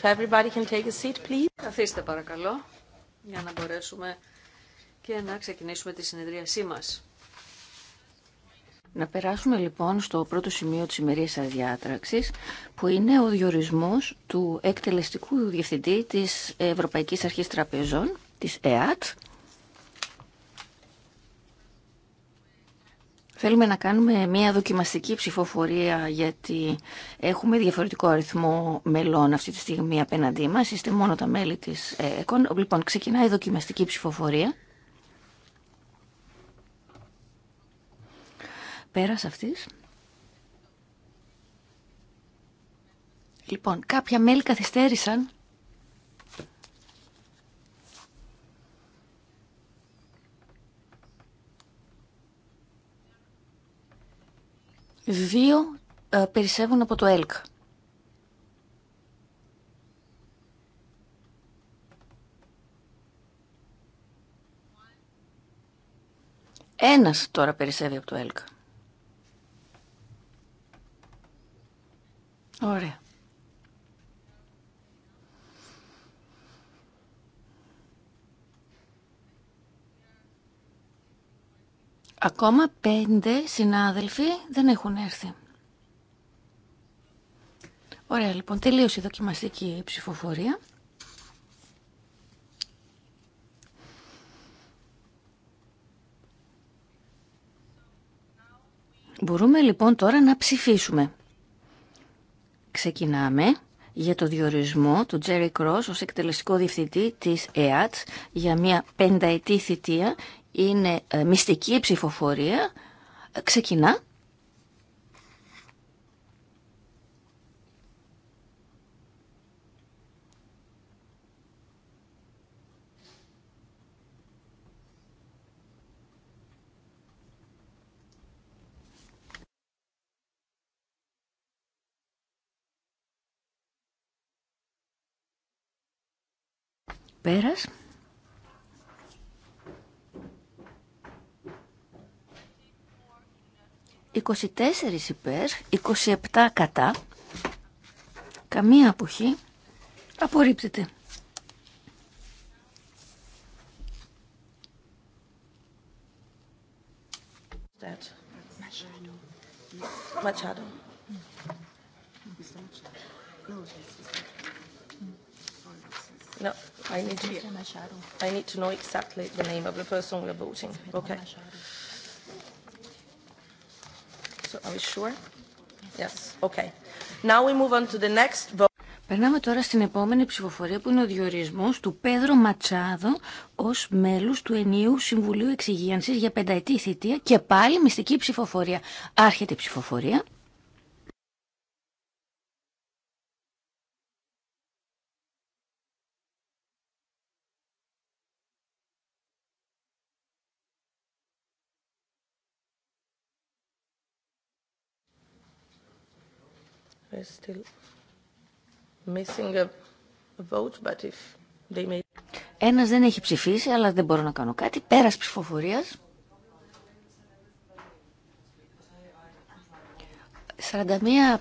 If Καθίστε παρακαλώ, για να μπορέσουμε και να ξεκινήσουμε τη συνεδρίασή μας. Να περάσουμε λοιπόν στο πρώτο σημείο της ημερίας αδιάτραξης, που είναι ο διορισμός του εκτελεστικού διευθυντή της Ευρωπαϊκής Αρχής Τραπεζών, της ΕΑΤ, Θέλουμε να κάνουμε μια δοκιμαστική ψηφοφορία γιατί έχουμε διαφορετικό αριθμό μελών αυτή τη στιγμή απέναντί μας. Είστε μόνο τα μέλη της ε, ΕΚΟΝ. Λοιπόν, ξεκινάει η δοκιμαστική ψηφοφορία. Πέρας αυτής. Λοιπόν, κάποια μέλη καθυστέρησαν Δύο ε, περισσεύουν από το ΕΛΚ. Ένας τώρα περισσεύει από το ΕΛΚ. Ωραία. Ακόμα πέντε συνάδελφοι δεν έχουν έρθει. Ωραία, λοιπόν, τελείωσε η δοκιμαστική ψηφοφορία. Μπορούμε λοιπόν τώρα να ψηφίσουμε. Ξεκινάμε για το διορισμό του Τζέρι Κρός ως εκτελεστικό διευθυντή της ΕΑΤΣ για μια πενταετή θητεία είναι ε, μυστική ψηφοφορία, ε, ξεκινά. Πέρας. 24 υπέρ, 27 κατά, καμία αποχή, απορρίπτεται. Machado. No, I need to, I need to know exactly the name of the person we are voting. Okay. Are we sure? Yes. Okay. Now we move on to the next vote. Περνάμε τώρα στην επόμενη ψηφοφορία που είναι ο διορισμός του Πέδρο Ματσάδο ως μέλους του ενίου Συμβουλίου Εξυγίανσης για πενταετή θητεία και πάλι μυστική ψηφοφορία. Άρχεται η ψηφοφορία. Ένας δεν έχει ψηφίσει, αλλά δεν μπορώ να κάνω κάτι. Πέρας ψηφοφορίας. 41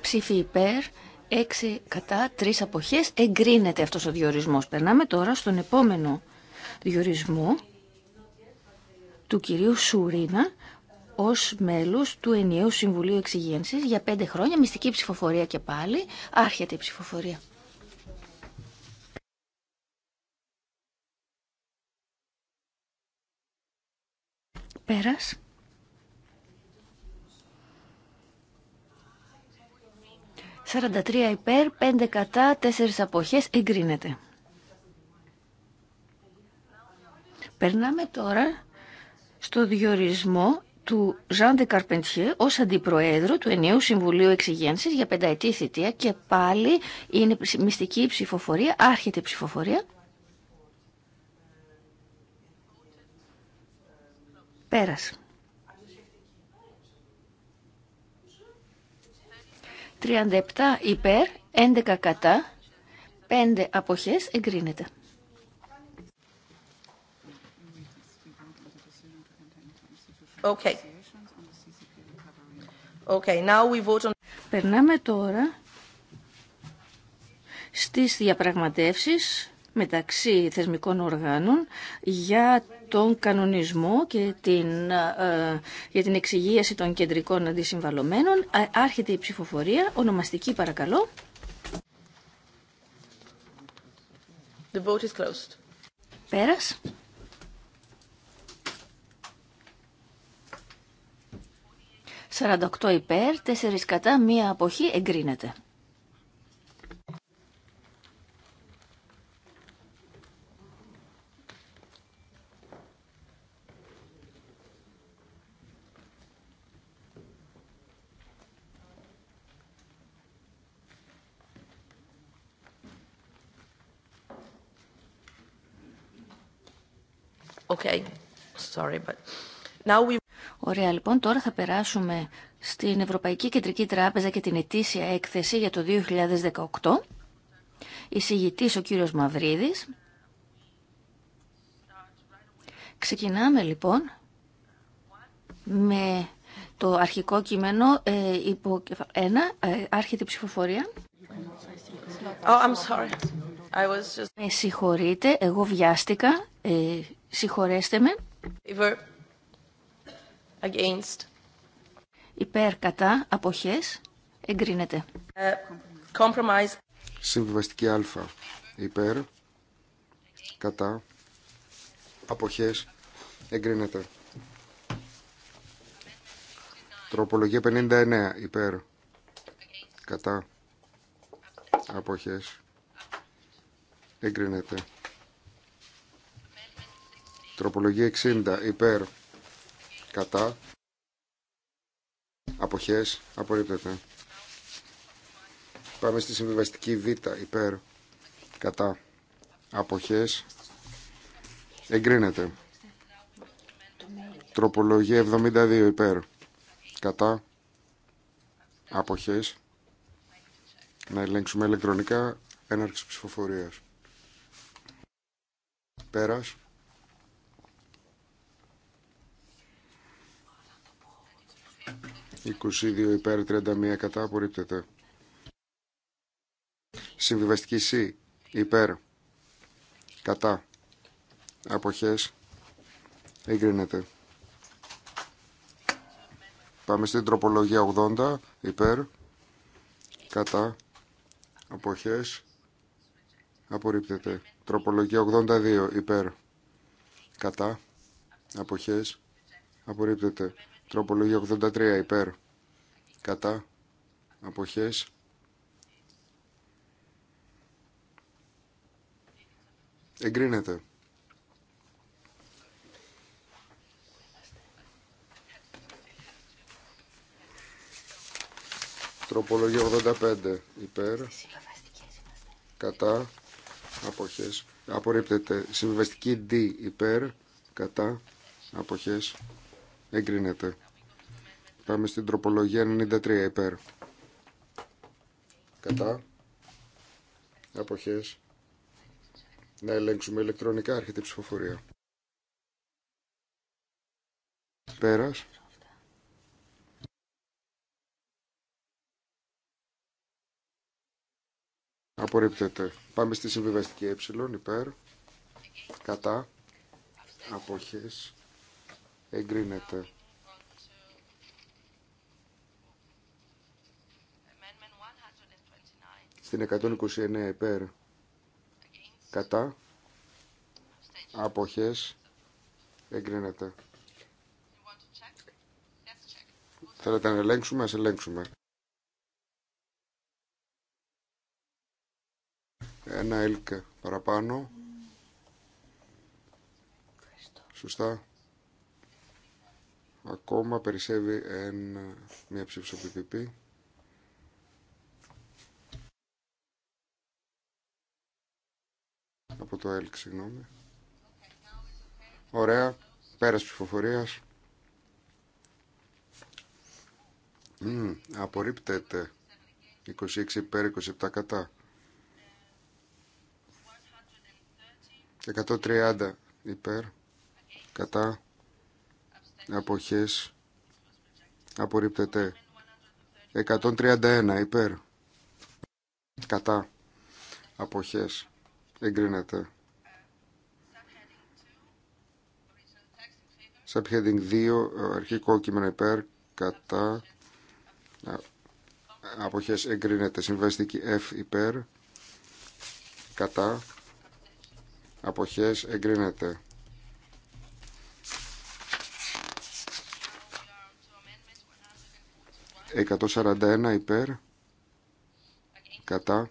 ψήφοι υπέρ, 6 κατά, 3 αποχές. Εγκρίνεται αυτός ο διορισμός. Περνάμε τώρα στον επόμενο διορισμό του κυρίου Σουρίνα, Ω μέλου του ενιαίου Συμβουλίου Εξυγένσης για πέντε χρόνια, μυστική ψηφοφορία και πάλι, άρχεται η ψηφοφορία. Πέρας. «43 υπέρ, 5 κατά, 4 αποχές, εγκρίνεται». Περνάμε τώρα στο διορισμό του Ζαν Καρπεντιέ ως αντιπροέδρο του ενιαίου Συμβουλίου Εξηγένση για πενταετή θητεία και πάλι είναι μυστική ψηφοφορία, άρχεται ψηφοφορία. Πέρασε. 37 υπέρ, 11 κατά, 5 αποχές εγκρίνεται. Περνάμε τώρα στις διαπραγματεύσεις μεταξύ θεσμικών οργάνων για τον κανονισμό και την, ε, για την εξηγίαση των κεντρικών αντισυμβαλωμένων. Άρχεται η ψηφοφορία. Ονομαστική παρακαλώ. The vote is closed. Πέρας. 48 υπέρ, 4 κατά, μία αποχή εγκρίνεται. Okay. Sorry, but now we... Ωραία, λοιπόν, τώρα θα περάσουμε στην Ευρωπαϊκή Κεντρική Τράπεζα και την ετήσια έκθεση για το 2018. Εισηγητή ο κύριος Μαυρίδη. Ξεκινάμε, λοιπόν, με το αρχικό κείμενο ε, υπό ένα ε, άρχεται ψηφοφορία. Oh, I'm sorry. I was just... Με συγχωρείτε, εγώ βιάστηκα, ε, συγχωρέστε με. Against. Υπέρ κατά αποχές εγκρίνεται. Uh, compromise. Συμβιβαστική α. Υπέρ κατά αποχές εγκρίνεται. Τροπολογία 59 υπέρ κατά αποχές εγκρίνεται. Τροπολογία 60 υπέρ κατά αποχές απορρίπτεται πάμε στη συμβιβαστική β υπέρ κατά αποχές εγκρίνεται τροπολογία 72 υπέρ κατά αποχές να ελέγξουμε ηλεκτρονικά έναρξη ψηφοφορίας πέρας 22 υπέρ 31 κατά απορρίπτεται. Συμβιβαστική C υπέρ κατά αποχές εγκρίνεται. Πάμε στην τροπολογία 80 υπέρ κατά αποχές απορρίπτεται. Τροπολογία 82 υπέρ κατά αποχές απορρίπτεται. Τροπολογία 83 υπέρ. Κατά. Αποχές. Εγκρίνεται. Τροπολογία 85 υπέρ. Κατά. Αποχές. Απορρίπτεται. Συμβιβαστική D υπέρ. Κατά. Αποχές. Εγκρίνεται. Πάμε στην τροπολογία 93 υπέρ. Κατά. Αποχές. Να ελέγξουμε ηλεκτρονικά έρχεται η ψηφοφορία. Πέρας. Απορρίπτεται. Πάμε στη συμβιβαστική ε, υπέρ. Κατά. Αποχές εγκρίνεται. Στην 129 υπέρ κατά αποχές εγκρίνεται. Θέλετε να ελέγξουμε, ας ελέγξουμε. Ένα έλκε παραπάνω. Σωστά. Ακόμα περισσεύει ένα, μια ψήφιση από PPP. Από το ΕΛΚ, συγγνώμη. Ωραία. Πέρας ψηφοφορίας. Mm, απορρίπτεται. 26 υπέρ, 27 κατά. 130 υπέρ, κατά αποχές απορρίπτεται 131 υπέρ κατά αποχές εγκρίνεται subheading 2 ε, αρχικό κείμενο υπέρ κατά αποχές εγκρίνεται συμβαστική F υπέρ κατά αποχές εγκρίνεται 141 υπέρ κατά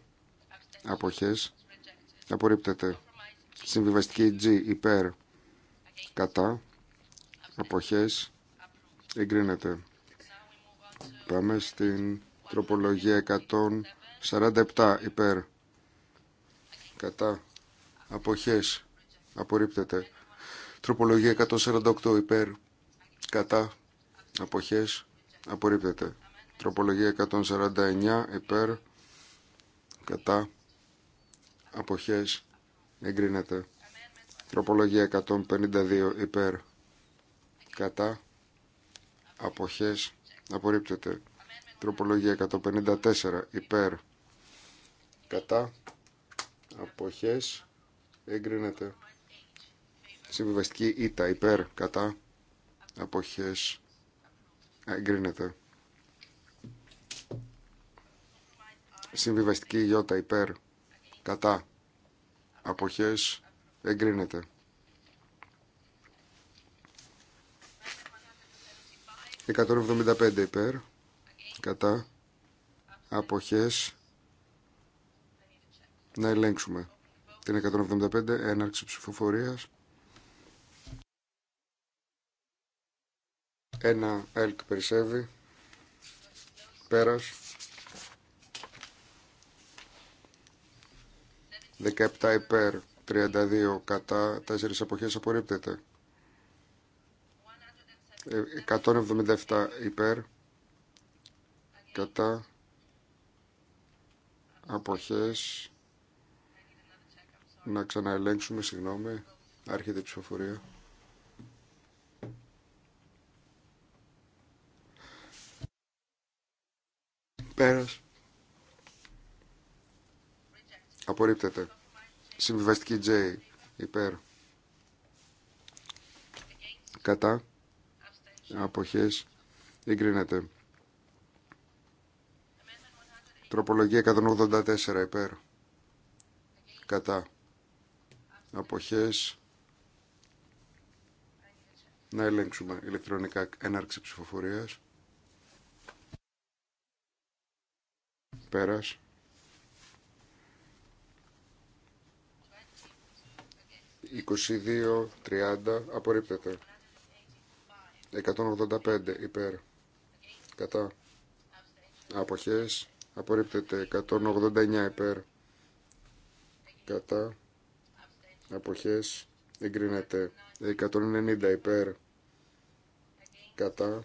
αποχές απορρίπτεται συμβιβαστική G υπέρ κατά αποχές εγκρίνεται πάμε στην τροπολογία 147 υπέρ κατά αποχές απορρίπτεται τροπολογία 148 υπέρ κατά αποχές απορρίπτεται Τροπολογία 149 υπέρ κατά αποχές εγκρίνεται. Τροπολογία 152 υπέρ κατά αποχές απορρίπτεται. Τροπολογία 154 υπέρ κατά αποχές εγκρίνεται. Συμβιβαστική ήττα υπέρ κατά αποχές εγκρίνεται. Συμβιβαστική Ι υπέρ κατά αποχές εγκρίνεται. 175 υπέρ κατά αποχές να ελέγξουμε την 175 έναρξη ψηφοφορίας. Ένα ΕΛΚ περισσεύει. Πέρας. 17 υπέρ, 32 κατά, 4 αποχές απορρίπτεται. 177 ε, υπέρ, κατά, αποχές, να ξαναελέγξουμε, συγγνώμη, άρχεται η ψηφοφορία. Πέρας. Απορρίπτεται. Συμβιβαστική J. Υπέρ. Κατά. Αποχές. Εγκρίνεται. Τροπολογία 184. Υπέρ. Κατά. Αποχές. Να ελέγξουμε ηλεκτρονικά έναρξη ψηφοφορίας. Πέρας. 22, 30, απορρίπτεται. 185 υπέρ. Κατά. Αποχές. Απορρίπτεται. 189 υπέρ. Κατά. Αποχές. Εγκρίνεται. 190 υπέρ. Κατά.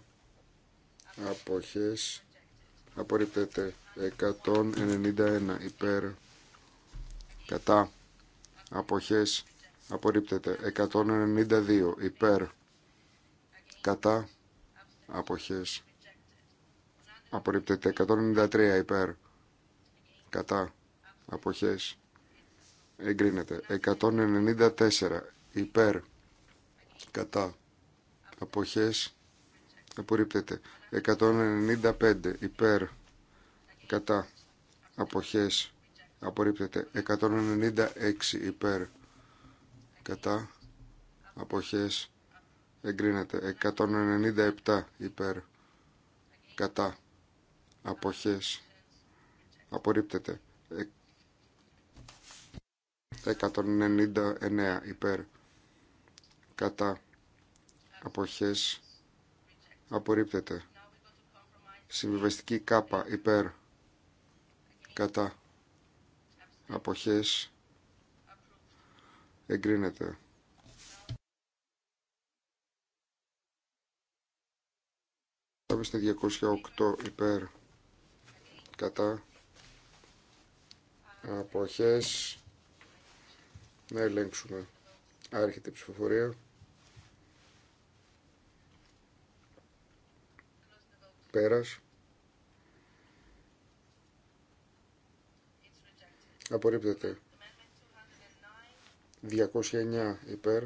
Αποχές. Απορρίπτεται. 191 υπέρ. Κατά. Αποχές απορρίπτεται 192 υπέρ κατά αποχές απορρίπτεται 193 υπέρ κατά αποχές εγκρίνεται 194 υπέρ κατά αποχές απορρίπτεται 195 υπέρ κατά αποχές απορρίπτεται 196 υπέρ κατά αποχές εγκρίνεται 197 υπέρ κατά αποχές απορρίπτεται 199 υπέρ κατά αποχές απορρίπτεται συμβιβαστική κάπα υπέρ κατά αποχές εγκρίνεται. Πάμε στην 208 υπέρ κατά αποχές να ελέγξουμε άρχεται η ψηφοφορία πέρας απορρίπτεται 209 υπέρ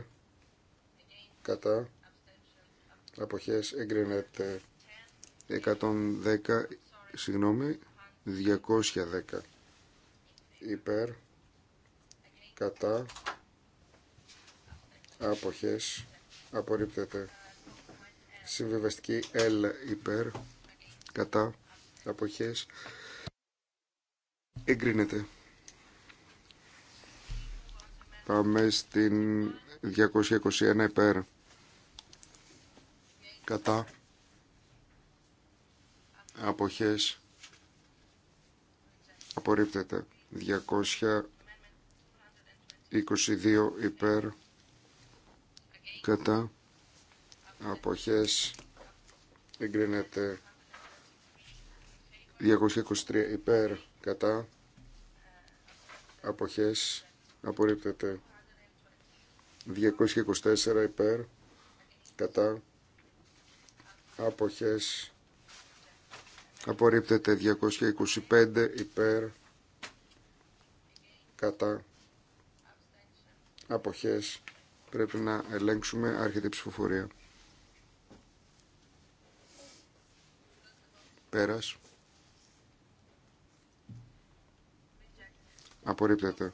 κατά αποχές εγκρίνεται 110 συγγνώμη 210 υπέρ κατά αποχές απορρίπτεται συμβιβαστική L υπέρ κατά αποχές εγκρίνεται Πάμε στην 221 υπέρ. Κατά. Αποχές. Απορρίπτεται. 222 υπέρ. Κατά. Αποχές. Εγκρίνεται. 223 υπέρ. Κατά. Αποχές απορρίπτεται 224 υπέρ κατά αποχές απορρίπτεται 225 υπέρ κατά αποχές πρέπει να ελέγξουμε άρχεται ψηφοφορία πέρας απορρίπτεται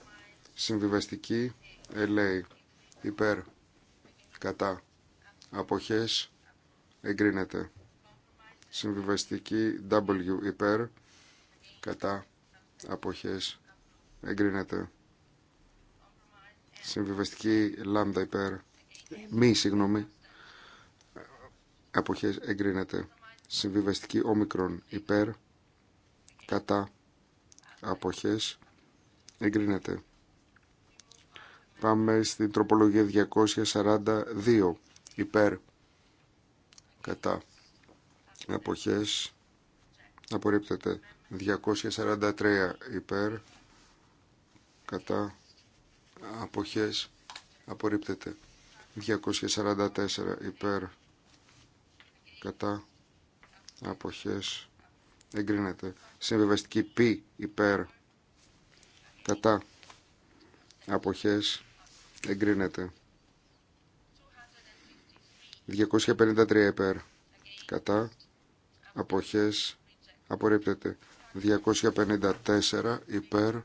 Συμβιβαστική ελέη υπέρ κατά αποχές εγκρίνεται. Συμβιβαστική W υπέρ κατά αποχές εγκρίνεται. Συμβιβαστική λάμδα υπέρ μη συγγνώμη αποχές εγκρίνεται. Συμβιβαστική όμικρον υπέρ κατά αποχές εγκρίνεται. Πάμε στην τροπολογία 242 υπέρ κατά εποχές, απορρίπτεται 243 υπέρ κατά αποχές απορρίπτεται 244 υπέρ κατά αποχές εγκρίνεται συμβεβαστική π υπέρ κατά αποχές εγκρίνεται 253 υπέρ κατά αποχές απορρίπτεται 254 υπέρ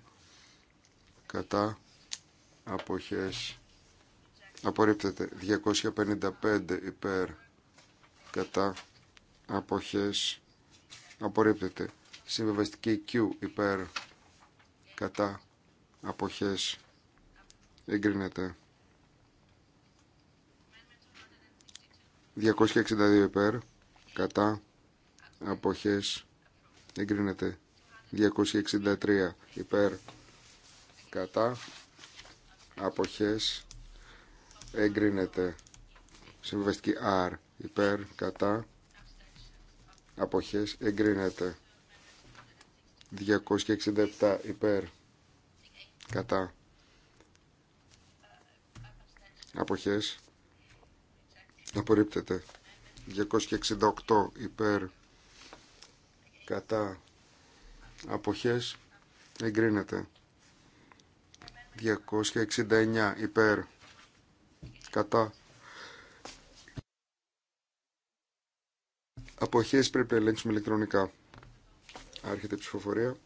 κατά αποχές απορρίπτεται 255 υπέρ κατά αποχές απορρίπτεται Συμβεβαστική Q υπέρ κατά αποχές Εγκρίνεται. 262 υπέρ. Κατά. Αποχές. Εγκρίνεται. 263 υπέρ. Κατά. Αποχές. Εγκρίνεται. Συμβαστική R. Υπέρ. Κατά. Αποχές. Εγκρίνεται. 267 υπέρ. Κατά αποχές απορρίπτεται 268 υπέρ κατά αποχές εγκρίνεται 269 υπέρ κατά αποχές πρέπει να ελέγξουμε ηλεκτρονικά άρχεται η ψηφοφορία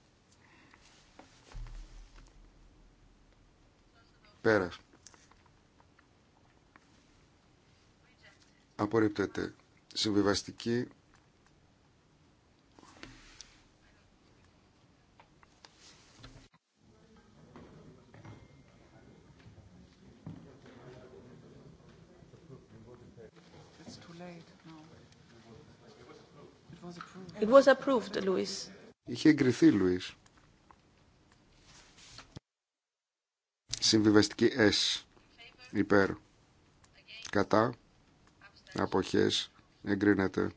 πέρας απορρίπτεται. Συμβιβαστική It was approved, Louis. Είχε εγκριθεί, Λουίς. Συμβιβαστική S. Υπέρ. Κατά αποχές εγκρίνεται.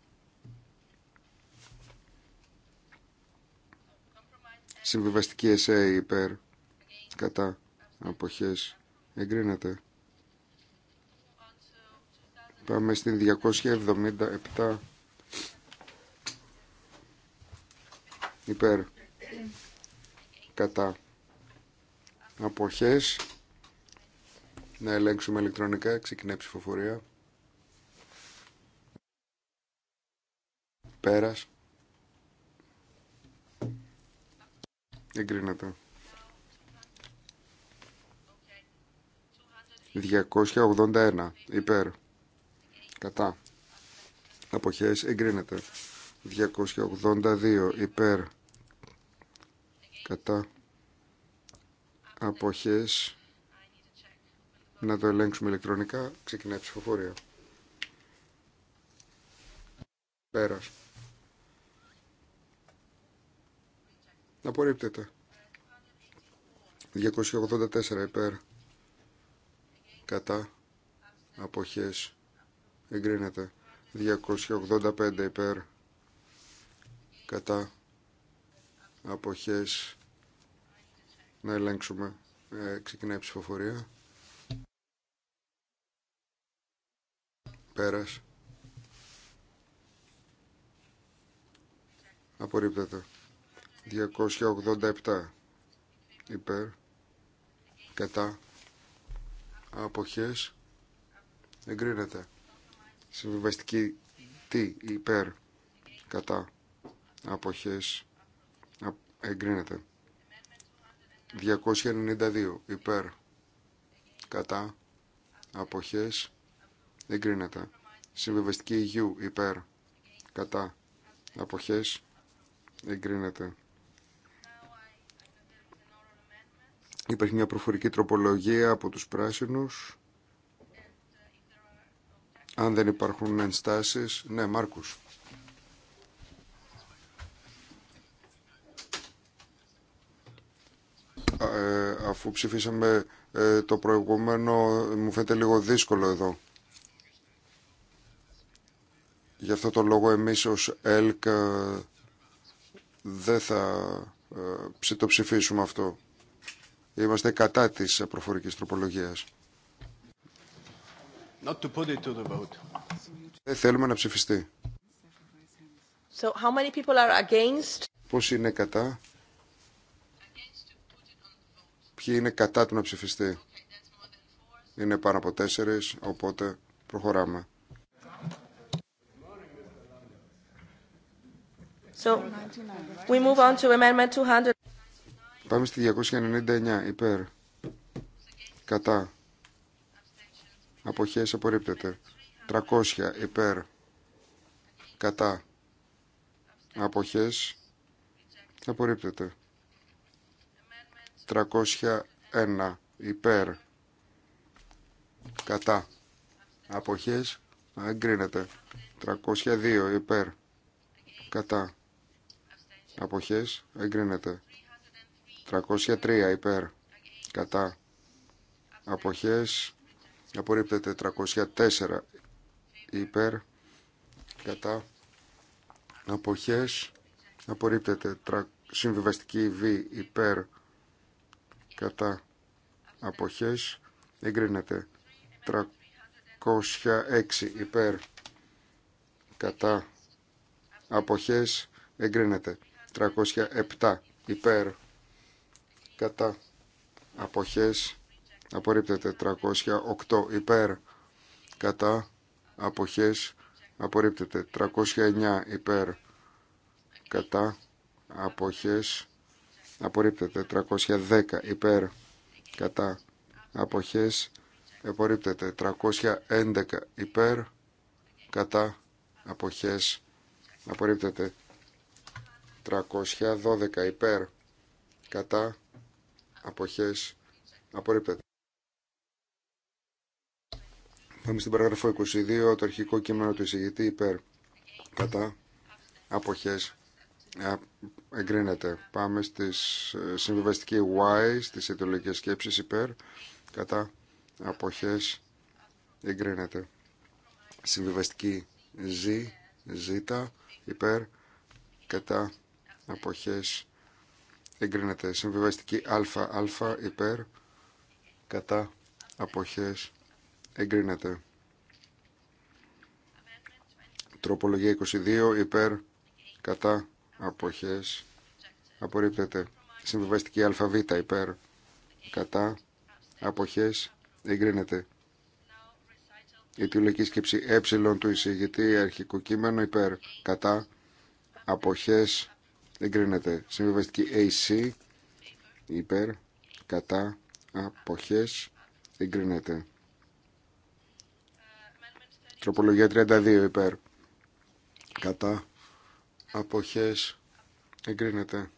Συμβιβαστική ΕΣΕ υπέρ κατά αποχές εγκρίνεται. Πάμε στην 277 υπέρ κατά αποχές να ελέγξουμε ηλεκτρονικά, ξεκινάει η ψηφοφορία. Πέρας. Εγκρίνεται. 281 υπέρ. Κατά. Αποχές εγκρίνεται. 282 υπέρ. Κατά. Αποχές. Να το ελέγξουμε ηλεκτρονικά. Ξεκινάει η ψηφοφορία. Πέρας. Απορρίπτεται. 284 υπέρ. Κατά. Αποχές. Εγκρίνεται. 285 υπέρ. Κατά. Αποχές. Να ελέγξουμε. Ε, ξεκινάει η ψηφοφορία. Πέρας. Απορρίπτεται. 287 υπέρ κατά αποχές εγκρίνεται συμβιβαστική τι υπέρ κατά αποχές εγκρίνεται 292 υπέρ κατά αποχές εγκρίνεται συμβιβαστική U υπέρ κατά αποχές εγκρίνεται Υπάρχει μια προφορική τροπολογία από τους πράσινους. Αν δεν υπάρχουν ενστάσεις... Ναι, Μάρκους. Ε, αφού ψηφίσαμε ε, το προηγούμενο, μου φαίνεται λίγο δύσκολο εδώ. Γι' αυτό το λόγο εμείς ως ΕΛΚ ε, δεν θα το ψηφίσουμε αυτό. Είμαστε κατά της προφορικής τροπολογίας. Not to put it to the vote. Δεν θέλουμε να ψηφιστεί. So how many people are against? Πώς είναι κατά. Ποιοι είναι κατά του να ψηφιστεί. Είναι πάνω από τέσσερις, οπότε προχωράμε. So, we move on to amendment 200. Πάμε στη 299 υπέρ. Κατά. Αποχές απορρίπτεται. 300 υπέρ. Κατά. Αποχές απορρίπτεται. 301 υπέρ. Κατά. Αποχές εγκρίνεται. 302 υπέρ. Κατά. Αποχές εγκρίνεται. 303 υπέρ κατά αποχές απορρίπτεται 304 υπέρ κατά αποχές απορρίπτεται συμβιβαστική β υπέρ κατά αποχές εγκρίνεται 306 υπέρ κατά αποχές εγκρίνεται 307 υπέρ κατά αποχές απορρίπτεται 308 υπέρ κατά αποχές απορρίπτεται 309 υπέρ κατά αποχές απορρίπτεται 310 υπέρ κατά αποχές απορρίπτεται 311 υπέρ κατά αποχές απορρίπτεται 312 υπέρ κατά αποχές απορρίπτεται. Πάμε στην παράγραφο 22, το αρχικό κείμενο του εισηγητή υπέρ κατά αποχές εγκρίνεται. Πάμε στη ε, συμβιβαστική Y, στις ιδεολογικές σκέψεις υπέρ κατά αποχές εγκρίνεται. Συμβιβαστική Z, Z υπέρ κατά αποχές εγκρίνεται. Συμβιβαστική ΑΑ υπέρ κατά αποχές εγκρίνεται. Τροπολογία 22 υπέρ κατά αποχές απορρίπτεται. Συμβιβαστική ΑΒ υπέρ κατά αποχές εγκρίνεται. Η αιτιολογική σκέψη ε του εισηγητή αρχικό κείμενο υπέρ κατά αποχές εγκρίνεται. Συμβιβαστική AC υπέρ κατά αποχές εγκρίνεται. Τροπολογία 32 υπέρ κατά αποχές εγκρίνεται.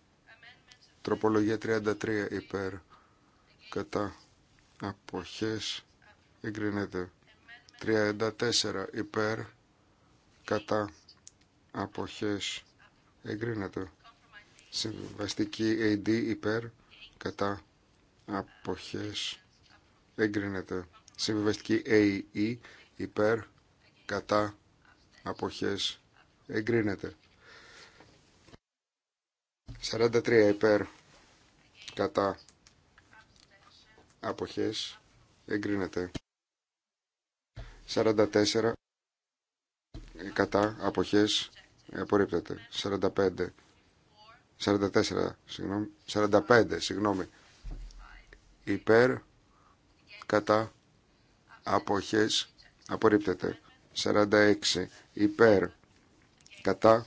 Τροπολογία 33 υπέρ κατά αποχές εγκρίνεται. 34 υπέρ κατά αποχές εγκρίνεται. Συμβαστική AD υπέρ κατά αποχές εγκρίνεται. Συμβαστική AE υπέρ κατά αποχές εγκρίνεται. 43 υπέρ κατά αποχές εγκρίνεται. 44 κατά αποχές απορρίπτεται. 45 44, συγγνώμη, 45, συγγνώμη, υπέρ, κατά, αποχές, απορρίπτεται. 46, υπέρ, κατά,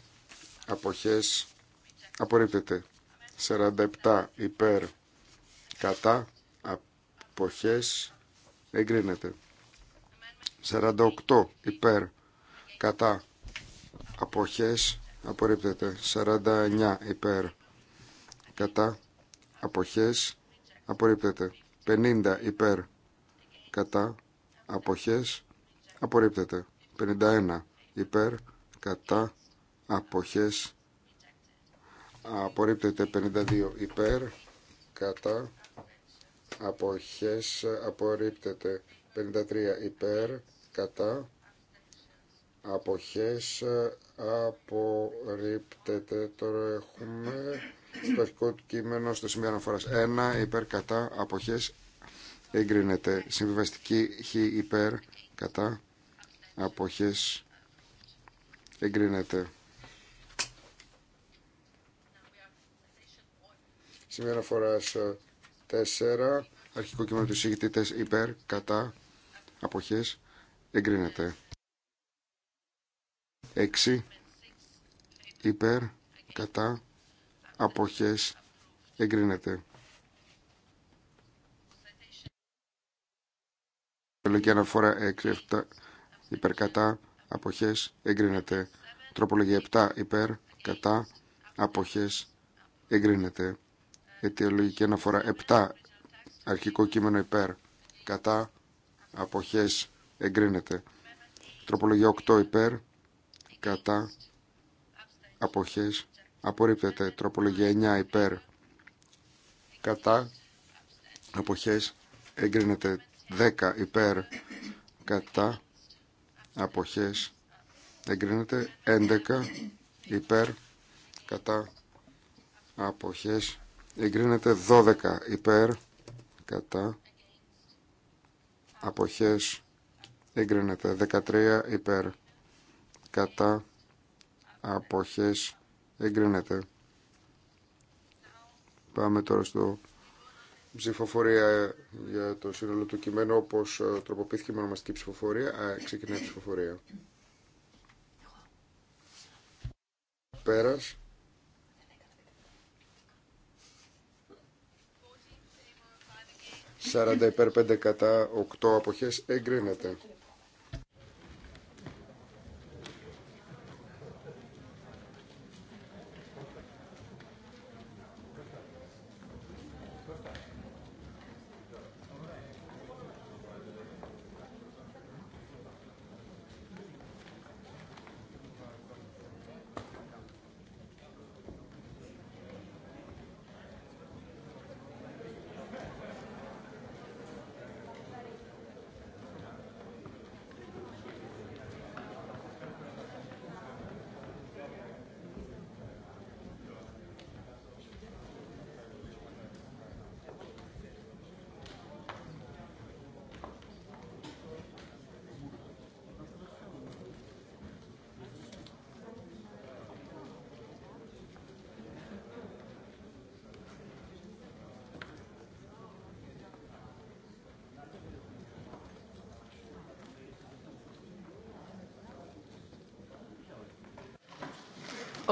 αποχές, απορρίπτεται. 47, υπέρ, κατά, αποχές, εγκρίνεται. 48, υπέρ, κατά, αποχές, απορρίπτεται 49 υπέρ κατά αποχές απορρίπτεται 50 υπέρ κατά αποχές απορρίπτεται 51 υπέρ κατά αποχές απορρίπτεται 52 υπέρ κατά αποχές απορρίπτεται 53 υπέρ κατά αποχές απορρίπτεται. Τώρα έχουμε στο αρχικό κείμενο στο σημείο αναφορά ένα υπέρ κατά αποχέ εγκρίνεται. Συμβιβαστική χ υπέρ κατά αποχέ εγκρίνεται. Σημείο αναφορά 4. Ε, αρχικό κείμενο του εισηγητή υπέρ κατά αποχέ εγκρίνεται. 6 υπέρ κατά αποχές εγκρίνεται. Τροπολογική αναφορά 6 7 υπέρ κατά αποχές εγκρίνεται. Τροπολογία 7 υπέρ κατά αποχές εγκρίνεται. Αιτιολογική αναφορά 7 αρχικό κείμενο υπέρ κατά αποχές εγκρίνεται. Τροπολογία 8 υπέρ κατά αποχές απορρίπτεται τροπολογία 9 υπέρ κατά αποχές εγκρίνεται 10 υπέρ κατά αποχές εγκρίνεται 11 υπέρ κατά αποχές εγκρίνεται 12 υπέρ κατά αποχές εγκρίνεται 13 υπέρ κατά αποχές εγκρίνεται. Πάμε τώρα στο ψηφοφορία για το σύνολο του κειμένου όπως ε, τροποποιήθηκε η μονομαστική ψηφοφορία. Α, ξεκινάει η ψηφοφορία. Πέρας. 40 υπέρ 5 κατά 8 αποχές εγκρίνεται.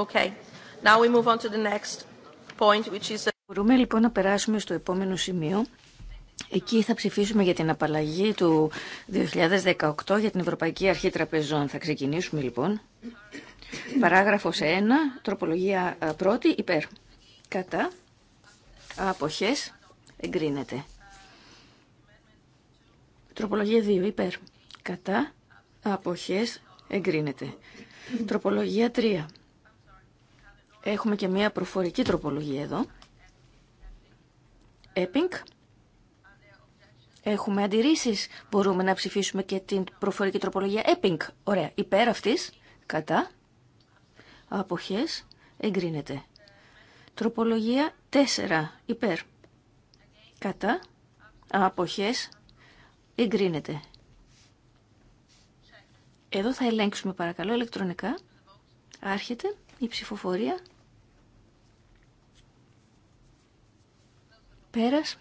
Okay. Μπορούμε λοιπόν να περάσουμε στο επόμενο σημείο. Εκεί θα ψηφίσουμε για την απαλλαγή του 2018 για την Ευρωπαϊκή Αρχή Τραπεζών. Θα ξεκινήσουμε λοιπόν. Παράγραφος 1, τροπολογία 1, ε, υπέρ. Κατά. Αποχές. Εγκρίνεται. Τροπολογία 2, υπέρ. Κατά. Αποχές. Εγκρίνεται. Τροπολογία 3, Έχουμε και μία προφορική τροπολογία εδώ. Έπινγκ. Έχουμε αντιρρήσει. Μπορούμε να ψηφίσουμε και την προφορική τροπολογία επινκ. Ωραία. Υπέρ αυτή. Κατά. Αποχέ. Εγκρίνεται. Τροπολογία 4. Υπέρ. Κατά. Αποχέ. Εγκρίνεται. Εδώ θα ελέγξουμε παρακαλώ ηλεκτρονικά. Άρχεται η ψηφοφορία. Πέρας.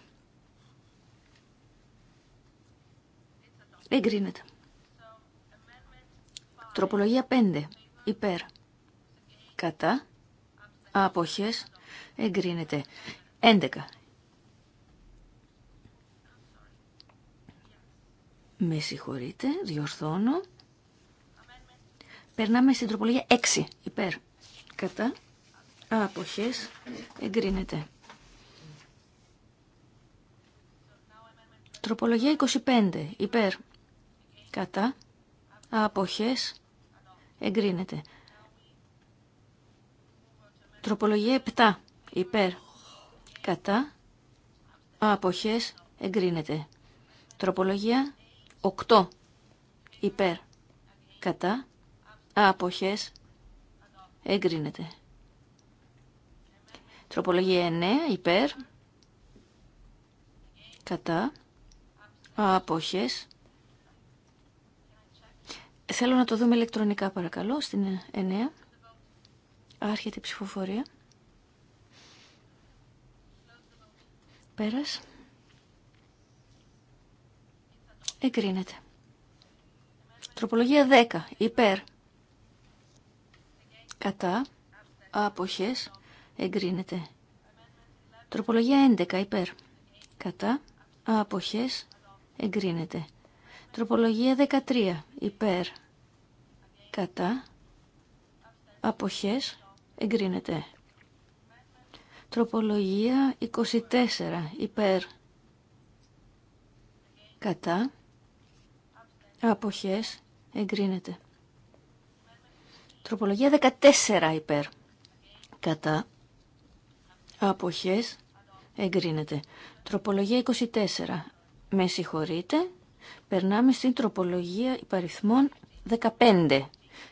Εγκρίνεται. Τροπολογία 5. Υπέρ. Κατά. Αποχές. Εγκρίνεται. 11. Με συγχωρείτε, διορθώνω. Περνάμε στην τροπολογία 6. Υπέρ κατά άποχες εγκρίνεται. Τροπολογία 25 υπέρ κατά άποχες εγκρίνεται. Τροπολογία 7 υπέρ κατά άποχες εγκρίνεται. Τροπολογία 8 υπέρ κατά άποχες Εγκρίνεται. Τροπολογία 9. Υπέρ. Κατά. Αποχές. Θέλω να το δούμε ηλεκτρονικά παρακαλώ στην 9. Άρχεται η ψηφοφορία. Πέρας. Εγκρίνεται. Τροπολογία 10. Υπέρ κατά, αποχές, εγκρίνεται. Τροπολογία 11 υπέρ, κατά, αποχές, εγκρίνεται. Τροπολογία 13 υπέρ, κατά, αποχές, εγκρίνεται. Τροπολογία 24 υπέρ, κατά, αποχές, εγκρίνεται. Τροπολογία 14 υπέρ. Κατά αποχές εγκρίνεται. Τροπολογία 24. Με συγχωρείτε. Περνάμε στην τροπολογία υπαριθμών 15.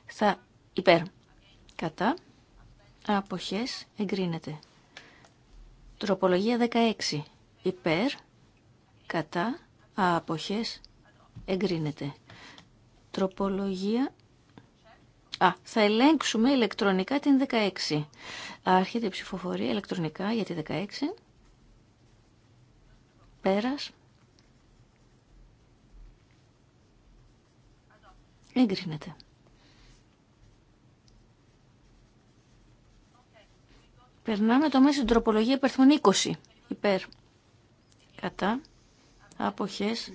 Θα υπέρ. Κατά αποχές εγκρίνεται. Τροπολογία 16. Υπέρ. Κατά αποχές εγκρίνεται. Τροπολογία Α, θα ελέγξουμε ηλεκτρονικά την 16. Άρχεται η ψηφοφορία ηλεκτρονικά για τη 16. Πέρας. Εγκρίνεται. Περνάμε το μέσο. στην τροπολογία υπερθμών 20. Υπέρ. Κατά. Αποχές.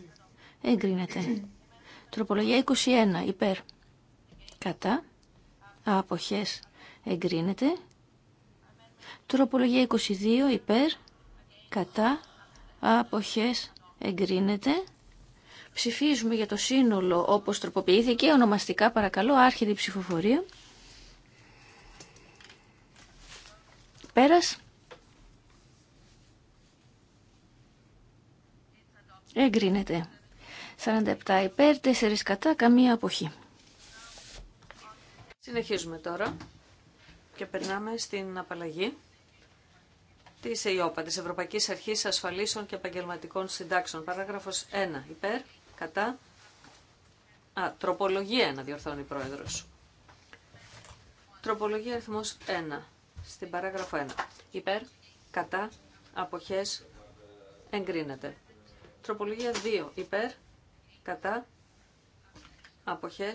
Εγκρίνεται. Τροπολογία 21. Υπέρ. Κατά αποχές εγκρίνεται. Τροπολογία 22 υπέρ, κατά, αποχές εγκρίνεται. Ψηφίζουμε για το σύνολο όπως τροποποιήθηκε, ονομαστικά παρακαλώ, Άρχιδη ψηφοφορία. Πέρας. Εγκρίνεται. 47 υπέρ, 4 κατά, καμία αποχή. Συνεχίζουμε τώρα και περνάμε στην απαλλαγή τη ΕΙΟΠΑ, τη Ευρωπαϊκή Αρχή Ασφαλίσεων και Επαγγελματικών Συντάξεων. Παράγραφος 1. Υπέρ, κατά, α, τροπολογία 1 διορθώνει η πρόεδρο. Τροπολογία αριθμό 1, στην παράγραφο 1. Υπέρ, κατά, αποχέ, εγκρίνεται. Τροπολογία 2. Υπέρ, κατά, απόχέ,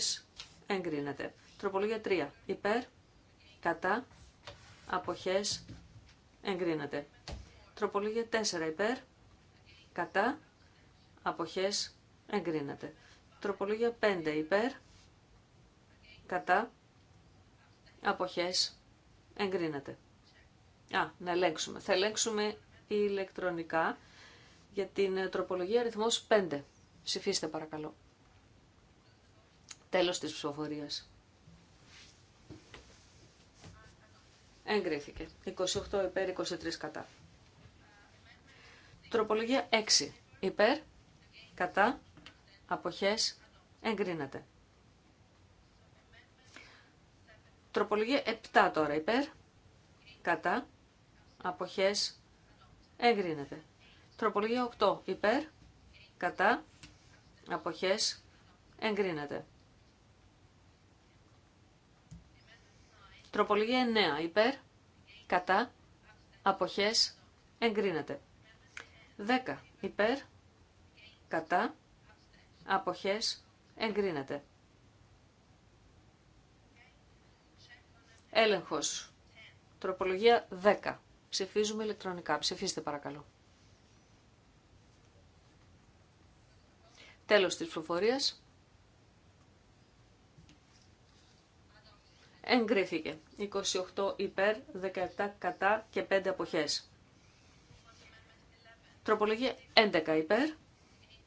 εγκρίνεται. Τροπολογία 3. Υπέρ, κατά, αποχές, εγκρίνεται. Τροπολογία 4. Υπέρ, κατά, αποχές, εγκρίνεται. Τροπολογία 5. Υπέρ, κατά, αποχές, εγκρίνεται. Α, να ελέγξουμε. Θα ελέγξουμε ηλεκτρονικά για την ε, τροπολογία αριθμός 5. Ψηφίστε παρακαλώ. Τέλος της ψηφοφορίας. Εγκρίθηκε. 28 υπέρ, 23 κατά. Τροπολογία 6 υπέρ, κατά, αποχές, εγκρίνεται. Τροπολογία 7 τώρα υπέρ, κατά, αποχές, εγκρίνεται. Τροπολογία 8 υπέρ, κατά, αποχές, εγκρίνεται. Τροπολογία 9 υπέρ, κατά, αποχές, εγκρίνεται. 10 υπέρ, κατά, αποχές, εγκρίνεται. Έλεγχος. Τροπολογία 10. Ψηφίζουμε ηλεκτρονικά. Ψηφίστε παρακαλώ. Τέλος της προφορίας. Εγκρίθηκε. 28 υπέρ, 17 κατά και 5 αποχές. Τροπολογία 11 υπέρ,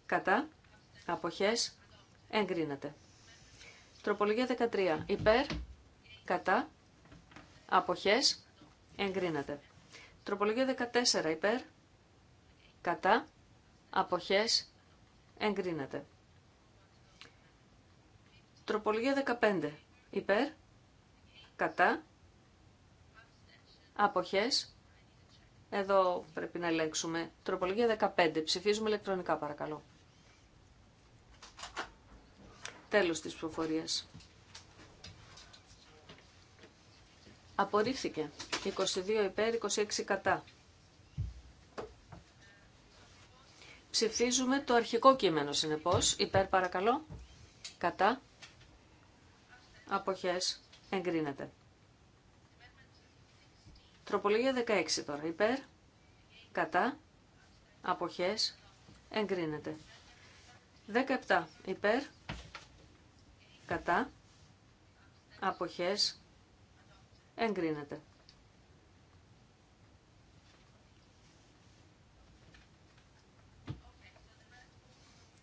κατά, αποχές, εγκρίνεται. Τροπολογία 13 υπέρ, κατά, αποχές, εγκρίνεται. Τροπολογία 14 υπέρ, κατά, αποχές, εγκρίνεται. Τροπολογία 15 υπέρ, κατά, αποχές, εδώ πρέπει να ελέγξουμε. Τροπολογία 15. Ψηφίζουμε ηλεκτρονικά παρακαλώ. Τέλος της προφορίας. Απορρίφθηκε. 22 υπέρ, 26 κατά. Ψηφίζουμε το αρχικό κείμενο συνεπώς. Υπέρ παρακαλώ. Κατά. Αποχές. Εγκρίνεται. Τροπολογία 16 τώρα. Υπέρ, κατά, αποχές, εγκρίνεται. 17. Υπέρ, κατά, αποχές, εγκρίνεται.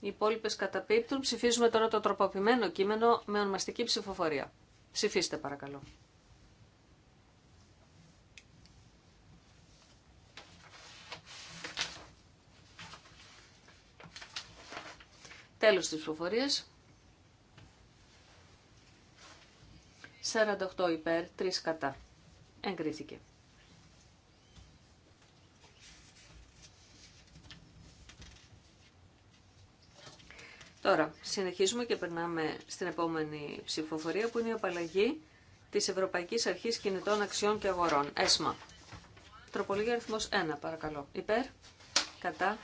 Οι υπόλοιπε καταπίπτουν. Ψηφίζουμε τώρα το τροποποιημένο κείμενο με ονομαστική ψηφοφορία. Ψηφίστε παρακαλώ. Τέλος της ψηφοφορίας. 48 υπέρ, 3 κατά. Εγκρίθηκε. Τώρα, συνεχίζουμε και περνάμε στην επόμενη ψηφοφορία που είναι η απαλλαγή της Ευρωπαϊκής Αρχής Κινητών Αξιών και Αγορών, ΕΣΜΑ. Τροπολογία αριθμός 1, παρακαλώ. Υπέρ, κατά,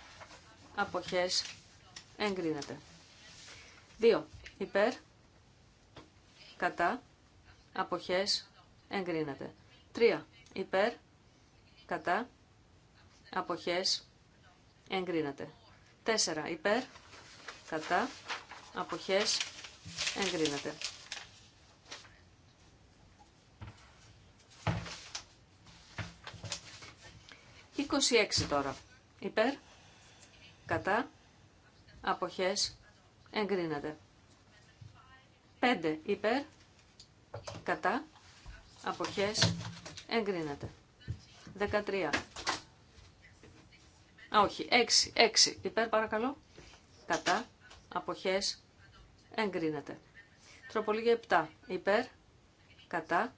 αποχές, εγκρίνεται. 2. Υπέρ, κατά, αποχές, εγκρίνεται. 3. Υπέρ, κατά, αποχές, εγκρίνεται. 4. Υπέρ, κατά, αποχές, εγκρίνεται. 26 τώρα. Υπέρ, κατά, αποχές, εγκρίνεται. 5 υπέρ, κατά, αποχές, εγκρίνεται. 13. Α, όχι, 6, 6 υπέρ παρακαλώ, κατά, αποχές εγκρίνεται. Τροπολογία 7 υπέρ, κατά,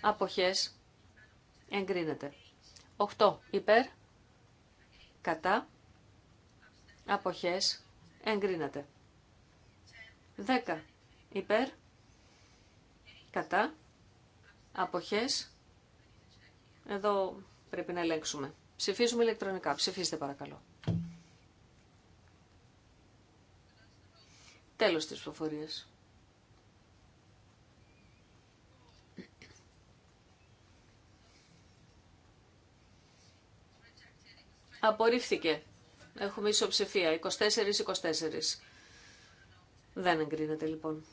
αποχές εγκρίνεται. 8 υπέρ, κατά, αποχές εγκρίνεται. 10 υπέρ, κατά, αποχές, εδώ πρέπει να ελέγξουμε. Ψηφίζουμε ηλεκτρονικά. Ψηφίστε παρακαλώ. Τέλος της προφοριας απορριφθηκε Απορρίφθηκε. Έχουμε ισοψηφία. 24-24. Δεν εγκρίνεται λοιπόν.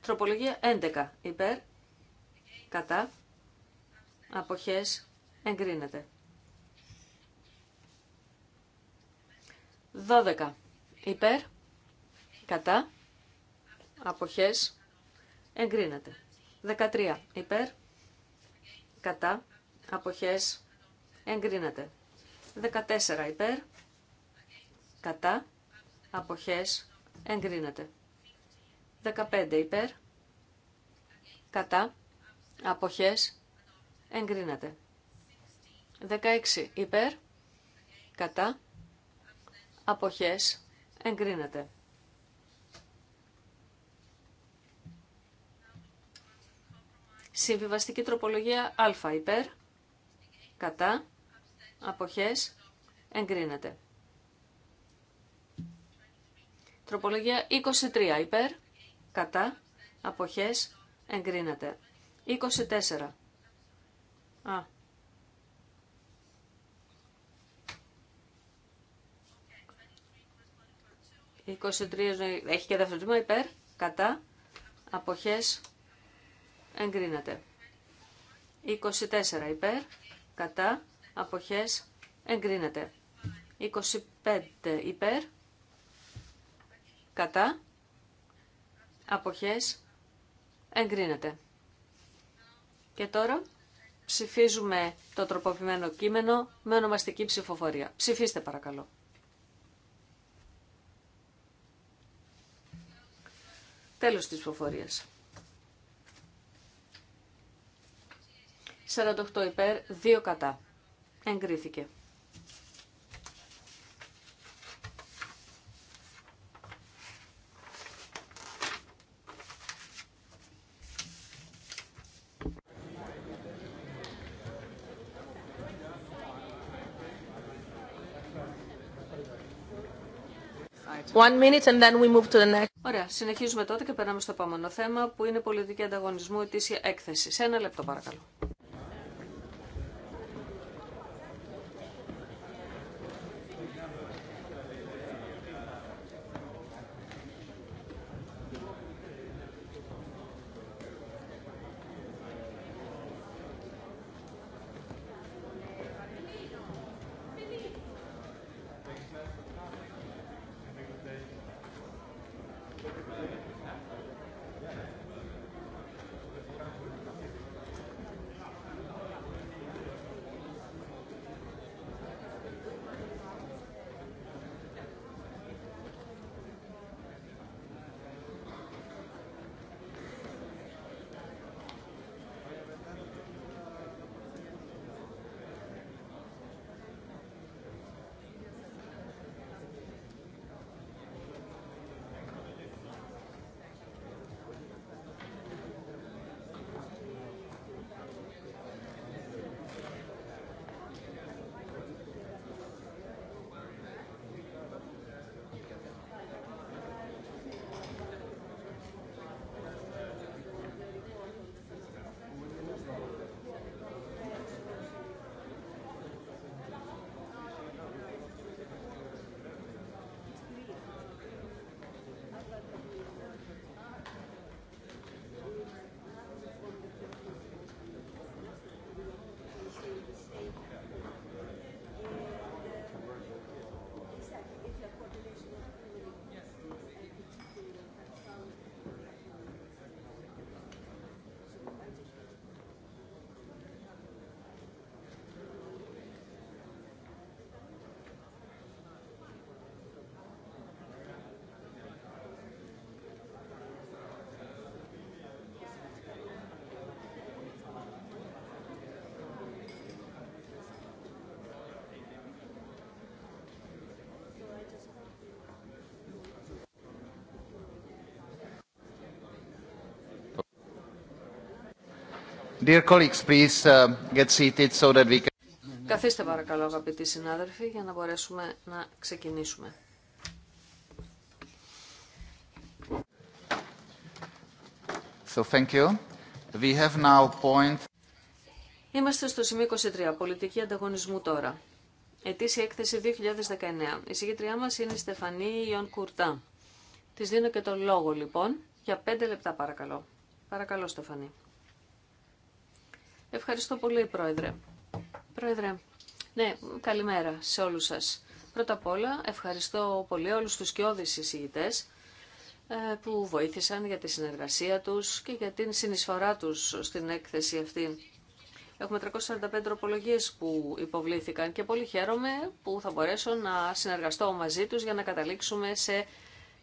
Τροπολογία 11. Υπέρ. Κατά. Αποχές. Εγκρίνεται. 12. Υπέρ, κατά, αποχές, εγκρίνεται. 13. Υπέρ, κατά, αποχές, εγκρίνεται. 14. Υπέρ, κατά, αποχές, εγκρίνεται. 15. Υπέρ, κατά, αποχές, εγκρίνεται. 16. Υπέρ, κατά, αποχές εγκρίνεται. Συμβιβαστική τροπολογία α υπέρ, κατά, αποχές, εγκρίνεται. Τροπολογία 23 υπέρ, κατά, αποχές, εγκρίνεται. 24. Α, 23 ναι, έχει και δεύτερο τμήμα υπέρ, κατά, αποχές, εγκρίνεται. 24 υπέρ, κατά, αποχές, εγκρίνεται. 25 υπέρ, κατά, αποχές, εγκρίνεται. Και τώρα ψηφίζουμε το τροποποιημένο κείμενο με ονομαστική ψηφοφορία. Ψηφίστε παρακαλώ. Τέλος της ψηφοφορίας. 48 υπέρ, 2 κατά. Εγκρίθηκε. One minute and then we move to the next. Ωραία, συνεχίζουμε τότε και περνάμε στο επόμενο θέμα που είναι πολιτική ανταγωνισμού ετήσια έκθεση. Σε ένα λεπτό παρακαλώ. Καθίστε παρακαλώ αγαπητοί συνάδελφοι για να μπορέσουμε να ξεκινήσουμε. So thank you. We have now point... Είμαστε στο σημείο 23, πολιτική ανταγωνισμού τώρα. Ετήσια έκθεση 2019. Η συγκεκριά μας είναι η Στεφανή Ιον Κουρτά. Της δίνω και το λόγο λοιπόν για πέντε λεπτά παρακαλώ. Παρακαλώ Στεφανή. Ευχαριστώ πολύ, Πρόεδρε. Πρόεδρε, ναι, καλημέρα σε όλους σας. Πρώτα απ' όλα, ευχαριστώ πολύ όλους τους κοιόδης εισηγητές ε, που βοήθησαν για τη συνεργασία τους και για την συνεισφορά τους στην έκθεση αυτή. Έχουμε 345 τροπολογίες που υποβλήθηκαν και πολύ χαίρομαι που θα μπορέσω να συνεργαστώ μαζί τους για να καταλήξουμε σε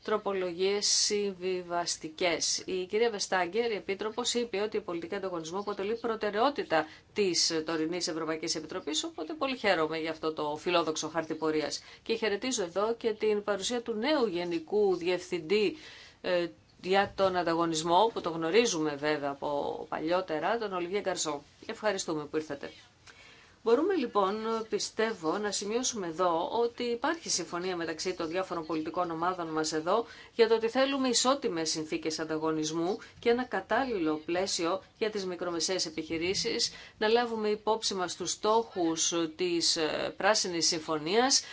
τροπολογίες συμβιβαστικέ. Η κυρία Βεστάγκερ, η Επίτροπος, είπε ότι η πολιτική ανταγωνισμού αποτελεί προτεραιότητα της τωρινής Ευρωπαϊκής Επιτροπής, οπότε πολύ χαίρομαι για αυτό το φιλόδοξο χάρτη πορείας. Και χαιρετίζω εδώ και την παρουσία του νέου Γενικού Διευθυντή ε, για τον ανταγωνισμό, που το γνωρίζουμε βέβαια από παλιότερα, τον Ολιβιέ Γκαρσό. Ευχαριστούμε που ήρθατε. Μπορούμε λοιπόν, πιστεύω, να σημειώσουμε εδώ ότι υπάρχει συμφωνία μεταξύ των διάφορων πολιτικών ομάδων μας εδώ για το ότι θέλουμε ισότιμες συνθήκες ανταγωνισμού και ένα κατάλληλο πλαίσιο για τις μικρομεσαίες επιχειρήσεις, να λάβουμε υπόψη μας τους στόχους της ε, Πράσινης Συμφωνίας,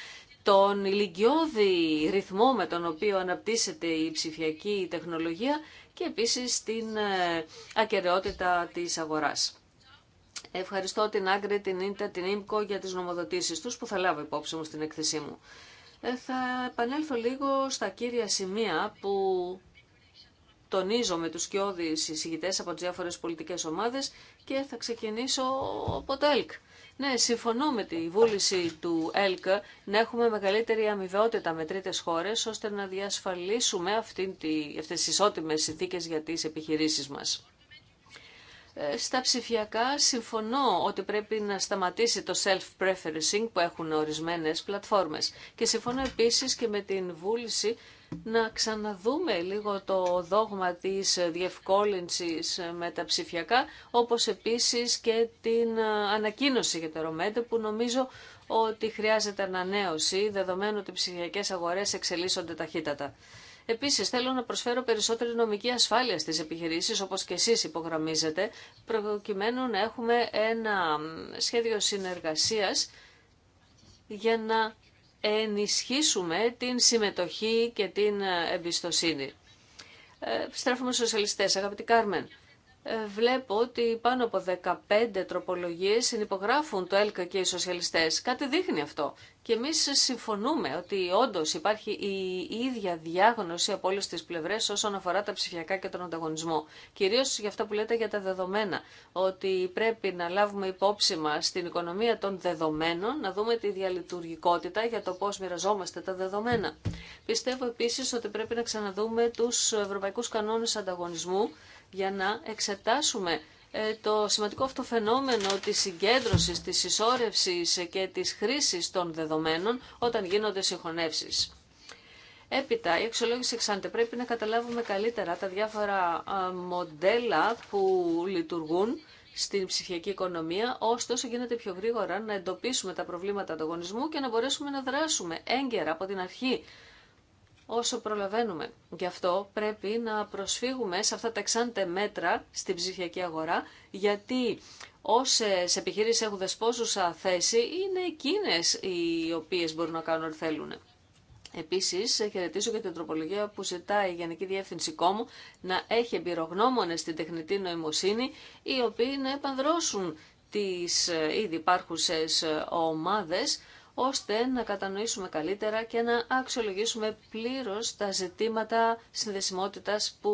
τον ηλικιώδη ρυθμό με τον οποίο αναπτύσσεται η ψηφιακή τεχνολογία και επίσης την ε, ακαιρεότητα της αγοράς. Ευχαριστώ την Άγκρε, την Ίντα, την Ίμκο για τις νομοδοτήσεις τους που θα λάβω υπόψη μου στην εκθεσή μου. Ε, θα επανέλθω λίγο στα κύρια σημεία που τονίζω με τους κοιόδης εισηγητές από τις διάφορες πολιτικές ομάδες και θα ξεκινήσω από το ΕΛΚ. Ναι, συμφωνώ με τη βούληση του ΕΛΚ να έχουμε μεγαλύτερη αμοιβαιότητα με τρίτες χώρες ώστε να διασφαλίσουμε αυτή τη, αυτές τις ισότιμες συνθήκες για τις επιχειρήσεις μας. Ε, στα ψηφιακά συμφωνώ ότι πρέπει να σταματήσει το self-preferencing που έχουν ορισμένες πλατφόρμες και συμφωνώ επίσης και με την βούληση να ξαναδούμε λίγο το δόγμα της διευκόλυνσης με τα ψηφιακά, όπως επίσης και την ανακοίνωση για το ΡΟΜΕΤ που νομίζω ότι χρειάζεται ανανέωση, δεδομένου ότι οι ψηφιακές αγορές εξελίσσονται ταχύτατα. Επίσης, θέλω να προσφέρω περισσότερη νομική ασφάλεια στι επιχειρήσει, όπως και εσείς υπογραμμίζετε, προκειμένου να έχουμε ένα σχέδιο συνεργασίας για να ενισχύσουμε την συμμετοχή και την ε, εμπιστοσύνη. Ε, στρέφουμε στους σοσιαλιστές. Αγαπητή Κάρμεν, ε, βλέπω ότι πάνω από 15 τροπολογίες συνυπογράφουν το ΕΛΚΑ και οι σοσιαλιστές. Κάτι δείχνει αυτό. Και εμείς συμφωνούμε ότι όντως υπάρχει η ίδια διάγνωση από όλες τις πλευρές όσον αφορά τα ψηφιακά και τον ανταγωνισμό. Κυρίως για αυτά που λέτε για τα δεδομένα, ότι πρέπει να λάβουμε υπόψη μας την οικονομία των δεδομένων, να δούμε τη διαλειτουργικότητα για το πώς μοιραζόμαστε τα δεδομένα. Πιστεύω επίσης ότι πρέπει να ξαναδούμε τους ευρωπαϊκούς κανόνες ανταγωνισμού, για να εξετάσουμε ε, το σημαντικό αυτό φαινόμενο της συγκέντρωσης, της συσσόρευσης και της χρήσης των δεδομένων όταν γίνονται συγχωνεύσεις. Έπειτα, η αξιολόγηση εξάντε πρέπει να καταλάβουμε καλύτερα τα διάφορα μοντέλα που λειτουργούν στην ψηφιακή οικονομία, ώστε γίνεται πιο γρήγορα να εντοπίσουμε τα προβλήματα ανταγωνισμού και να μπορέσουμε να δράσουμε έγκαιρα από την αρχή όσο προλαβαίνουμε. Γι' αυτό πρέπει να προσφύγουμε σε αυτά τα εξάντε μέτρα στην ψηφιακή αγορά, γιατί όσε επιχειρήσει έχουν δεσπόζουσα θέση είναι εκείνες οι οποίες μπορούν να κάνουν ό,τι θέλουν. Επίση, χαιρετίζω και την τροπολογία που ζητάει η Γενική Διεύθυνση Κόμου να έχει εμπειρογνώμονε στην τεχνητή νοημοσύνη, οι οποίοι να επανδρώσουν τι ε, ήδη υπάρχουσε ε, ομάδε ώστε να κατανοήσουμε καλύτερα και να αξιολογήσουμε πλήρως τα ζητήματα συνδεσιμότητας που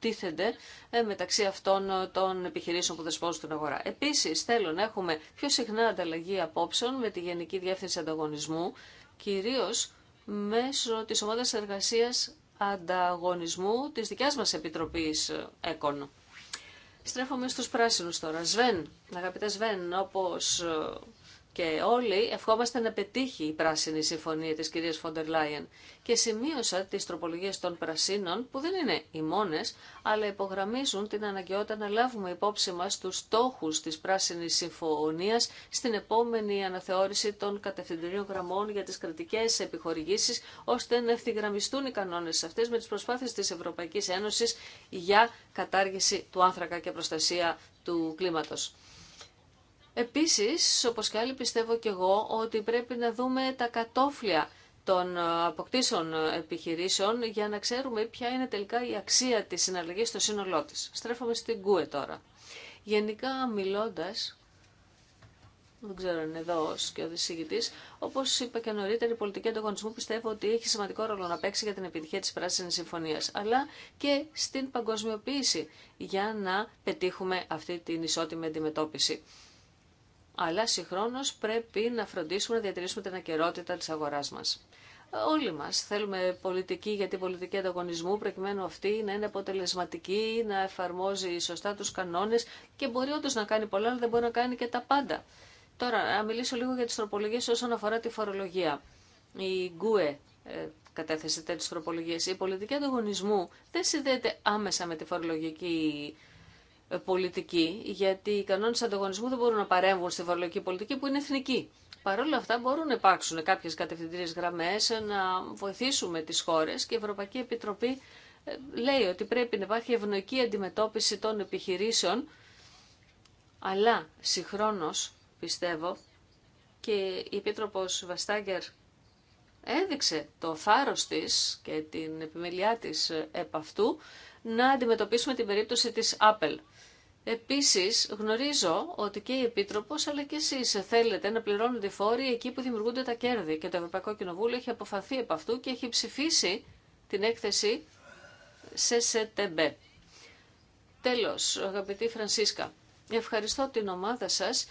τίθενται ε, μεταξύ αυτών των επιχειρήσεων που δεσπόζουν την αγορά. Επίσης, θέλω να έχουμε πιο συχνά ανταλλαγή απόψεων με τη Γενική Διεύθυνση Ανταγωνισμού, κυρίως μέσω της ομάδας εργασίας ανταγωνισμού της δικιάς μας Επιτροπής ε, ΕΚΟΝ. Στρέφομαι στους πράσινους τώρα. Σβέν, αγαπητέ Σβέν, όπως ε, και όλοι ευχόμαστε να πετύχει η πράσινη συμφωνία της κυρίας Φοντερ Λάιεν. Και σημείωσα τις τροπολογίες των πρασίνων, που δεν είναι οι μόνες, αλλά υπογραμμίζουν την αναγκαιότητα να λάβουμε υπόψη μας τους στόχους της πράσινης συμφωνίας στην επόμενη αναθεώρηση των κατευθυντηρίων γραμμών για τις κρατικές επιχορηγήσεις, ώστε να ευθυγραμμιστούν οι κανόνες αυτές με τις προσπάθειες της Ευρωπαϊκής Ένωσης για κατάργηση του άνθρακα και προστασία του κλίματος. Επίσης, όπως και άλλοι πιστεύω και εγώ, ότι πρέπει να δούμε τα κατόφλια των ε, αποκτήσεων ε, επιχειρήσεων για να ξέρουμε ποια είναι τελικά η αξία της συναλλαγής στο σύνολό της. Στρέφομαι στην ΚΟΕ τώρα. Γενικά μιλώντας, δεν ξέρω αν είναι εδώ και ο δισηγητή. Όπω είπα και νωρίτερα, η πολιτική ανταγωνισμού πιστεύω ότι έχει σημαντικό ρόλο να παίξει για την επιτυχία τη Πράσινη Συμφωνία, αλλά και στην παγκοσμιοποίηση για να πετύχουμε αυτή την ισότιμη αντιμετώπιση αλλά συγχρόνω πρέπει να φροντίσουμε να διατηρήσουμε την ακερότητα τη αγορά μα. Όλοι μας θέλουμε πολιτική για την πολιτική ανταγωνισμού, προκειμένου αυτή να είναι αποτελεσματική, να εφαρμόζει σωστά τους κανόνες και μπορεί όντω να κάνει πολλά, αλλά δεν μπορεί να κάνει και τα πάντα. Τώρα, να μιλήσω λίγο για τις τροπολογίες όσον αφορά τη φορολογία. Η Γκουε ε, κατέθεσε τέτοιες τροπολογίες. Η πολιτική ανταγωνισμού δεν συνδέεται άμεσα με τη φορολογική πολιτική, γιατί οι κανόνε ανταγωνισμού δεν μπορούν να παρέμβουν στη βαρολογική πολιτική που είναι εθνική. Παρ' όλα αυτά μπορούν να υπάρξουν κάποιες κατευθυντήριες γραμμέ να βοηθήσουμε τις χώρες και η Ευρωπαϊκή Επιτροπή ε, λέει ότι πρέπει να υπάρχει ευνοϊκή αντιμετώπιση των επιχειρήσεων, αλλά συγχρόνω, πιστεύω και η Επίτροπος Βαστάγκερ έδειξε το θάρρος της και την επιμελιά της επ' αυτού να αντιμετωπίσουμε την περίπτωση της Apple. Επίσης, γνωρίζω ότι και η Επίτροπος αλλά και εσείς θέλετε να τη φόροι εκεί που δημιουργούνται τα κέρδη και το Ευρωπαϊκό Κοινοβούλιο έχει αποφαθεί από αυτού και έχει ψηφίσει την έκθεση σε ΣΕΤΕΜΠΕ. Τέλος, αγαπητή Φρανσίσκα, ευχαριστώ την ομάδα σας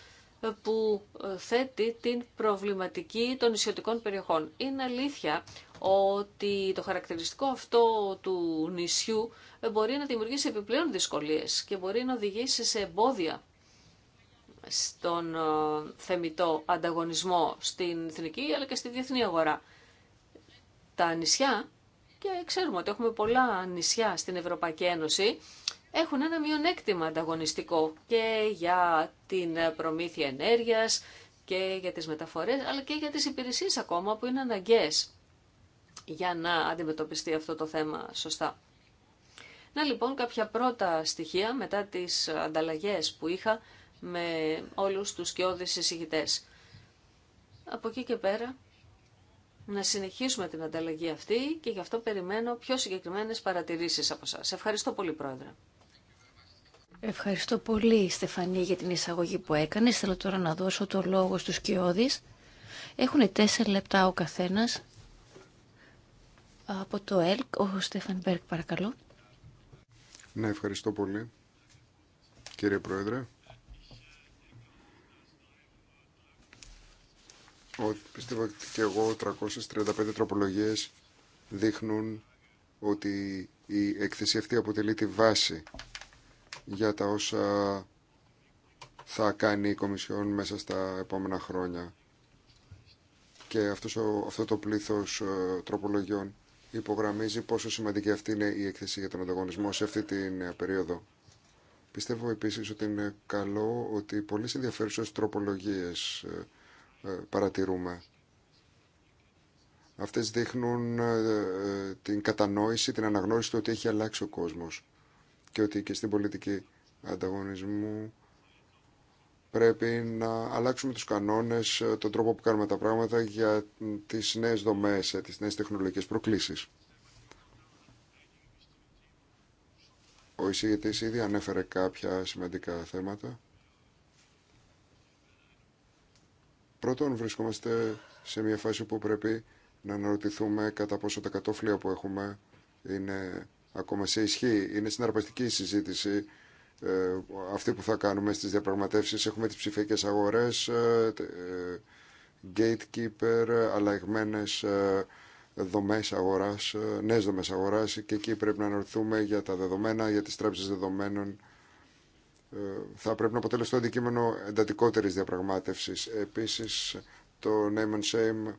που θέτει την προβληματική των ισιωτικών περιοχών. Είναι αλήθεια ότι το χαρακτηριστικό αυτό του νησιού μπορεί να δημιουργήσει επιπλέον δυσκολίες και μπορεί να οδηγήσει σε εμπόδια στον ε, θεμητό ανταγωνισμό στην εθνική αλλά και στη διεθνή αγορά. Τα νησιά, και ξέρουμε ότι έχουμε πολλά νησιά στην Ευρωπαϊκή Ένωση, έχουν ένα μειονέκτημα ανταγωνιστικό και για την προμήθεια ενέργειας και για τις μεταφορές, αλλά και για τις υπηρεσίες ακόμα που είναι αναγκαίες για να αντιμετωπιστεί αυτό το θέμα σωστά. Να λοιπόν κάποια πρώτα στοιχεία μετά τις ανταλλαγές που είχα με όλους τους σκιώδεις εισηγητές. Από εκεί και πέρα να συνεχίσουμε την ανταλλαγή αυτή και γι' αυτό περιμένω πιο συγκεκριμένες παρατηρήσεις από σας. Ευχαριστώ πολύ Πρόεδρε. Ευχαριστώ πολύ Στεφανή για την εισαγωγή που έκανες. Θέλω τώρα να δώσω το λόγο στους σκιώδεις. Έχουν τέσσερα λεπτά ο καθένας από το ΕΛΚ, ο Στέφαν Μπέρκ, παρακαλώ. Ναι, ευχαριστώ πολύ, κύριε Πρόεδρε. Ο, πιστεύω ότι και εγώ 335 τροπολογίες δείχνουν ότι η εκθεσή αυτή αποτελεί τη βάση για τα όσα θα κάνει η Κομισιόν μέσα στα επόμενα χρόνια. Και αυτός, αυτό το πλήθος ε, τροπολογιών υπογραμμίζει πόσο σημαντική αυτή είναι η έκθεση για τον ανταγωνισμό σε αυτή την ε, περίοδο. Πιστεύω επίσης ότι είναι καλό ότι πολλές ενδιαφέρουσε τροπολογίες ε, ε, παρατηρούμε. Αυτές δείχνουν την κατανόηση, την αναγνώριση του ότι έχει αλλάξει ο κόσμος και ότι και στην πολιτική ανταγωνισμού πρέπει να αλλάξουμε τους κανόνες, ε, τον τρόπο που κάνουμε τα πράγματα για τις νέες δομές, ε, τις νέες τεχνολογικές προκλήσεις. Ο εισηγητής ήδη ανέφερε κάποια σημαντικά θέματα. Πρώτον, βρισκόμαστε σε μια φάση που πρέπει να αναρωτηθούμε κατά πόσο τα κατόφλια που έχουμε είναι ακόμα σε ισχύ. Είναι συναρπαστική η συζήτηση ε, αυτή που θα κάνουμε στις διαπραγματεύσεις. Έχουμε τις ψηφιακές αγορές, ε, ε, gatekeeper, αλλαγμένες δομές αγοράς, νέες δομές αγοράς και εκεί πρέπει να αναρωθούμε για τα δεδομένα, για τις τράπεζες δεδομένων. Θα πρέπει να αποτελεστώ αντικείμενο εντατικότερης διαπραγμάτευσης. Επίσης, το name and shame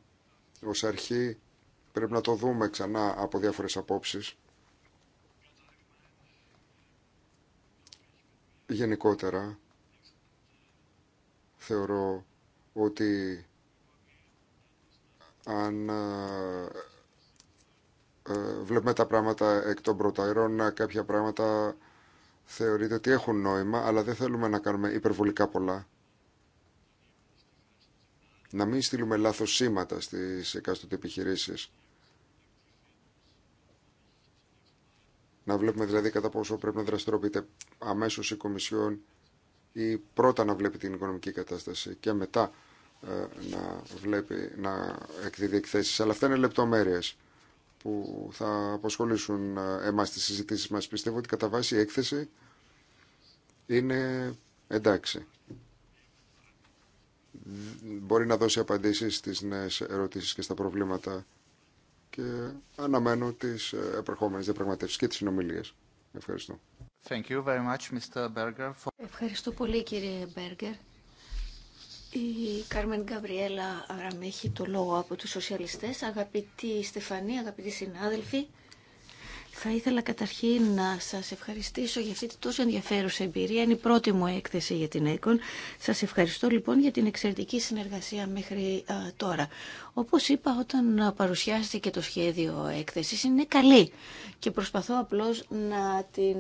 ως αρχή πρέπει να το δούμε ξανά από διάφορες απόψεις Γενικότερα, θεωρώ ότι αν ε, ε, βλέπουμε τα πράγματα εκ των προταϊρών, ε, κάποια πράγματα θεωρείται ότι έχουν νόημα, αλλά δεν θέλουμε να κάνουμε υπερβολικά πολλά. Να μην στείλουμε λάθος σήματα στις εκάστοτε επιχειρήσεις. Να βλέπουμε δηλαδή κατά πόσο πρέπει να δραστηριοποιείται αμέσως η Κομισιόν ή πρώτα να βλέπει την οικονομική κατάσταση και μετά ε, να βλέπει, να εκδίδει εκθέσεις. Αλλά αυτά είναι λεπτομέρειες που θα αποσχολήσουν εμά τις συζητήσει μας. Πιστεύω ότι κατά βάση η έκθεση είναι εντάξει. Μπορεί να δώσει απαντήσεις στις νέες ερωτήσεις και στα προβλήματα και αναμένω τις ε, επερχόμενες διαπραγματεύσεις και τις συνομιλίες. Ευχαριστώ. Thank you very much, Mr. Berger, for... Ευχαριστώ πολύ κύριε Μπέργκερ. Η Κάρμεν Γκαμπριέλα Αραμέχη το λόγο από τους σοσιαλιστές. Αγαπητή Στεφανή, αγαπητοί συνάδελφοι, θα ήθελα καταρχήν να σας ευχαριστήσω για αυτή τη τόσο ενδιαφέρουσα εμπειρία. Είναι η πρώτη μου έκθεση για την ΕΚΟΝ. Σας ευχαριστώ λοιπόν για την εξαιρετική συνεργασία μέχρι τώρα. Όπως είπα όταν παρουσιάστηκε το σχέδιο έκθεσης είναι καλή και προσπαθώ απλώς να την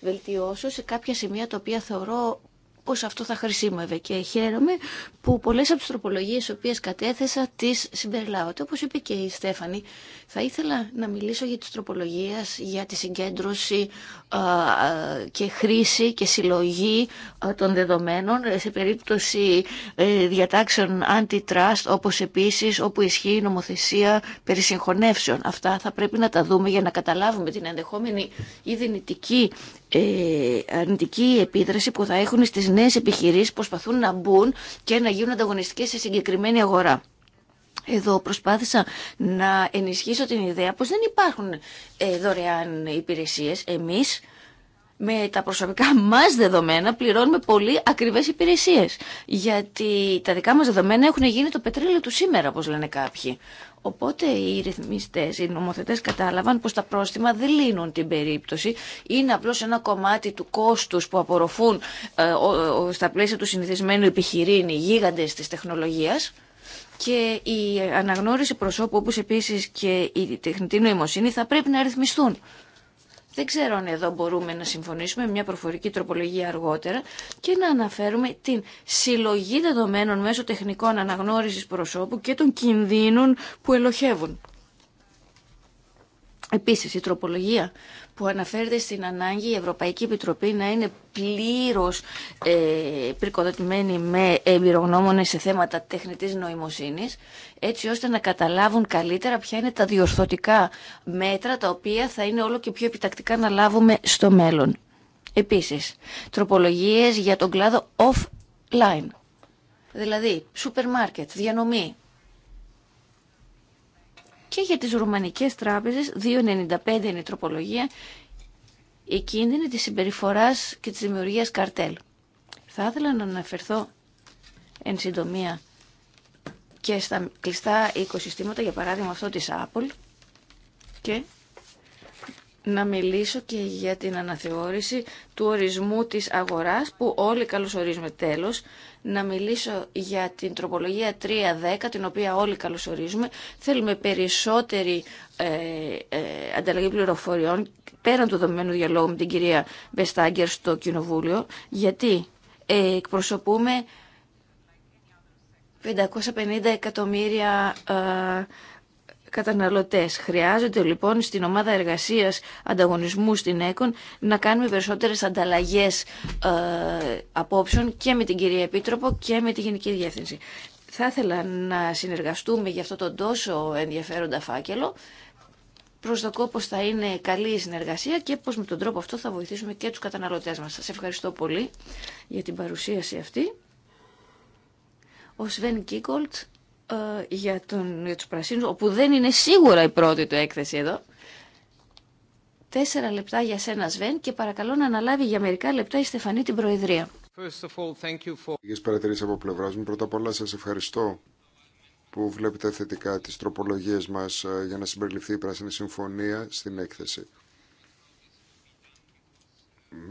βελτιώσω σε κάποια σημεία τα οποία θεωρώ πως αυτό θα χρησιμεύε και χαίρομαι που πολλές από τις τροπολογίες τις οποίες κατέθεσα τις συμπεριλάβατε. Όπως είπε και η Στέφανη, θα ήθελα να μιλήσω για τις τροπολογίες, για τη συγκέντρωση και χρήση και συλλογή των δεδομένων σε περίπτωση ε, διατάξεων antitrust, όπως επίσης όπου ισχύει η νομοθεσία περί συγχωνεύσεων. Αυτά θα πρέπει να τα δούμε για να καταλάβουμε την ενδεχόμενη ή δυνητική ε, αρνητική επίδραση που θα έχουν στις νέες επιχειρήσεις που προσπαθούν να μπουν και να γίνουν ανταγωνιστικές σε συγκεκριμένη αγορά. Εδώ προσπάθησα να ενισχύσω την ιδέα πως δεν υπάρχουν ε, δωρεάν υπηρεσίες. Εμείς με τα προσωπικά μας δεδομένα πληρώνουμε πολύ ακριβές υπηρεσίες. Γιατί τα δικά μας δεδομένα έχουν γίνει το πετρέλαιο του σήμερα, όπως λένε κάποιοι. Οπότε οι ρυθμιστέ, οι νομοθετέ κατάλαβαν πως τα πρόστιμα δεν λύνουν την περίπτωση. Είναι απλώς ένα κομμάτι του κόστους που απορροφούν ε, στα πλαίσια του συνηθισμένου επιχειρήν οι γίγαντες της τεχνολογίας. Και η αναγνώριση προσώπου, όπω επίση και η τεχνητή νοημοσύνη, θα πρέπει να ρυθμιστούν. Δεν ξέρω αν εδώ μπορούμε να συμφωνήσουμε με μια προφορική τροπολογία αργότερα και να αναφέρουμε την συλλογή δεδομένων μέσω τεχνικών αναγνώρισης προσώπου και των κινδύνων που ελοχεύουν. Επίσης η τροπολογία που αναφέρεται στην ανάγκη η Ευρωπαϊκή Επιτροπή να είναι πλήρως ε, πρικοδοτημένη με εμπειρογνώμονε σε θέματα τεχνητής νοημοσύνης, έτσι ώστε να καταλάβουν καλύτερα ποια είναι τα διορθωτικά μέτρα τα οποία θα είναι όλο και πιο επιτακτικά να λάβουμε στο μέλλον. Επίσης, τροπολογίες για τον κλάδο offline, δηλαδή σούπερ μάρκετ, διανομή, και για τις ρουμανικές τράπεζες, 2,95 είναι η τροπολογία, η κίνδυνη της συμπεριφοράς και της δημιουργίας καρτέλ. Θα ήθελα να αναφερθώ εν συντομία και στα κλειστά οικοσυστήματα, για παράδειγμα αυτό της Apple, και να μιλήσω και για την αναθεώρηση του ορισμού της αγοράς που όλοι καλωσορίζουμε τέλος να μιλήσω για την τροπολογία 3.10, την οποία όλοι καλωσορίζουμε. Θέλουμε περισσότερη ε, ε, ανταλλαγή πληροφοριών πέραν του δομημένου διαλόγου με την κυρία Μπεστάγκερ στο Κοινοβούλιο, γιατί ε, εκπροσωπούμε 550 εκατομμύρια ε, καταναλωτές. Χρειάζεται λοιπόν στην ομάδα εργασίας ανταγωνισμού στην ΕΚΟΝ να κάνουμε περισσότερες ανταλλαγές ε, απόψεων και με την κυρία Επίτροπο και με τη Γενική Διεύθυνση. Θα ήθελα να συνεργαστούμε για αυτό το τόσο ενδιαφέροντα φάκελο. Προσδοκώ πως θα είναι καλή η συνεργασία και πως με τον τρόπο αυτό θα βοηθήσουμε και τους καταναλωτές μας. Σας ευχαριστώ πολύ για την παρουσίαση αυτή. Ο Σβέν Κίκολτ ε, για, τον, για τους πρασίνους, όπου δεν είναι σίγουρα η πρώτη του έκθεση εδώ. Τέσσερα λεπτά για σένα Σβέν και παρακαλώ να αναλάβει για μερικά λεπτά η Στεφανή την Προεδρία. Λίγες παρατηρήσεις από πλευράς μου. Πρώτα απ' όλα σας ευχαριστώ που βλέπετε θετικά τις τροπολογίες μας ε, για να συμπεριληφθεί η Πράσινη Συμφωνία στην έκθεση.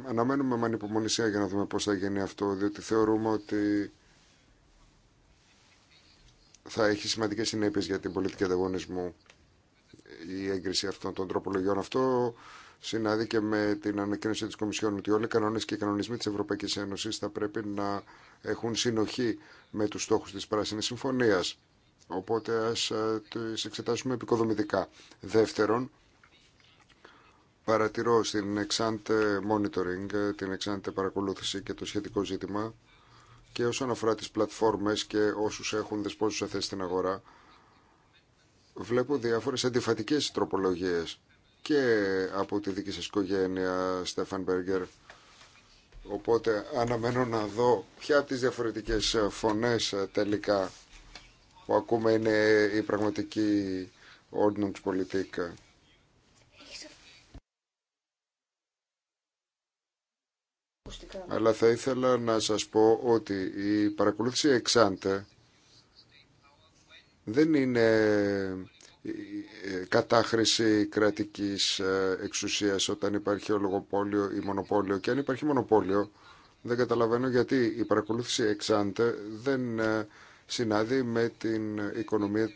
Αναμένουμε με ανυπομονησία για να δούμε πώς θα γίνει αυτό, διότι θεωρούμε ότι θα έχει σημαντικέ συνέπειε για την πολιτική ανταγωνισμού η έγκριση αυτών των τροπολογιών. Αυτό συνάδει και με την ανακοίνωση τη Κομισιόν ότι όλοι οι κανόνε και οι κανονισμοί τη Ευρωπαϊκή Ένωση θα πρέπει να έχουν συνοχή με του στόχου τη πράσινη Συμφωνία. Οπότε α τι εξετάσουμε επικοδομητικά. Δεύτερον, παρατηρώ στην εξάντε monitoring, την εξάντε παρακολούθηση και το σχετικό ζήτημα και όσον αφορά τις πλατφόρμες και όσους έχουν δεσπόζουσα θέση στην αγορά βλέπω διάφορες αντιφατικές τροπολογίες και από τη δική σας οικογένεια Στέφαν Μπέργκερ οπότε αναμένω να δω ποια από τις διαφορετικές φωνές τελικά που ακούμε είναι η πραγματική ordnance πολιτική αλλά θα ήθελα να σας πω ότι η παρακολούθηση εξάντε δεν είναι ε, ε, κατάχρηση κρατικής ε, εξουσίας όταν υπάρχει ολογοπόλιο ή μονοπόλιο και αν υπάρχει μονοπόλιο δεν καταλαβαίνω γιατί η παρακολούθηση εξάντε δεν συνάδει με την οικονομία,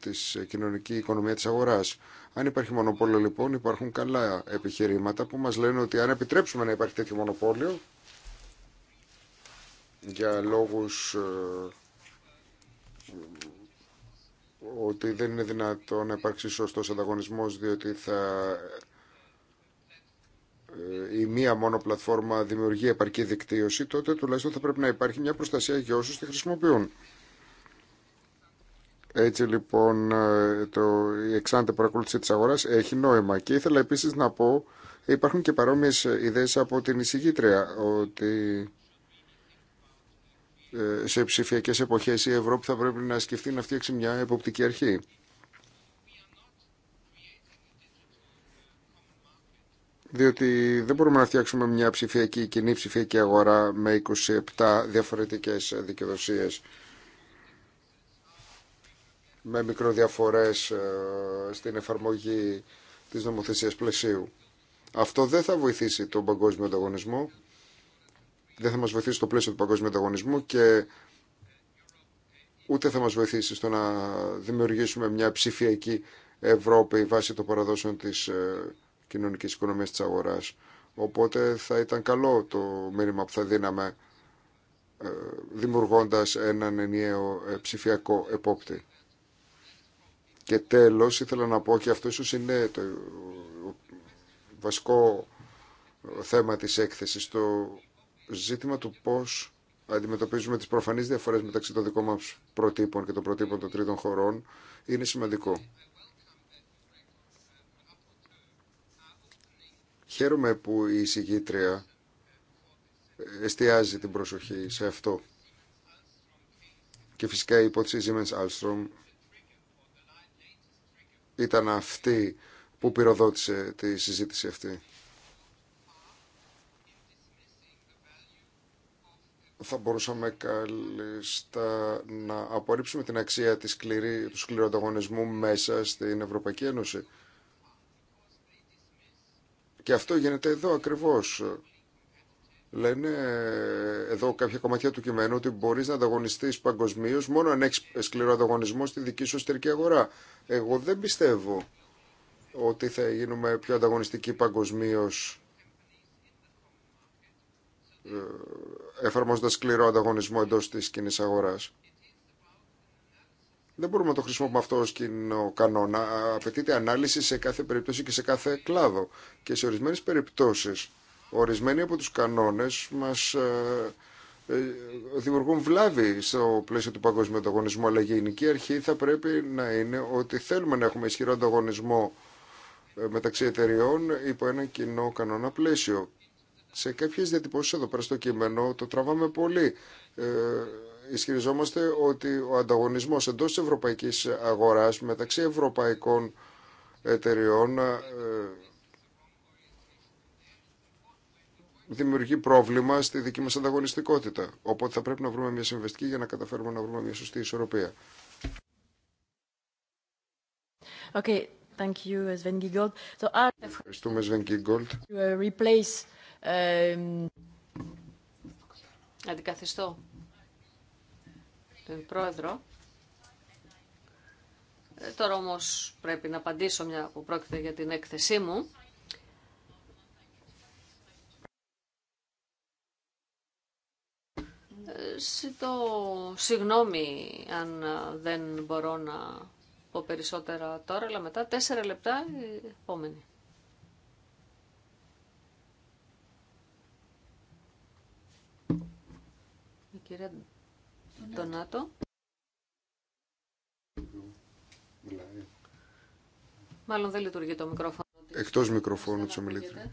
της κοινωνική οικονομία της αγοράς. Αν υπάρχει μονοπόλιο λοιπόν υπάρχουν καλά επιχειρήματα που μας λένε ότι αν επιτρέψουμε να υπάρχει τέτοιο μονοπόλιο για λόγους ε, ότι δεν είναι δυνατό να υπάρξει σωστός ανταγωνισμός διότι θα ε, η μία μόνο πλατφόρμα δημιουργεί επαρκή δικτύωση, τότε τουλάχιστον θα πρέπει να υπάρχει μια προστασία για όσους τη χρησιμοποιούν. Έτσι λοιπόν ε, το, η εξάντε παρακολούθηση της αγοράς έχει νόημα και ήθελα επίσης να πω υπάρχουν και παρόμοιες ιδέες από την εισηγήτρια ότι ε, σε ψηφιακές εποχές η Ευρώπη θα πρέπει να σκεφτεί να φτιάξει μια εποπτική αρχή. διότι δεν μπορούμε να φτιάξουμε μια ψηφιακή κοινή ψηφιακή αγορά με 27 διαφορετικές δικαιοδοσίες με μικροδιαφορές ε, στην εφαρμογή της νομοθεσίας πλαισίου. Αυτό δεν θα βοηθήσει τον παγκόσμιο ανταγωνισμό, δεν θα μας βοηθήσει στο πλαίσιο του παγκόσμιου ανταγωνισμού και ούτε θα μας βοηθήσει στο να δημιουργήσουμε μια ψηφιακή Ευρώπη βάσει των παραδόσεων της ε, κοινωνικής οικονομίας της αγοράς. Οπότε θα ήταν καλό το μήνυμα που θα δίναμε ε, δημιουργώντας έναν ενιαίο ψηφιακό επόπτη. Και τέλος ήθελα να πω και αυτό ίσως είναι το βασικό θέμα της έκθεσης, το ζήτημα του πώς αντιμετωπίζουμε τις προφανείς διαφορές μεταξύ των δικών μας προτύπων και των προτύπων των τρίτων χωρών είναι σημαντικό. Χαίρομαι που η εισηγήτρια εστιάζει την προσοχή σε αυτό. Και φυσικά η υπόθεση Siemens Alstrom ήταν αυτή που πυροδότησε τη συζήτηση αυτή. θα μπορούσαμε καλύτερα να απορρίψουμε την αξία της σκληρή, του σκληρού ανταγωνισμού μέσα στην Ευρωπαϊκή Ένωση. Και αυτό γίνεται εδώ ακριβώς, λένε ε, εδώ κάποια κομμάτια του κειμένου ότι μπορείς να ανταγωνιστείς παγκοσμίω μόνο αν έχεις σκληρό ανταγωνισμό στη δική σου εσωτερική αγορά. Εγώ δεν πιστεύω ότι θα γίνουμε πιο ανταγωνιστικοί παγκοσμίω ε, εφαρμόζοντας σκληρό ανταγωνισμό εντός της κοινή αγοράς. Δεν μπορούμε να το χρησιμοποιούμε αυτό ως κοινό κανόνα. Απαιτείται ανάλυση σε κάθε περίπτωση και σε κάθε κλάδο. Και σε ορισμένες περιπτώσεις Ορισμένοι από τους κανόνες μας ε, ε, δημιουργούν βλάβη στο πλαίσιο του παγκόσμιου ανταγωνισμού, αλλά η γενική αρχή θα πρέπει να είναι ότι θέλουμε να έχουμε ισχυρό ανταγωνισμό ε, μεταξύ εταιριών υπό ένα κοινό κανόνα πλαίσιο. Σε κάποιες διατυπώσεις εδώ πέρα στο κείμενο το τραβάμε πολύ. Ε, ισχυριζόμαστε ότι ο ανταγωνισμός εντός της ευρωπαϊκής αγοράς μεταξύ ευρωπαϊκών εταιριών δημιουργεί πρόβλημα στη δική μας ανταγωνιστικότητα. Οπότε θα πρέπει να βρούμε μια συμβεστική για να καταφέρουμε να βρούμε μια σωστή ισορροπία. Okay, thank you, Sven Giegold. So, uh, Ευχαριστούμε, Sven Giegold. Uh, replace, um, Αντικαθιστώ τον πρόεδρο. Ε, τώρα όμως πρέπει να απαντήσω μια που πρόκειται για την έκθεσή μου. το συγγνώμη αν ε, δεν μπορώ να πω περισσότερα τώρα, αλλά μετά τέσσερα λεπτά η ε, επόμενη. Η κυρία Ντονάτο. Μάλλον δεν λειτουργεί το μικρόφωνο. Εκτός μικροφώνου της ομιλήτρια.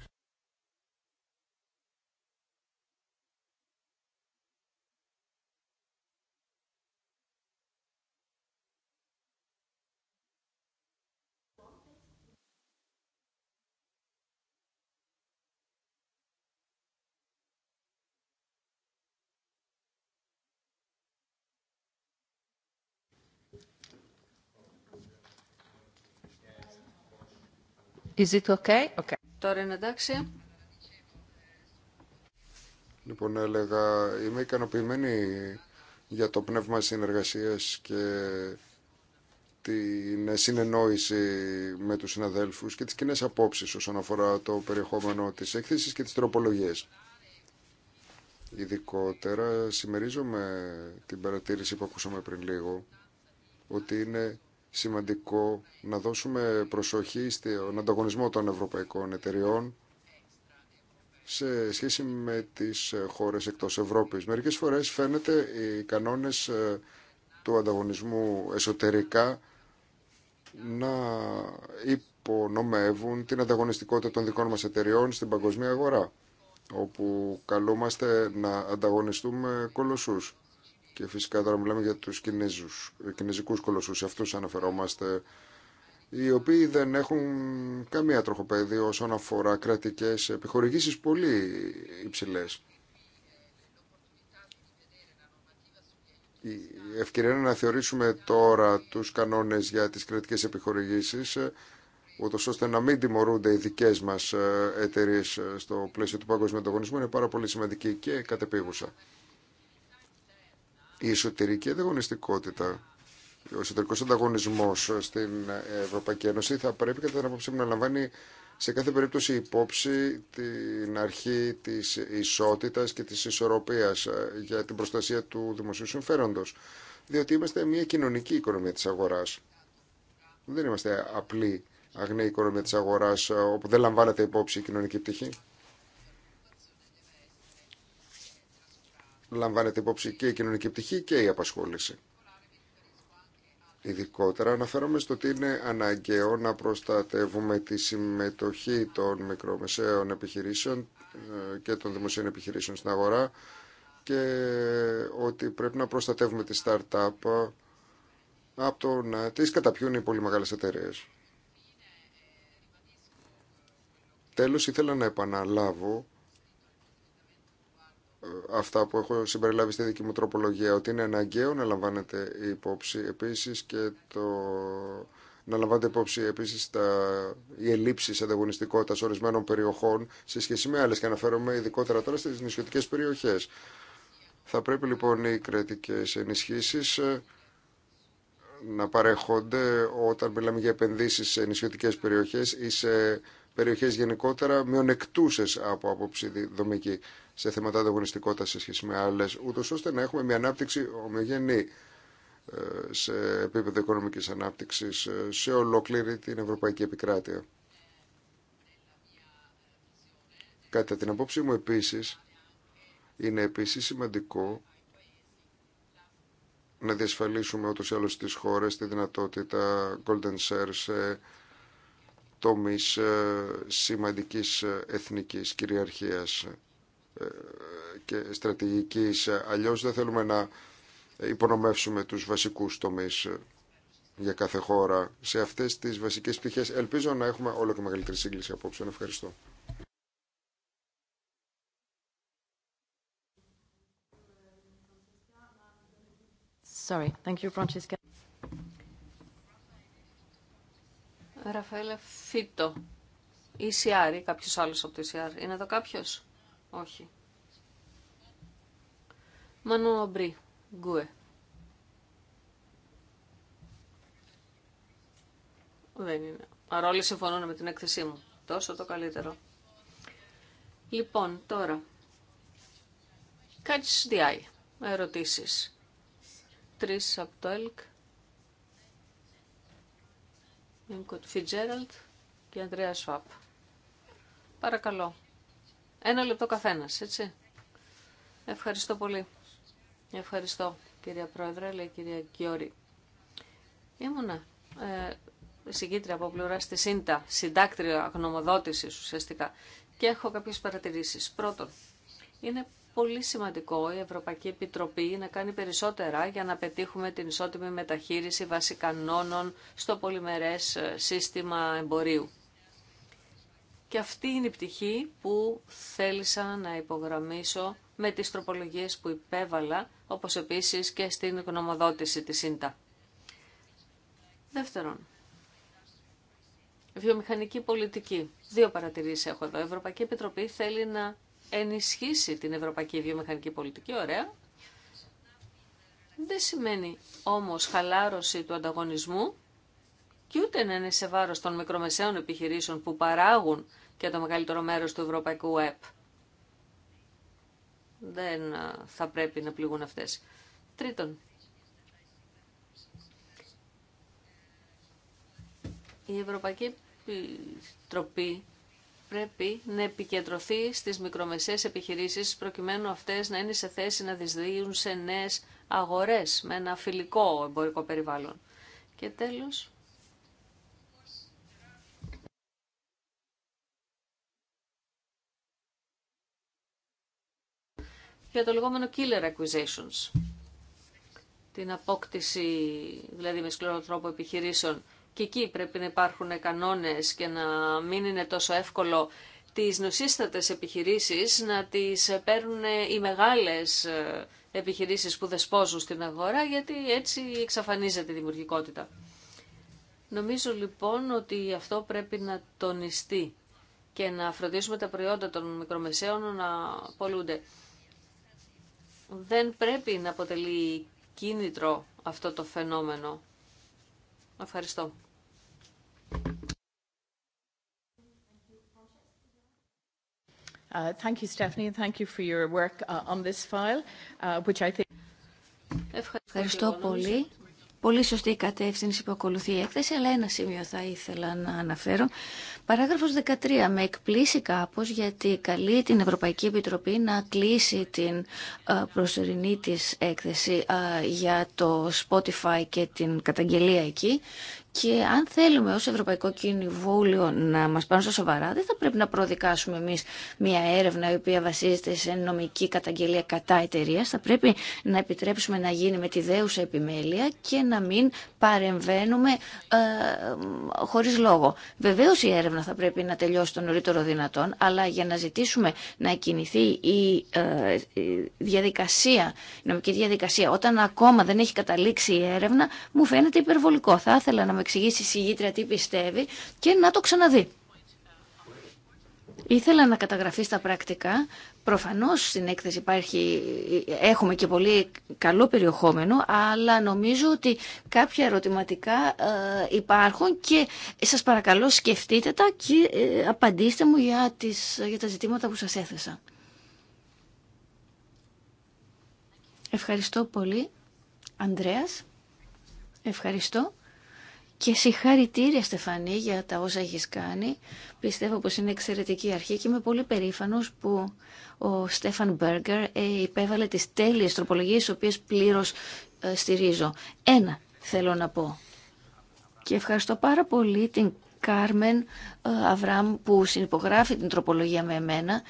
Is it okay? Okay. Τώρα είναι εντάξει. Λοιπόν, έλεγα, είμαι ικανοποιημένη για το πνεύμα συνεργασίας και την συνεννόηση με τους συναδέλφους και τις κοινέ απόψεις όσον αφορά το περιεχόμενο της έκθεσης και τις τροπολογίες. Ειδικότερα, συμμερίζομαι την παρατήρηση που ακούσαμε πριν λίγο, ότι είναι σημαντικό να δώσουμε προσοχή στον ανταγωνισμό των ευρωπαϊκών εταιριών σε σχέση με τις χώρες εκτός Ευρώπης. Μερικές φορές φαίνεται οι κανόνες ε, του ανταγωνισμού εσωτερικά να υπονομεύουν την ανταγωνιστικότητα των δικών μας εταιριών στην παγκοσμία αγορά, όπου καλούμαστε να ανταγωνιστούμε κολοσσούς. Και φυσικά τώρα μιλάμε για τους Κινέζους, κινέζικους κολοσσούς, αυτούς αναφερόμαστε, οι οποίοι δεν έχουν καμία τροχοπέδη όσον αφορά κρατικές επιχορηγήσεις πολύ υψηλές. Η ευκαιρία να θεωρήσουμε τώρα τους κανόνες για τις κρατικές επιχορηγήσεις, ούτως ώστε να μην τιμωρούνται οι δικές μας ε, εταιρείε ε, στο πλαίσιο του παγκόσμιου ανταγωνισμού, είναι πάρα πολύ σημαντική και κατεπίγουσα. Η εσωτερική ανταγωνιστικότητα, ο εσωτερικό ανταγωνισμό στην Ευρωπαϊκή Ένωση θα πρέπει κατά την άποψή μου να λαμβάνει σε κάθε περίπτωση υπόψη την αρχή της ισότητας και της ισορροπίας για την προστασία του δημοσίου συμφέροντος. Διότι είμαστε μια κοινωνική οικονομία της αγοράς. Δεν είμαστε απλή αγνή οικονομία της αγοράς όπου δεν λαμβάνεται υπόψη η κοινωνική πτυχή. λαμβάνεται υπόψη και η κοινωνική πτυχή και η απασχόληση. Ειδικότερα αναφέρομαι στο ότι είναι αναγκαίο να προστατεύουμε τη συμμετοχή των μικρομεσαίων επιχειρήσεων ε, και των δημοσίων επιχειρήσεων στην αγορά και ότι πρέπει να προστατεύουμε τις startup ε, από το να τις καταπιούν οι πολύ μεγάλες εταιρείες. Τέλος, ήθελα να επαναλάβω αυτά που έχω συμπεριλάβει στη δική μου τροπολογία, ότι είναι αναγκαίο να λαμβάνετε υπόψη επίσης και το... Να λαμβάνετε υπόψη επίσης τα... οι ελλείψεις ανταγωνιστικότητας ορισμένων περιοχών σε σχέση με άλλες και αναφέρομαι ειδικότερα τώρα στις νησιωτικές περιοχές. Θα πρέπει λοιπόν οι κρατικές ενισχύσεις ε, να παρέχονται όταν μιλάμε για επενδύσεις σε νησιωτικές περιοχές ή σε περιοχές γενικότερα μειονεκτούσες από άποψη δομική σε θέματα ανταγωνιστικότητα σε σχέση με άλλες, ούτως ώστε να έχουμε μια ανάπτυξη ομοιογενή ε, σε επίπεδο οικονομικής ανάπτυξης ε, σε ολόκληρη την Ευρωπαϊκή Επικράτεια. Κατά την απόψη μου επίσης, είναι επίσης σημαντικό να διασφαλίσουμε ούτως ή άλλως στις χώρες τη δυνατότητα golden share σε τομείς ε, σημαντικής ε, εθνικής κυριαρχίας ε, και στρατηγικής. Αλλιώς δεν θέλουμε να υπονομεύσουμε τους βασικούς τομείς για κάθε χώρα σε αυτές τις βασικές πτυχές. Ελπίζω να έχουμε όλο και μεγαλύτερη σύγκληση απόψε. Ευχαριστώ. Sorry. Thank you, Francesca. Ραφαέλα Φίτο. Ή ή κάποιος άλλος από το ECR. Είναι εδώ κάποιος? Όχι. Μανού Αμπρί. Γκουε. Δεν είναι. Άρα όλοι συμφωνούν με την έκθεσή μου. Τόσο το καλύτερο. Λοιπόν, τώρα. Catch the eye. Ερωτήσεις. Τρεις από το ΕΛΚ. Νίμκοτ Φιτζέραλτ και Ανδρέα Σουάπ. Παρακαλώ. Ένα λεπτό καθένας, έτσι. Ευχαριστώ πολύ. Ευχαριστώ, κυρία Πρόεδρε, λέει κυρία Γκιόρη. Ήμουνα ε, συγκήτρια από πλευρά στη ΣΥΝΤΑ, συντάκτρια γνωμοδότησης ουσιαστικά. Και έχω κάποιες παρατηρήσεις. Πρώτον, είναι πολύ σημαντικό η Ευρωπαϊκή Επιτροπή να κάνει περισσότερα για να πετύχουμε την ισότιμη μεταχείριση βασικανόνων στο πολυμερές ε, σύστημα εμπορίου. Και αυτή είναι η πτυχή που θέλησα να υπογραμμίσω με τις τροπολογίες που υπέβαλα, όπως επίσης και στην γνωμοδότηση της ΣΥΝΤΑ. Δεύτερον, βιομηχανική πολιτική. Δύο παρατηρήσεις έχω εδώ. Η Ευρωπαϊκή Επιτροπή θέλει να ενισχύσει την ευρωπαϊκή βιομηχανική πολιτική, ωραία. Δεν σημαίνει όμως χαλάρωση του ανταγωνισμού και ούτε να είναι σε βάρος των μικρομεσαίων επιχειρήσεων που παράγουν και το μεγαλύτερο μέρος του ευρωπαϊκού ΕΠ. Δεν θα πρέπει να πληγούν αυτές. Τρίτον, η Ευρωπαϊκή Επιτροπή πρέπει να επικεντρωθεί στις μικρομεσαίες επιχειρήσεις προκειμένου αυτές να είναι σε θέση να δυσδύουν σε νέες αγορές με ένα φιλικό εμπορικό περιβάλλον. Και τέλος... για το λεγόμενο killer acquisitions, την απόκτηση δηλαδή με σκληρό τρόπο επιχειρήσεων και εκεί πρέπει να υπάρχουν κανόνες και να μην είναι τόσο εύκολο τις νοσίστατες επιχειρήσεις να τις παίρνουν οι μεγάλες ε, επιχειρήσεις που δεσπόζουν στην αγορά γιατί έτσι εξαφανίζεται η δημιουργικότητα. Νομίζω λοιπόν ότι αυτό πρέπει να τονιστεί και να φροντίσουμε τα προϊόντα των μικρομεσαίων να πολλούνται. Δεν πρέπει να αποτελεί κίνητρο αυτό το φαινόμενο. Ευχαριστώ. Uh, thank you, Stephanie, thank you for your work uh, on this file, uh, which I think... Ευχαριστώ πολύ. Πολύ σωστή η κατεύθυνση που ακολουθεί η έκθεση, αλλά ένα σημείο θα ήθελα να αναφέρω. Παράγραφος 13. Με εκπλήσει κάπως γιατί καλεί την Ευρωπαϊκή Επιτροπή να κλείσει την ε, προσωρινή της έκθεση ε, για το Spotify και την καταγγελία εκεί και αν θέλουμε ως Ευρωπαϊκό Κοινοβούλιο να μας πάνε στα σοβαρά, δεν θα πρέπει να προδικάσουμε εμείς μια έρευνα η οποία βασίζεται σε νομική καταγγελία κατά εταιρεία. Θα πρέπει να επιτρέψουμε να γίνει με τη δέουσα επιμέλεια και να μην παρεμβαίνουμε ε, χωρίς λόγο. Βεβαίως η έρευνα θα πρέπει να τελειώσει το νωρίτερο δυνατόν, αλλά για να ζητήσουμε να κινηθεί η ε, διαδικασία, η νομική διαδικασία, όταν ακόμα δεν έχει καταλήξει η έρευνα, μου φαίνεται υπερβολικό. Θα ήθελα να με εξηγήσει η συγγήτρια τι πιστεύει και να το ξαναδεί. Ήθελα να καταγραφεί στα πρακτικά. Προφανώ στην έκθεση υπάρχει, έχουμε και πολύ καλό περιεχόμενο, αλλά νομίζω ότι κάποια ερωτηματικά ε, υπάρχουν και σα παρακαλώ σκεφτείτε τα και ε, απαντήστε μου για, τις, για τα ζητήματα που σα έθεσα. Ευχαριστώ πολύ. Ανδρέας, ευχαριστώ. Και συγχαρητήρια Στεφανή για τα όσα έχεις κάνει. Πιστεύω πως είναι εξαιρετική αρχή και είμαι πολύ περήφανος που ο Στέφαν Μπέργκερ ε, υπέβαλε τις τέλειες τροπολογίες, τις οποίες πλήρως ε, στηρίζω. Ένα θέλω να πω. Και ευχαριστώ πάρα πολύ την Κάρμεν ε, Αβραμ που συνυπογράφει την τροπολογία με εμένα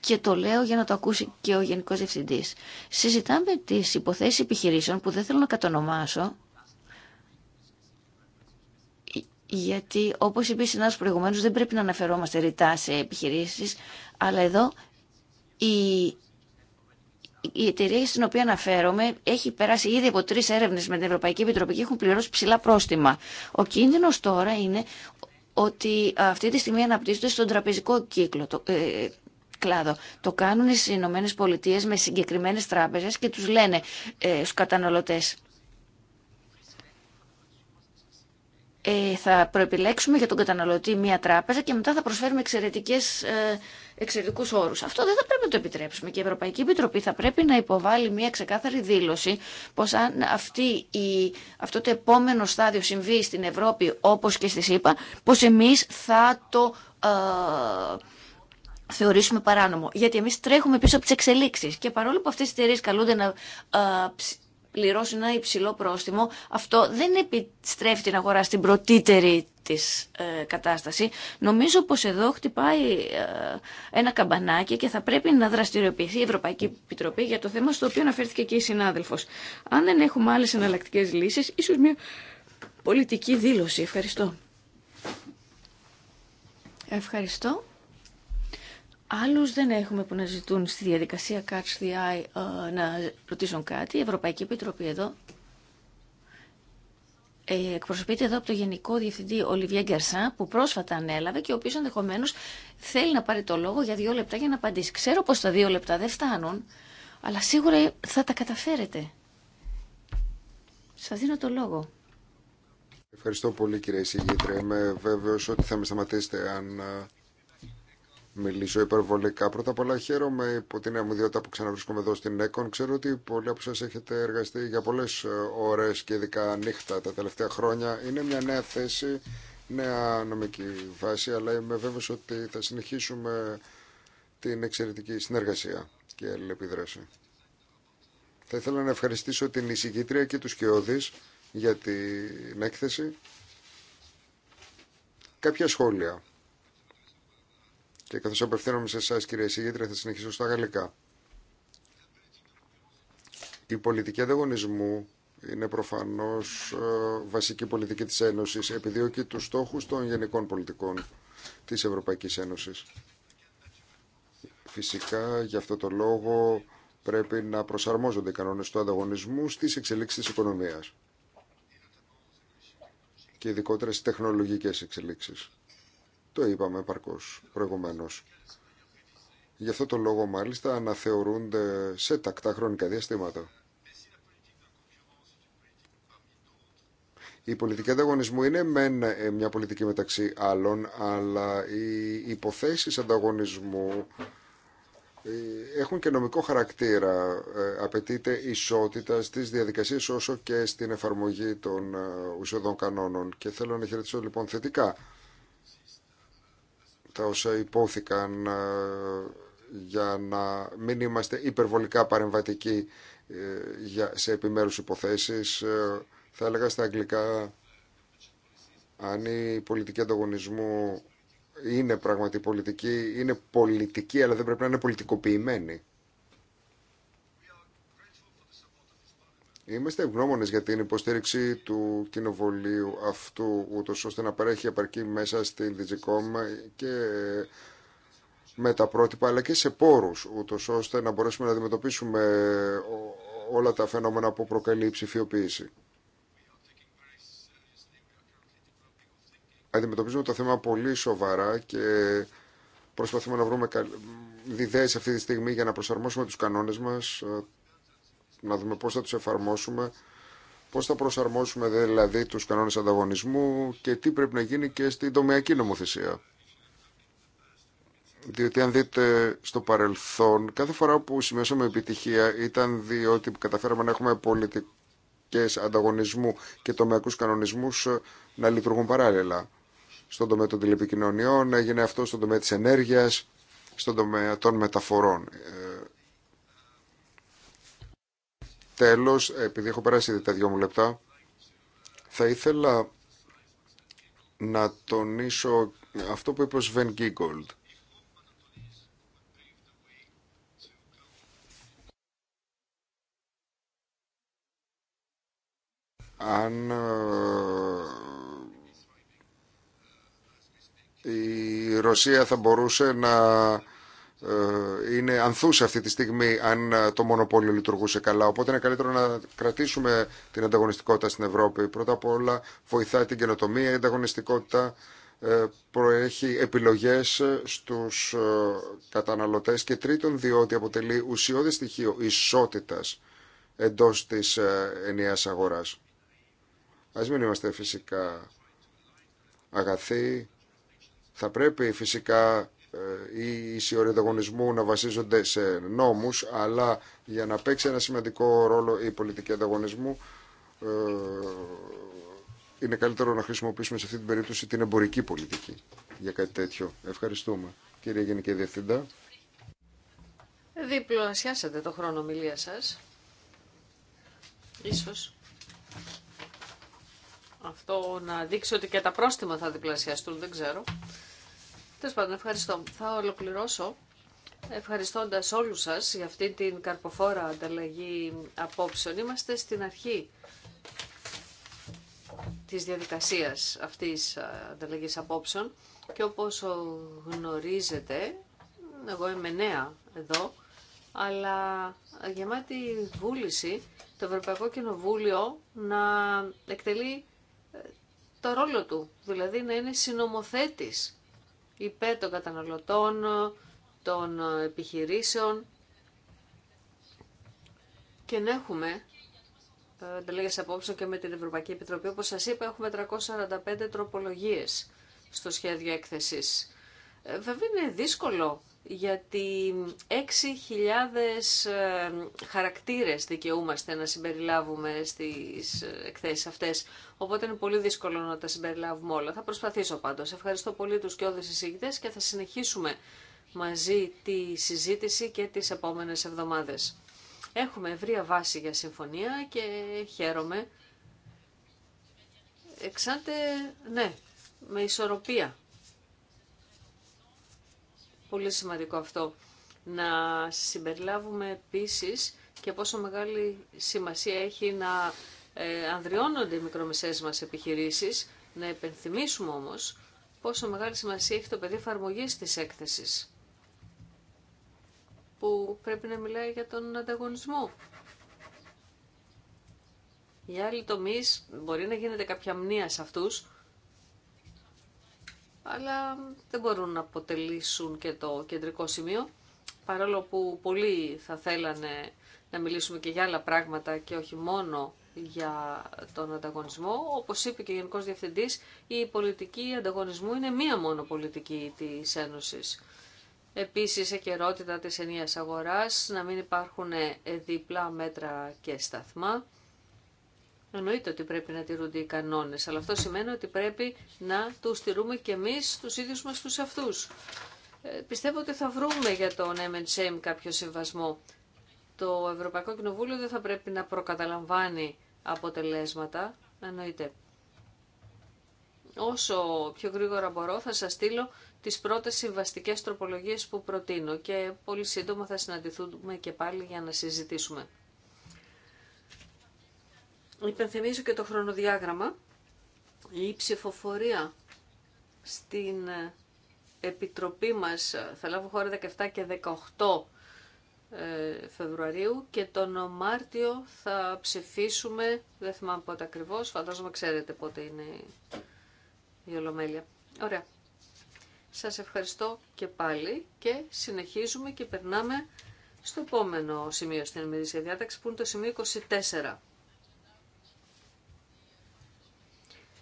και το λέω για να το ακούσει και ο Γενικός Διευθυντής. Συζητάμε τις υποθέσεις επιχειρήσεων που δεν θέλω να κατονομάσω γιατί όπως είπε η συνάδελφος προηγουμένως δεν πρέπει να αναφερόμαστε ρητά σε επιχειρήσεις, αλλά εδώ η, η εταιρεία στην οποία αναφέρομαι έχει περάσει ήδη από τρεις έρευνες με την Ευρωπαϊκή Επιτροπή και έχουν πληρώσει ψηλά πρόστιμα. Ο κίνδυνος τώρα είναι ότι αυτή τη στιγμή αναπτύσσονται στον τραπεζικό κύκλο, το, ε, κλάδο. Το κάνουν οι Ηνωμένε Πολιτείε με συγκεκριμένες τράπεζες και τους λένε ε, στους καταναλωτές Ε, θα προεπιλέξουμε για τον καταναλωτή μία τράπεζα και μετά θα προσφέρουμε εξαιρετικές, ε, εξαιρετικούς όρους. Αυτό δεν θα πρέπει να το επιτρέψουμε και η Ευρωπαϊκή Επιτροπή θα πρέπει να υποβάλει μία ξεκάθαρη δήλωση πως αν αυτή η, αυτό το επόμενο στάδιο συμβεί στην Ευρώπη όπως και στη ΣΥΠΑ, πως εμείς θα το... Ε, θεωρήσουμε παράνομο. Γιατί εμεί τρέχουμε πίσω από τι εξελίξει. Και παρόλο που αυτέ οι εταιρείε καλούνται να ε, πληρώσει ένα υψηλό πρόστιμο, αυτό δεν επιστρέφει την αγορά στην πρωτήτερη της ε, κατάσταση. Νομίζω πως εδώ χτυπάει ε, ένα καμπανάκι και θα πρέπει να δραστηριοποιηθεί η Ευρωπαϊκή Επιτροπή για το θέμα στο οποίο αναφέρθηκε και η συνάδελφος. Αν δεν έχουμε άλλες εναλλακτικέ λύσεις, ίσως μια πολιτική δήλωση. Ευχαριστώ. Ευχαριστώ. Άλλου δεν έχουμε που να ζητούν στη διαδικασία Catch the Eye ε, να ρωτήσουν κάτι. Η Ευρωπαϊκή Επιτροπή εδώ ε, εκπροσωπείται εδώ από το Γενικό Διευθυντή Ολιβιέ Γκερσά, που πρόσφατα ανέλαβε και ο οποίο ενδεχομένω θέλει να πάρει το λόγο για δύο λεπτά για να απαντήσει. Ξέρω πω τα δύο λεπτά δεν φτάνουν, αλλά σίγουρα θα τα καταφέρετε. Σα δίνω το λόγο. Ευχαριστώ πολύ, κύριε Συγγήτρια. Είμαι βέβαιο ότι θα με σταματήσετε αν ε, μιλήσω υπερβολικά. Πρώτα απ' όλα χαίρομαι υπό την αμοιδιότητα που ξαναβρίσκομαι εδώ στην ΕΚΟΝ. Ξέρω ότι πολλοί από εσά έχετε εργαστεί για πολλέ ε, ώρε και ειδικά νύχτα τα τελευταία χρόνια. Είναι μια νέα θέση, νέα νομική βάση, αλλά είμαι βέβαιο ότι θα συνεχίσουμε την εξαιρετική συνεργασία και αλληλεπίδραση. Θα ήθελα να ευχαριστήσω την εισηγήτρια και του Κιώδη για την έκθεση. Κάποια σχόλια και καθώ απευθύνομαι σε εσά, κύριε Σιγήτρια, θα συνεχίσω στα γαλλικά. Η πολιτική ανταγωνισμού είναι προφανώς ε, βασική πολιτική της Ένωσης, επιδιώκει τους στόχου των γενικών πολιτικών της Ευρωπαϊκής Ένωσης. Φυσικά, γι' αυτό το λόγο πρέπει να προσαρμόζονται οι κανόνες του ανταγωνισμού στις εξελίξεις της οικονομίας και ειδικότερα στις τεχνολογικές εξελίξεις. Το είπαμε παρκώς προηγουμένως. Γι' αυτό το λόγο μάλιστα αναθεωρούνται σε τακτά χρονικά διαστήματα. Η πολιτική ανταγωνισμού είναι μεν ε, μια πολιτική μεταξύ άλλων, αλλά οι υποθέσεις ανταγωνισμού ε, έχουν και νομικό χαρακτήρα. Ε, απαιτείται ισότητα στις διαδικασίες όσο και στην εφαρμογή των ουσιοδών κανόνων. Και θέλω να χαιρετήσω λοιπόν θετικά τα όσα υπόθηκαν ε, για να μην είμαστε υπερβολικά παρεμβατικοί ε, σε επιμέρους υποθέσεις. Ε, θα έλεγα στα αγγλικά, αν η πολιτική ανταγωνισμού είναι πραγματική πολιτική, είναι πολιτική, αλλά δεν πρέπει να είναι πολιτικοποιημένη. Είμαστε ευγνώμονε για την υποστήριξη του κοινοβολίου αυτού, ούτω ώστε να παρέχει επαρκή μέσα στην Digicom και με τα πρότυπα, αλλά και σε πόρου, ούτω ώστε να μπορέσουμε να αντιμετωπίσουμε όλα τα φαινόμενα που προκαλεί η ψηφιοποίηση. Αντιμετωπίζουμε το θέμα πολύ σοβαρά και προσπαθούμε να βρούμε διδέες αυτή τη στιγμή για να προσαρμόσουμε τους κανόνες μας να δούμε πώς θα τους εφαρμόσουμε, πώς θα προσαρμόσουμε δηλαδή τους κανόνες ανταγωνισμού και τι πρέπει να γίνει και στην τομεακή νομοθεσία. Διότι αν δείτε στο παρελθόν, κάθε φορά που σημειώσαμε επιτυχία ήταν διότι καταφέραμε να έχουμε πολιτικές ανταγωνισμού και τομεακούς κανονισμούς ε, να λειτουργούν παράλληλα. Στον τομέα των τηλεπικοινωνιών έγινε αυτό, στον τομέα της ενέργειας, στον τομέα των μεταφορών. Ε, Τέλος, επειδή έχω περάσει ήδη τα δυο μου λεπτά, θα ήθελα να τονίσω αυτό που είπε ο Σβεν Γκίγκολτ. Αν ε, η Ρωσία θα μπορούσε να ε, είναι ανθούσα αυτή τη στιγμή αν ε, το μονοπόλιο λειτουργούσε καλά. Οπότε είναι καλύτερο να κρατήσουμε την ανταγωνιστικότητα στην Ευρώπη. Πρώτα απ' όλα βοηθάει την καινοτομία. Η ανταγωνιστικότητα ε, προέχει επιλογές στους καταναλωτές και τρίτον διότι αποτελεί ουσιώδη στοιχείο ισότητας εντός της ενιαίας αγοράς. Ας μην είμαστε φυσικά αγαθοί. Θα πρέπει φυσικά ε, ή ισιορροί ανταγωνισμού να βασίζονται σε νόμους, αλλά για να παίξει ένα σημαντικό ρόλο η πολιτική ανταγωνισμού ε, είναι καλύτερο να χρησιμοποιήσουμε σε αυτή την περίπτωση την εμπορική πολιτική για κάτι τέτοιο. Ευχαριστούμε. Κύριε Γενική Διευθυντά. Διπλασιάσατε το χρόνο ομιλία σας. Ίσως. Αυτό να δείξει ότι και τα πρόστιμα θα διπλασιαστούν, δεν ξέρω. Τέλο πάντων, ευχαριστώ. Θα ολοκληρώσω ευχαριστώντα όλους σας για αυτή την καρποφόρα ανταλλαγή απόψεων. Είμαστε στην αρχή της διαδικασίας αυτής ανταλλαγή απόψεων και όπως γνωρίζετε, εγώ είμαι νέα εδώ, αλλά γεμάτη βούληση το Ευρωπαϊκό Κοινοβούλιο να εκτελεί ε, το ρόλο του, δηλαδή να είναι συνομοθέτης υπέρ των καταναλωτών, των επιχειρήσεων και να έχουμε ε, ανταλλαγές απόψε και με την Ευρωπαϊκή Επιτροπή. Όπως σας είπα, έχουμε 345 τροπολογίες στο σχέδιο έκθεσης. Ε, βέβαια είναι δύσκολο γιατί 6.000 ε, χαρακτήρες δικαιούμαστε να συμπεριλάβουμε στις ε, εκθέσεις αυτές, οπότε είναι πολύ δύσκολο να τα συμπεριλάβουμε όλα. Θα προσπαθήσω πάντως. Ευχαριστώ πολύ τους και όδες και θα συνεχίσουμε μαζί τη συζήτηση και τις επόμενες εβδομάδες. Έχουμε ευρία βάση για συμφωνία και χαίρομαι. Εξάντε, ναι, με ισορροπία Πολύ σημαντικό αυτό. Να συμπεριλάβουμε επίση και πόσο μεγάλη σημασία έχει να ε, ανδριώνονται οι μικρομεσαίες μας επιχειρήσεις, να επενθυμίσουμε όμως πόσο μεγάλη σημασία έχει το παιδί εφαρμογή της έκθεσης, που πρέπει να μιλάει για τον ανταγωνισμό. Οι άλλοι τομεί μπορεί να γίνεται κάποια μνήα σε αυτούς, αλλά δεν μπορούν να αποτελήσουν και το κεντρικό σημείο, παρόλο που πολλοί θα θέλανε να μιλήσουμε και για άλλα πράγματα και όχι μόνο για τον ανταγωνισμό. Όπως είπε και ο Γενικός Διευθυντής, η πολιτική ανταγωνισμού είναι μία μόνο πολιτική της Ένωσης. Επίσης, καιρότητα της ενίας αγοράς, να μην υπάρχουν διπλά μέτρα και σταθμά. Εννοείται ότι πρέπει να τηρούνται οι κανόνε. αλλά αυτό σημαίνει ότι πρέπει να του τηρούμε και εμεί του ίδιου μα του αυτού. Ε, πιστεύω ότι θα βρούμε για τον MSM κάποιο συμβασμό. Το Ευρωπαϊκό Κοινοβούλιο δεν θα πρέπει να προκαταλαμβάνει αποτελέσματα, εννοείται. Όσο πιο γρήγορα μπορώ θα σα στείλω τι πρώτε συμβαστικέ τροπολογίε που προτείνω και πολύ σύντομα θα συναντηθούμε και πάλι για να συζητήσουμε υπενθυμίζω και το χρονοδιάγραμμα. Η ψηφοφορία στην ε, Επιτροπή μας ε, θα λάβω χώρα 17 και 18 ε, Φεβρουαρίου και τον Μάρτιο θα ψηφίσουμε, δεν θυμάμαι πότε ακριβώς, φαντάζομαι ξέρετε πότε είναι η Ολομέλεια. Ωραία. Σας ευχαριστώ και πάλι και συνεχίζουμε και περνάμε στο επόμενο σημείο στην ημερήσια διάταξη που είναι το σημείο 24.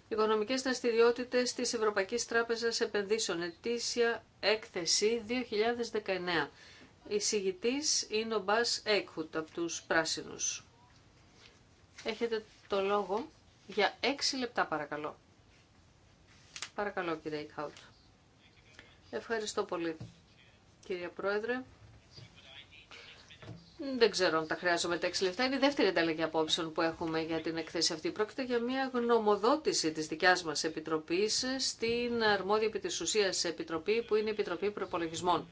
οικονομικέ δραστηριότητε τη Ευρωπαϊκή Τράπεζα Επενδύσεων, ετήσια έκθεση 2019. Εισηγητή είναι ο Μπά Έκχουτ από του πράσινου. Έχετε το λόγο για 6 λεπτά παρακαλώ. Παρακαλώ κύριε Έκχουτ. Ευχαριστώ πολύ κύριε Πρόεδρε. Δεν ξέρω αν τα χρειάζομαι τα έξι λεπτά. Είναι η δεύτερη ανταλλαγή απόψεων που έχουμε για την εκθέση αυτή. Πρόκειται για μια γνωμοδότηση τη δικιά μα επιτροπή στην αρμόδια επί επιτροπή που είναι η Επιτροπή Προπολογισμών.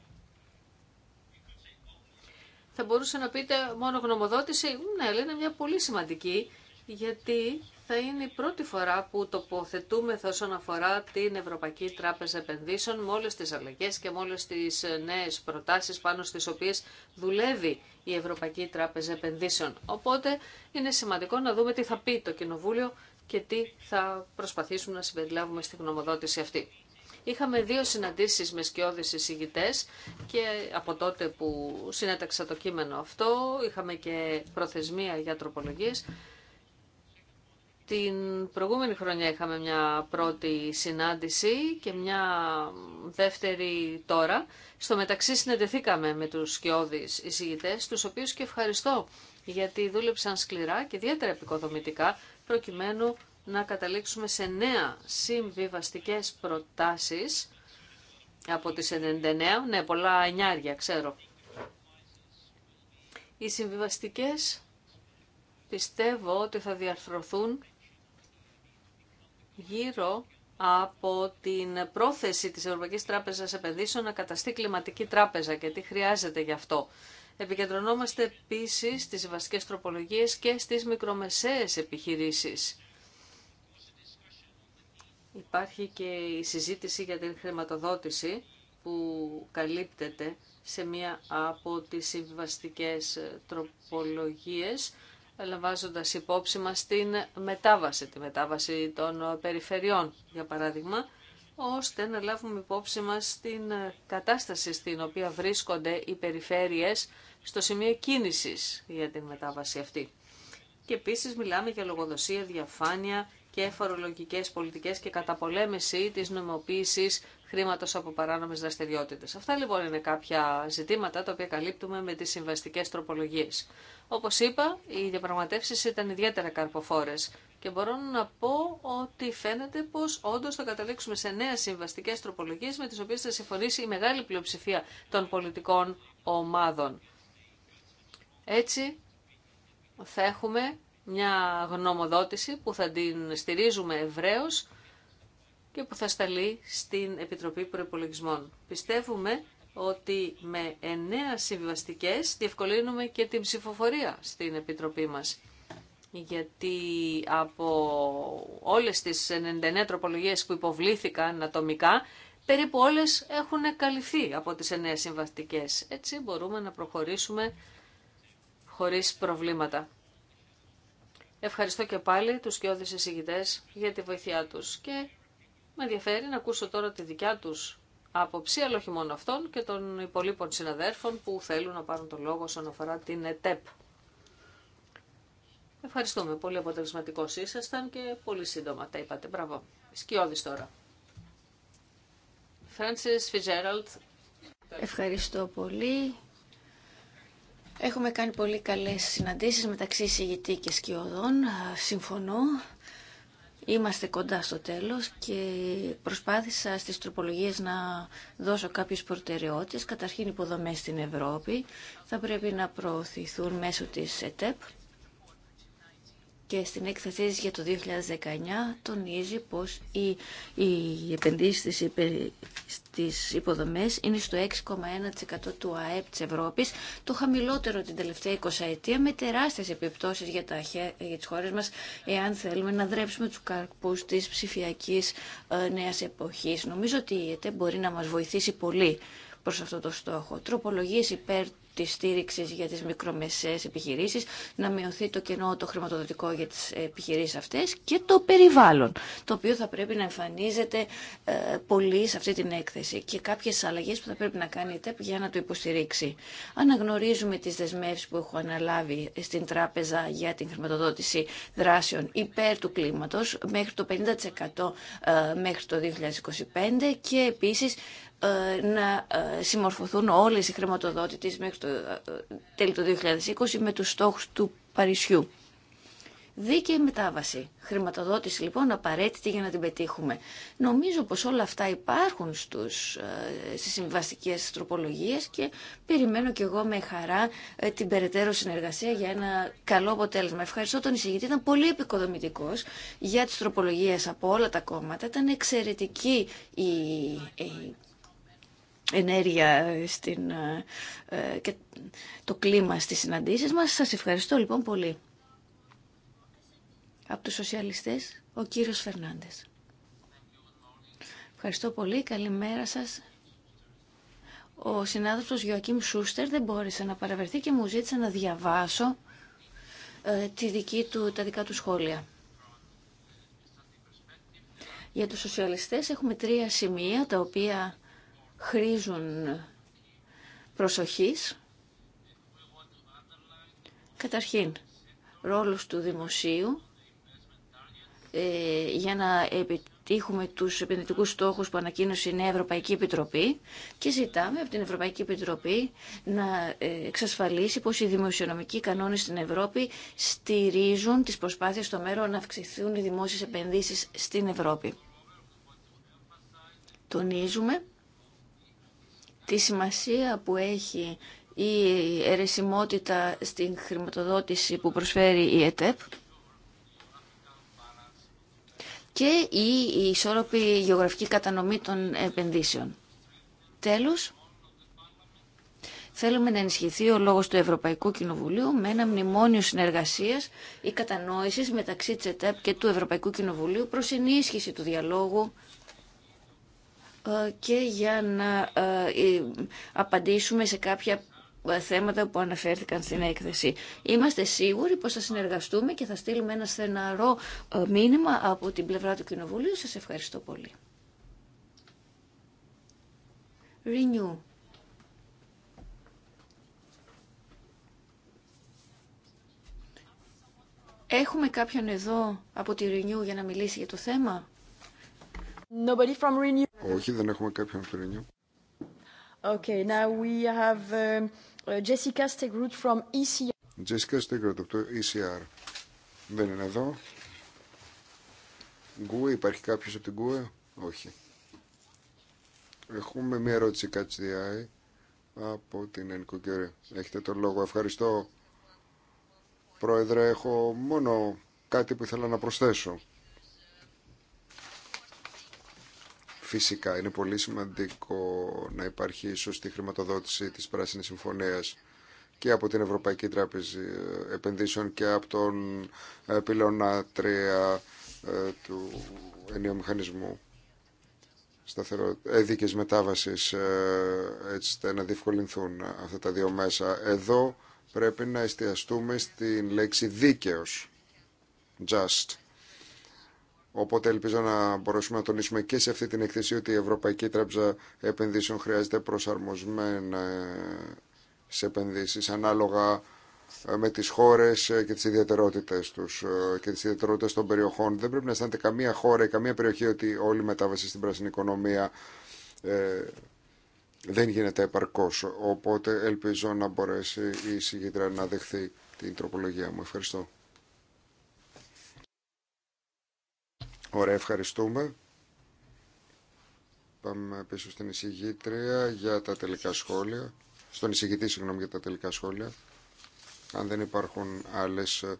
Θα μπορούσε να πείτε μόνο γνωμοδότηση. Ναι, αλλά είναι μια πολύ σημαντική γιατί θα είναι η πρώτη φορά που τοποθετούμε όσον αφορά την Ευρωπαϊκή Τράπεζα Επενδύσεων με όλες τις αλλαγές και με όλες τις ε, νέες προτάσεις πάνω στις οποίες δουλεύει η Ευρωπαϊκή Τράπεζα Επενδύσεων. Οπότε είναι σημαντικό να δούμε τι θα πει το Κοινοβούλιο και τι θα προσπαθήσουμε να συμπεριλάβουμε στη γνωμοδότηση αυτή. Είχαμε δύο συναντήσεις με σκιώδεις εισηγητές και από τότε που συνέταξα το κείμενο αυτό είχαμε και προθεσμία για τροπολογίες την προηγούμενη χρονιά είχαμε μια πρώτη συνάντηση και μια δεύτερη τώρα. Στο μεταξύ συνεδεθήκαμε με τους σκιώδεις εισηγητές, τους οποίους και ευχαριστώ γιατί δούλεψαν σκληρά και ιδιαίτερα επικοδομητικά προκειμένου να καταλήξουμε σε νέα συμβιβαστικές προτάσεις από τις 99, ναι πολλά εννιάρια ξέρω. Οι συμβιβαστικές πιστεύω ότι θα διαρθρωθούν γύρω από την πρόθεση της Ευρωπαϊκής Τράπεζας Επενδύσεων να καταστεί κλιματική τράπεζα και τι χρειάζεται γι' αυτό. Επικεντρωνόμαστε επίσης στις βασικές τροπολογίες και στις μικρομεσαίες επιχειρήσεις. Υπάρχει και η συζήτηση για την χρηματοδότηση που καλύπτεται σε μία από τις συμβαστικές τροπολογίες λαμβάζοντας υπόψη μας την μετάβαση, τη μετάβαση των περιφερειών, για παράδειγμα, ώστε να λάβουμε υπόψη μας την κατάσταση στην οποία βρίσκονται οι περιφέρειες στο σημείο κίνησης για την μετάβαση αυτή. Και επίσης μιλάμε για λογοδοσία, διαφάνεια και φορολογικές πολιτικές και καταπολέμηση της νομοποίησης χρήματος από παράνομες δραστηριότητες. Αυτά λοιπόν είναι κάποια ζητήματα τα οποία καλύπτουμε με τις συμβαστικέ τροπολογίες. Όπως είπα, οι διαπραγματεύσει ήταν ιδιαίτερα καρποφόρες και μπορώ να πω ότι φαίνεται πως όντω θα καταλήξουμε σε νέα συμβαστικέ τροπολογίες με τις οποίες θα συμφωνήσει η μεγάλη πλειοψηφία των πολιτικών ομάδων. Έτσι θα έχουμε μια γνωμοδότηση που θα την στηρίζουμε ευρέως και που θα σταλεί στην Επιτροπή Προπολογισμών. Πιστεύουμε ότι με εννέα συμβιβαστικέ διευκολύνουμε και την ψηφοφορία στην Επιτροπή μας. Γιατί από όλες τις 99 τροπολογίες που υποβλήθηκαν ατομικά, περίπου όλες έχουν καλυφθεί από τις εννέα συμβαστικές. Έτσι μπορούμε να προχωρήσουμε χωρίς προβλήματα. Ευχαριστώ και πάλι τους κοιόδης εισηγητές για τη βοήθειά τους και με ενδιαφέρει να ακούσω τώρα τη δικιά τους άποψη, αλλά όχι μόνο αυτών και των υπολείπων συναδέρφων που θέλουν να πάρουν τον λόγο όσον αφορά την ΕΤΕΠ. Ευχαριστούμε. Πολύ αποτελεσματικό ήσασταν και πολύ σύντομα τα είπατε. Μπράβο. Σκιώδης τώρα. Francis Fitzgerald. Ευχαριστώ πολύ. Έχουμε κάνει πολύ καλές συναντήσεις μεταξύ συγητή και σκιωδών. Συμφωνώ Είμαστε κοντά στο τέλος και προσπάθησα στις τροπολογίες να δώσω κάποιες προτεραιότητες. Καταρχήν υποδομές στην Ευρώπη θα πρέπει να προωθηθούν μέσω της ΕΤΕΠ και στην έκθεσή για το 2019 τονίζει πως οι, οι επενδύσεις στις, υποδομές είναι στο 6,1% του ΑΕΠ της Ευρώπης, το χαμηλότερο την τελευταία 20 ετία με τεράστιες επιπτώσεις για, τα, για τις χώρες μας εάν θέλουμε να δρέψουμε τους καρπούς της ψηφιακής ε, νέας εποχής. Νομίζω ότι η ΕΤΕ μπορεί να μας βοηθήσει πολύ προς αυτό το στόχο. Τροπολογίες υπέρ Τη στήριξη για τι μικρομεσαίε επιχειρήσει, να μειωθεί το κενό το χρηματοδοτικό για τι επιχειρήσει αυτέ και το περιβάλλον, το οποίο θα πρέπει να εμφανίζεται ε, πολύ σε αυτή την έκθεση και κάποιε αλλαγέ που θα πρέπει να κάνει η ΤΕΠ για να το υποστηρίξει. Αναγνωρίζουμε τι δεσμεύσει που έχω αναλάβει στην Τράπεζα για την χρηματοδότηση δράσεων υπέρ του κλίματος μέχρι το 50% ε, μέχρι το 2025 και επίση. Ε, να ε, συμμορφωθούν όλες οι χρηματοδότητες μέχρι το ε, τέλος του 2020 με τους στόχους του Παρισιού. Δίκαιη μετάβαση. Χρηματοδότηση λοιπόν απαραίτητη για να την πετύχουμε. Νομίζω πως όλα αυτά υπάρχουν στους, στις συμβαστικές τροπολογίες και περιμένω και εγώ με χαρά την περαιτέρω συνεργασία για ένα καλό αποτέλεσμα. Ευχαριστώ τον εισηγητή, ήταν πολύ επικοδομητικός για τις τροπολογίες από όλα τα κόμματα. Ήταν εξαιρετική η ενέργεια στην, ε, ε, και το κλίμα στις συναντήσεις μας. Σας ευχαριστώ λοιπόν πολύ. Από τους σοσιαλιστές, ο κύριος Φερνάντες. Ευχαριστώ πολύ. Καλημέρα σας. Ο συνάδελφος Γιωακίμ Σούστερ δεν μπόρεσε να παραβερθεί και μου ζήτησε να διαβάσω ε, τη δική του, τα δικά του σχόλια. Για τους σοσιαλιστές έχουμε τρία σημεία τα οποία χρήζουν προσοχής. Καταρχήν, ρόλος του δημοσίου ε, για να επιτύχουμε τους επενδυτικούς στόχους που ανακοίνωσε η Νέα Ευρωπαϊκή Επιτροπή και ζητάμε από την Ευρωπαϊκή Επιτροπή να ε, εξασφαλίσει πως οι δημοσιονομικοί κανόνες στην Ευρώπη στηρίζουν τις προσπάθειες στο μέρο να αυξηθούν οι δημόσιες επενδύσεις στην Ευρώπη. Τονίζουμε τη σημασία που έχει η αιρεσιμότητα στην χρηματοδότηση που προσφέρει η ΕΤΕΠ και η ισόρροπη γεωγραφική κατανομή των επενδύσεων. Τέλος, θέλουμε να ενισχυθεί ο λόγος του Ευρωπαϊκού Κοινοβουλίου με ένα μνημόνιο συνεργασίας ή κατανόησης μεταξύ της ΕΤΕΠ και του Ευρωπαϊκού Κοινοβουλίου προς ενίσχυση του διαλόγου ε, και για να ε, ε, απαντήσουμε σε κάποια θέματα που αναφέρθηκαν στην έκθεση. Είμαστε σίγουροι πως θα συνεργαστούμε και θα στείλουμε ένα στεναρό μήνυμα από την πλευρά του Κοινοβουλίου. Σας ευχαριστώ πολύ. Renew. Έχουμε κάποιον εδώ από τη Renew για να μιλήσει για το θέμα. Nobody from Renew. Όχι, δεν έχουμε κάποιον από Renew. Okay, now we have uh, uh Jessica Stegroot from ECR. Jessica Stegroot από το ECR. Δεν είναι εδώ. Γκουε, υπάρχει κάποιος από την Γκουε. Όχι. Έχουμε μια ερώτηση κατσιδιάει από την Ενικοκέρη. Έχετε τον λόγο. Ευχαριστώ. Πρόεδρε, έχω μόνο κάτι που ήθελα να προσθέσω. Φυσικά είναι πολύ σημαντικό να υπάρχει σωστή χρηματοδότηση της Πράσινης Συμφωνίας και από την Ευρωπαϊκή Τράπεζη Επενδύσεων και από τον ε, πυλώνα 3 ε, του ενίου μηχανισμού σταθερο... Ε, δίκες μετάβασης έτσι να διευκολυνθούν αυτά τα δύο μέσα. Εδώ πρέπει να εστιαστούμε στην λέξη δίκαιος. Just. Οπότε ελπίζω να μπορέσουμε να τονίσουμε και σε αυτή την εκθέση ότι η Ευρωπαϊκή Τράπεζα Επενδύσεων χρειάζεται προσαρμοσμένα ε, σε επενδύσεις ανάλογα ε, με τις χώρες ε, και τις ιδιαιτερότητες τους και τις ιδιαιτερότητες των περιοχών. Δεν πρέπει να αισθάνεται καμία χώρα ή καμία περιοχή ότι όλη η μετάβαση στην πράσινη οικονομία ε, δεν γίνεται επαρκώς. Οπότε ελπίζω να μπορέσει η συγκεντρία να δεχθεί την τροπολογία μου. Ευχαριστώ. Ωραία, ευχαριστούμε. Πάμε πίσω στην εισηγήτρια για τα τελικά σχόλια. Στον εισηγητή, συγγνώμη, για τα τελικά σχόλια. Αν δεν υπάρχουν άλλες ε,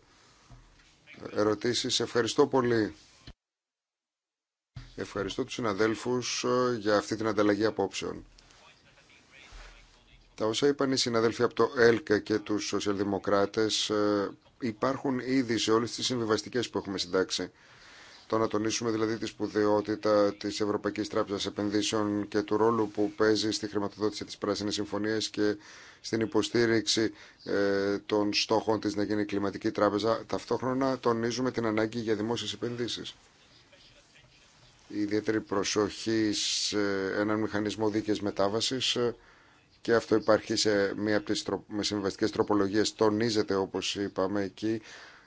ερωτήσεις, ευχαριστώ πολύ. Ευχαριστώ τους συναδέλφους ε, για αυτή την ανταλλαγή απόψεων. Τα όσα είπαν οι συναδέλφοι από το ΕΛΚΑ και τους σοσιαλδημοκράτες ε, υπάρχουν ήδη σε όλες τις συμβιβαστικές που έχουμε συντάξει. Το να τονίσουμε δηλαδή τη σπουδαιότητα τη Ευρωπαϊκή Τράπεζα Επενδύσεων και του ρόλου που παίζει στη χρηματοδότηση τη Πράσινη Συμφωνία και στην υποστήριξη ε, των στόχων τη να γίνει κλιματική τράπεζα. Ταυτόχρονα τονίζουμε την ανάγκη για δημόσιε επενδύσει. Ιδιαίτερη προσοχή σε έναν μηχανισμό δίκαιη μετάβαση ε, και αυτό υπάρχει σε μία από τι συμβαστικέ τροπολογίε. Τονίζεται, όπω είπαμε εκεί,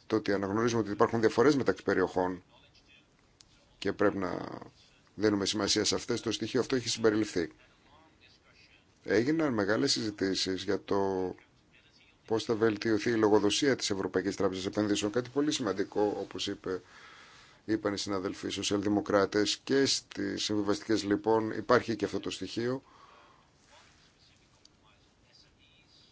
το ότι αναγνωρίζουμε ότι υπάρχουν διαφορέ μεταξύ περιοχών και πρέπει να δίνουμε σημασία σε αυτές, το στοιχείο αυτό έχει συμπεριληφθεί. Έγιναν μεγάλες συζητήσεις για το πώς θα βελτιωθεί η λογοδοσία της Ευρωπαϊκής Τράπεζας Επενδύσεων, κάτι πολύ σημαντικό, όπως είπε, είπαν οι συναδελφοί σοσιαλδημοκράτες και στις συμβιβαστικές λοιπόν υπάρχει και αυτό το στοιχείο.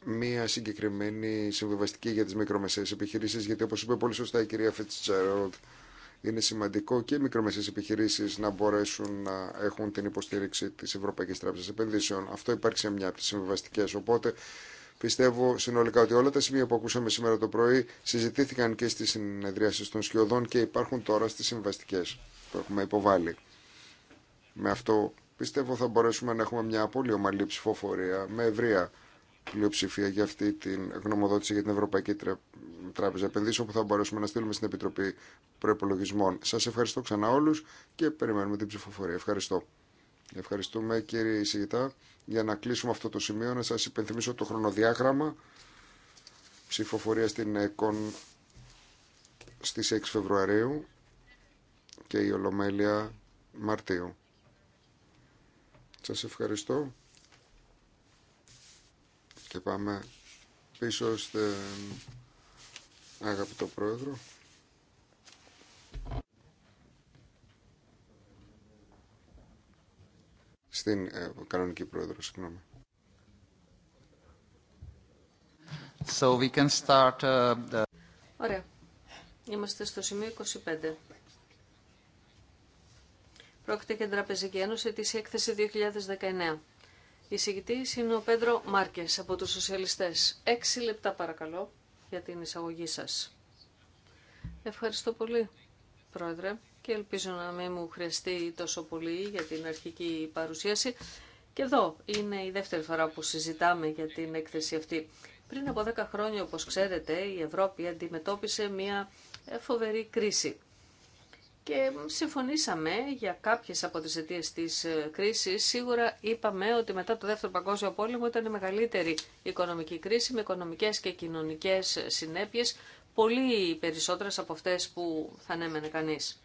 μία συγκεκριμένη συμβιβαστική για τις μικρομεσαίες επιχειρήσεις, γιατί όπως είπε πολύ σωστά η κυρία Φιτσέρολτ, είναι σημαντικό και οι μικρομεσαίες επιχειρήσεις να μπορέσουν να έχουν την υποστήριξη της Ευρωπαϊκής Τράπεζας Επενδύσεων. Αυτό υπάρξει σε μια από τις συμβιβαστικές. Οπότε πιστεύω συνολικά ότι όλα τα σημεία που ακούσαμε σήμερα το πρωί συζητήθηκαν και στις συνεδρίασεις των σκιωδών και υπάρχουν τώρα στις συμβαστικές που έχουμε υποβάλει. Με αυτό πιστεύω θα μπορέσουμε να έχουμε μια πολύ ομαλή ψηφοφορία με ευρεία πλειοψηφία για αυτή την γνωμοδότηση για την Ευρωπαϊκή Τράπεζα Επενδύσεων που θα μπορέσουμε να στείλουμε στην Επιτροπή Προπολογισμών. Σα ευχαριστώ ξανά όλου και περιμένουμε την ψηφοφορία. Ευχαριστώ. Ευχαριστούμε κύριε Ισηγητά. Για να κλείσουμε αυτό το σημείο, να σα υπενθυμίσω το χρονοδιάγραμμα. Ψηφοφορία στην ΕΚΟΝ στι 6 Φεβρουαρίου και η Ολομέλεια Μαρτίου. Σας ευχαριστώ. Και πάμε πίσω στην αγαπητό πρόεδρο. Στην ε, κανονική πρόεδρο, συγγνώμη. So we can start, uh, the... Ωραία. Είμαστε στο σημείο 25. Πρόκειται για την Τραπεζική Ένωση της έκθεση 2019. Η συγκητή είναι ο Πέντρο Μάρκε από του Σοσιαλιστές. Έξι λεπτά παρακαλώ για την εισαγωγή σας. Ευχαριστώ πολύ, Πρόεδρε, και ελπίζω να μην μου χρειαστεί τόσο πολύ για την αρχική παρουσίαση. Και εδώ είναι η δεύτερη φορά που συζητάμε για την έκθεση αυτή. Πριν από δέκα χρόνια, όπως ξέρετε, η Ευρώπη αντιμετώπισε μια φοβερή κρίση και συμφωνήσαμε για κάποιες από τις αιτίε της ε, κρίσης. Σίγουρα είπαμε ότι μετά το Δεύτερο Παγκόσμιο Πόλεμο ήταν η μεγαλύτερη οικονομική κρίση με οικονομικές και κοινωνικές συνέπειες, πολύ περισσότερες από αυτές που θα ανέμενε κανείς.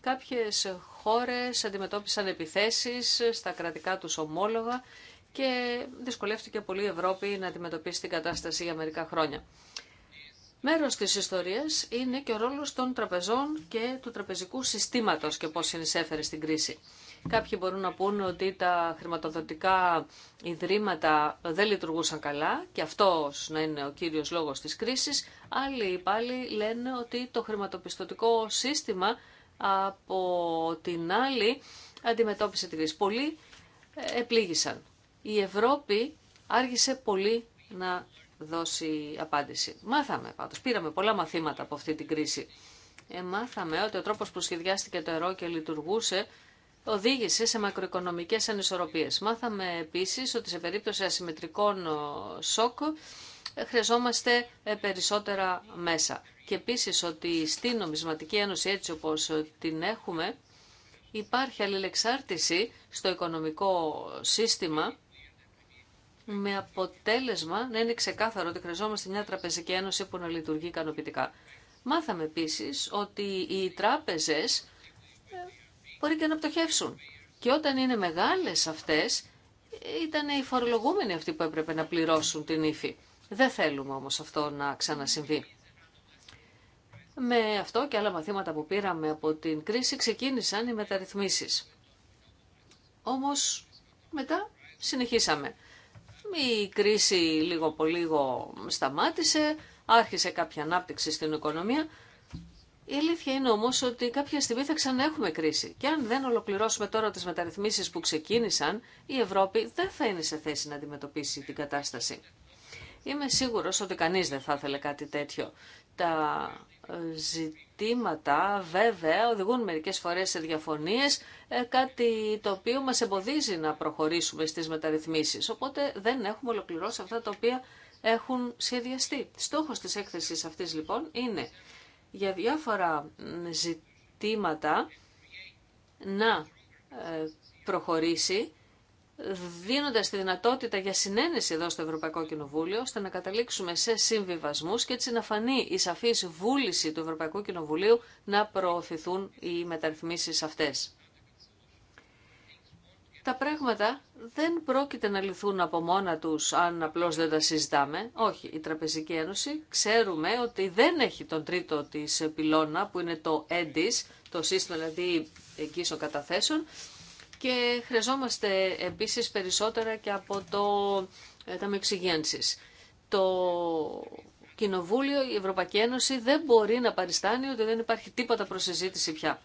Κάποιες χώρες αντιμετώπισαν επιθέσεις στα κρατικά τους ομόλογα και δυσκολεύτηκε πολύ η Ευρώπη να αντιμετωπίσει την κατάσταση για μερικά χρόνια. Μέρος της ιστορίας είναι και ο ρόλος των τραπεζών και του τραπεζικού συστήματος και πώς συνεισέφερε στην κρίση. Κάποιοι μπορούν να πούν ότι τα χρηματοδοτικά ιδρύματα δεν λειτουργούσαν καλά και αυτός να είναι ο κύριος λόγος της κρίσης. Άλλοι πάλι λένε ότι το χρηματοπιστωτικό σύστημα από την άλλη αντιμετώπισε την κρίση. Πολλοί ε, επλήγησαν. Η Ευρώπη άργησε πολύ να δώσει απάντηση. Μάθαμε πάντως, πήραμε πολλά μαθήματα από αυτή την κρίση. Ε, μάθαμε ότι ο τρόπος που σχεδιάστηκε το ερώ και λειτουργούσε οδήγησε σε μακροοικονομικές ανισορροπίες. Μάθαμε επίσης ότι σε περίπτωση ασυμμετρικών σοκ χρειαζόμαστε ε, περισσότερα μέσα. Και επίσης ότι στην νομισματική ένωση έτσι όπω την έχουμε υπάρχει αλληλεξάρτηση στο οικονομικό σύστημα με αποτέλεσμα να είναι ξεκάθαρο ότι χρειαζόμαστε μια τραπεζική ένωση που να λειτουργεί ικανοποιητικά. Μάθαμε επίσης ότι οι τράπεζες ε, μπορεί και να πτωχεύσουν. Και όταν είναι μεγάλες αυτές, ήταν οι φορολογούμενοι αυτοί που έπρεπε να πληρώσουν την ύφη. Δεν θέλουμε όμως αυτό να ξανασυμβεί. Με αυτό και άλλα μαθήματα που πήραμε από την κρίση ξεκίνησαν οι μεταρρυθμίσεις. Όμως μετά συνεχίσαμε η κρίση λίγο πολύ λίγο σταμάτησε, άρχισε κάποια ανάπτυξη στην οικονομία. Η αλήθεια είναι όμως ότι κάποια στιγμή θα ξανά έχουμε κρίση. Και αν δεν ολοκληρώσουμε τώρα τις μεταρρυθμίσεις που ξεκίνησαν, η Ευρώπη δεν θα είναι σε θέση να αντιμετωπίσει την κατάσταση. Είμαι σίγουρος ότι κανείς δεν θα ήθελε κάτι τέτοιο. Τα ζητήματα βέβαια οδηγούν μερικές φορές σε διαφωνίες, ε, κάτι το οποίο μας εμποδίζει να προχωρήσουμε στις μεταρρυθμίσεις. Οπότε δεν έχουμε ολοκληρώσει αυτά τα οποία έχουν σχεδιαστεί. Στόχος της έκθεσης αυτής λοιπόν είναι για διάφορα ζητήματα να ε, προχωρήσει Δίνοντα τη δυνατότητα για συνένεση εδώ στο Ευρωπαϊκό Κοινοβούλιο, ώστε να καταλήξουμε σε συμβιβασμού και έτσι να φανεί η σαφή βούληση του Ευρωπαϊκού Κοινοβουλίου να προωθηθούν οι μεταρρυθμίσει αυτές. Τα πράγματα δεν πρόκειται να λυθούν από μόνα τους αν απλώς δεν τα συζητάμε. Όχι, η Τραπεζική Ένωση ξέρουμε ότι δεν έχει τον τρίτο της πυλώνα που είναι το EDIS, το σύστημα δηλαδή εγγύσεων καταθέσεων και χρειαζόμαστε επίσης περισσότερα και από το ε, Ταμείο Το Κοινοβούλιο, η Ευρωπαϊκή Ένωση δεν μπορεί να παριστάνει ότι δεν υπάρχει τίποτα προσυζήτηση πια.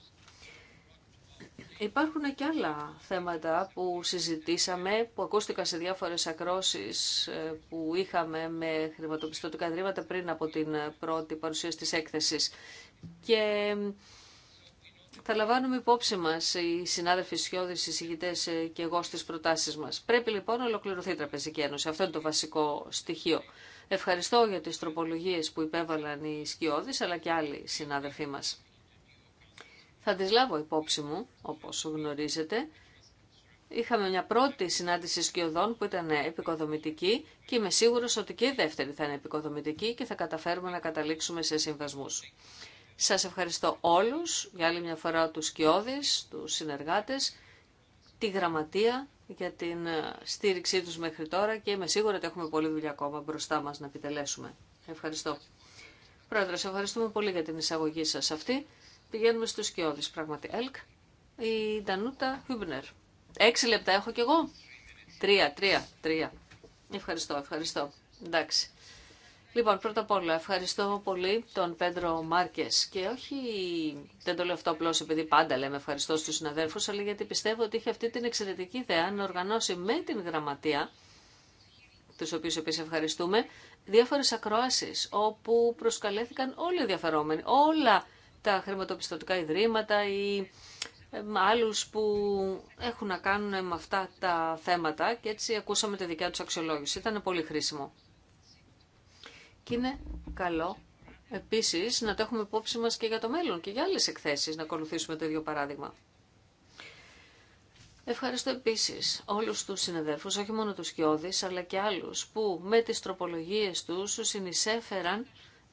Υπάρχουν και άλλα θέματα που συζητήσαμε, που ακούστηκαν σε διάφορες ακρόσεις ε, που είχαμε με χρηματοπιστωτικά δρήματα πριν από την πρώτη παρουσίαση της έκθεσης. Και θα λαμβάνουμε υπόψη μα οι συνάδελφοι σιώδη, οι συγητέ ε, και εγώ στι προτάσει μα. Πρέπει λοιπόν να ολοκληρωθεί η Τραπεζική Ένωση. Αυτό είναι το βασικό στοιχείο. Ευχαριστώ για τι τροπολογίε που υπέβαλαν οι Σκιώδη αλλά και άλλοι συνάδελφοί μα. Θα τι λάβω υπόψη μου, όπω γνωρίζετε. Είχαμε μια πρώτη συνάντηση σκιωδών που ήταν επικοδομητική και είμαι σίγουρος ότι και η δεύτερη θα είναι επικοδομητική και θα καταφέρουμε να καταλήξουμε σε συμβασμού. Σας ευχαριστώ όλους, για άλλη μια φορά τους σκιώδεις, τους συνεργάτες, τη γραμματεία για την ε, στήριξή τους μέχρι τώρα και είμαι σίγουρη ότι έχουμε πολλή δουλειά ακόμα μπροστά μας να επιτελέσουμε. Ευχαριστώ. Πρόεδρε, σε ευχαριστούμε πολύ για την εισαγωγή σας αυτή. Πηγαίνουμε στους σκιώδεις, πράγματι. Ελκ, η Ντανούτα Χούμπνερ. Έξι λεπτά έχω κι εγώ. Τρία, τρία, τρία. Ευχαριστώ, ευχαριστώ. Εντάξει. Λοιπόν, πρώτα απ' όλα ευχαριστώ πολύ τον Πέντρο Μάρκε. Και όχι, δεν το λέω αυτό απλώ επειδή πάντα λέμε ευχαριστώ στου συναδέλφου, αλλά γιατί πιστεύω ότι είχε αυτή την εξαιρετική ιδέα να οργανώσει με την γραμματεία, του οποίου επίση ευχαριστούμε, διάφορε ακροάσει όπου προσκαλέθηκαν όλοι οι ενδιαφερόμενοι, όλα τα χρηματοπιστωτικά ιδρύματα, ή ε, άλλους που έχουν να κάνουν με αυτά τα θέματα και έτσι ακούσαμε τη δικιά του αξιολόγηση. Ήταν πολύ χρήσιμο. Και είναι καλό επίση να το έχουμε υπόψη μα και για το μέλλον και για άλλε εκθέσεις να ακολουθήσουμε το ίδιο παράδειγμα. Ευχαριστώ επίσης όλους του συνεδέρφου, όχι μόνο τους Κιώδης, αλλά και άλλους που με τις τροπολογίες τους συνεισέφεραν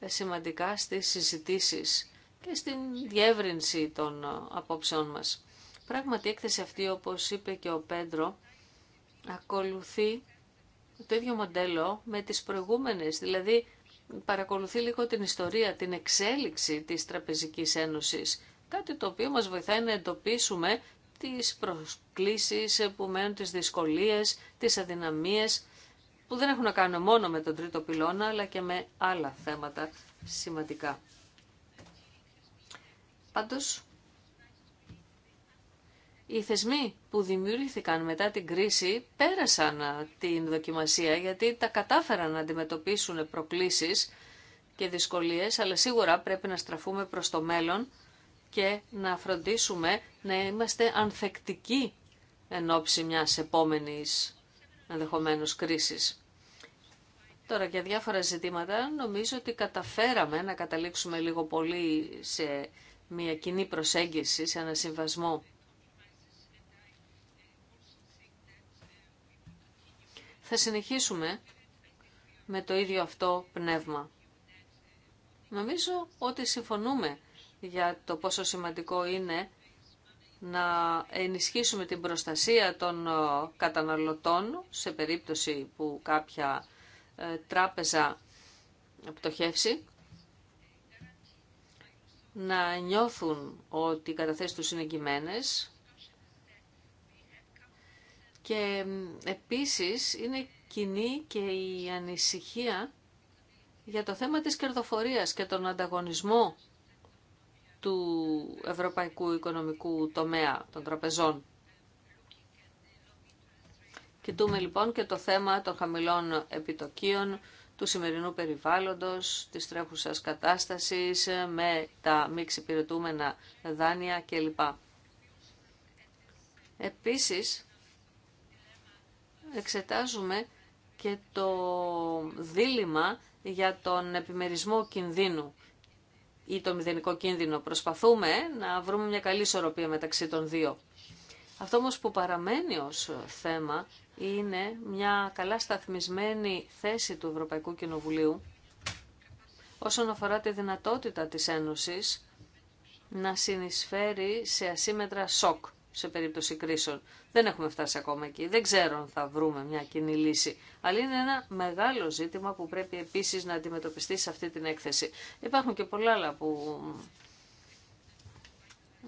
σημαντικά στις συζητήσεις και στην διεύρυνση των ε, απόψεών μας. Πράγματι, η έκθεση αυτή, όπω είπε και ο Πέντρο, ακολουθεί το ίδιο μοντέλο με τις προηγούμενες, δηλαδή παρακολουθεί λίγο την ιστορία, την εξέλιξη της Τραπεζικής Ένωσης. Κάτι το οποίο μας βοηθάει να εντοπίσουμε τις προσκλήσεις που μένουν, τις δυσκολίες, τις αδυναμίες που δεν έχουν να κάνουν μόνο με τον τρίτο πυλώνα αλλά και με άλλα θέματα σημαντικά. Πάντως, οι θεσμοί που δημιουργήθηκαν μετά την κρίση πέρασαν την δοκιμασία γιατί τα κατάφεραν να αντιμετωπίσουν προκλήσεις και δυσκολίες, αλλά σίγουρα πρέπει να στραφούμε προς το μέλλον και να φροντίσουμε να είμαστε ανθεκτικοί εν ώψη μιας επόμενης ενδεχομένω κρίσης. Τώρα για διάφορα ζητήματα νομίζω ότι καταφέραμε να καταλήξουμε λίγο πολύ σε μια κοινή προσέγγιση, σε ένα συμβασμό θα συνεχίσουμε με το ίδιο αυτό πνεύμα. Νομίζω ότι συμφωνούμε για το πόσο σημαντικό είναι να ενισχύσουμε την προστασία των ε, καταναλωτών σε περίπτωση που κάποια ε, τράπεζα πτωχεύσει, να νιώθουν ότι οι καταθέσεις τους είναι εγγυμένες, και επίσης είναι κοινή και η ανησυχία για το θέμα της κερδοφορίας και τον ανταγωνισμό του ευρωπαϊκού οικονομικού τομέα των τραπεζών. Κοιτούμε λοιπόν και το θέμα των χαμηλών επιτοκίων, του σημερινού περιβάλλοντος, της τρέχουσας κατάστασης, με τα μη εξυπηρετούμενα δάνεια κλπ. Επίσης, εξετάζουμε και το δίλημα για τον επιμερισμό κινδύνου ή το μηδενικό κίνδυνο. Προσπαθούμε να βρούμε μια καλή ισορροπία μεταξύ των δύο. Αυτό όμως που παραμένει ως θέμα είναι μια καλά σταθμισμένη θέση του Ευρωπαϊκού Κοινοβουλίου όσον αφορά τη δυνατότητα της Ένωσης να συνεισφέρει σε ασύμετρα σοκ σε περίπτωση κρίσεων. Δεν έχουμε φτάσει ακόμα εκεί. Δεν ξέρω αν θα βρούμε μια κοινή λύση. Αλλά είναι ένα μεγάλο ζήτημα που πρέπει επίσης να αντιμετωπιστεί σε αυτή την έκθεση. Υπάρχουν και πολλά άλλα που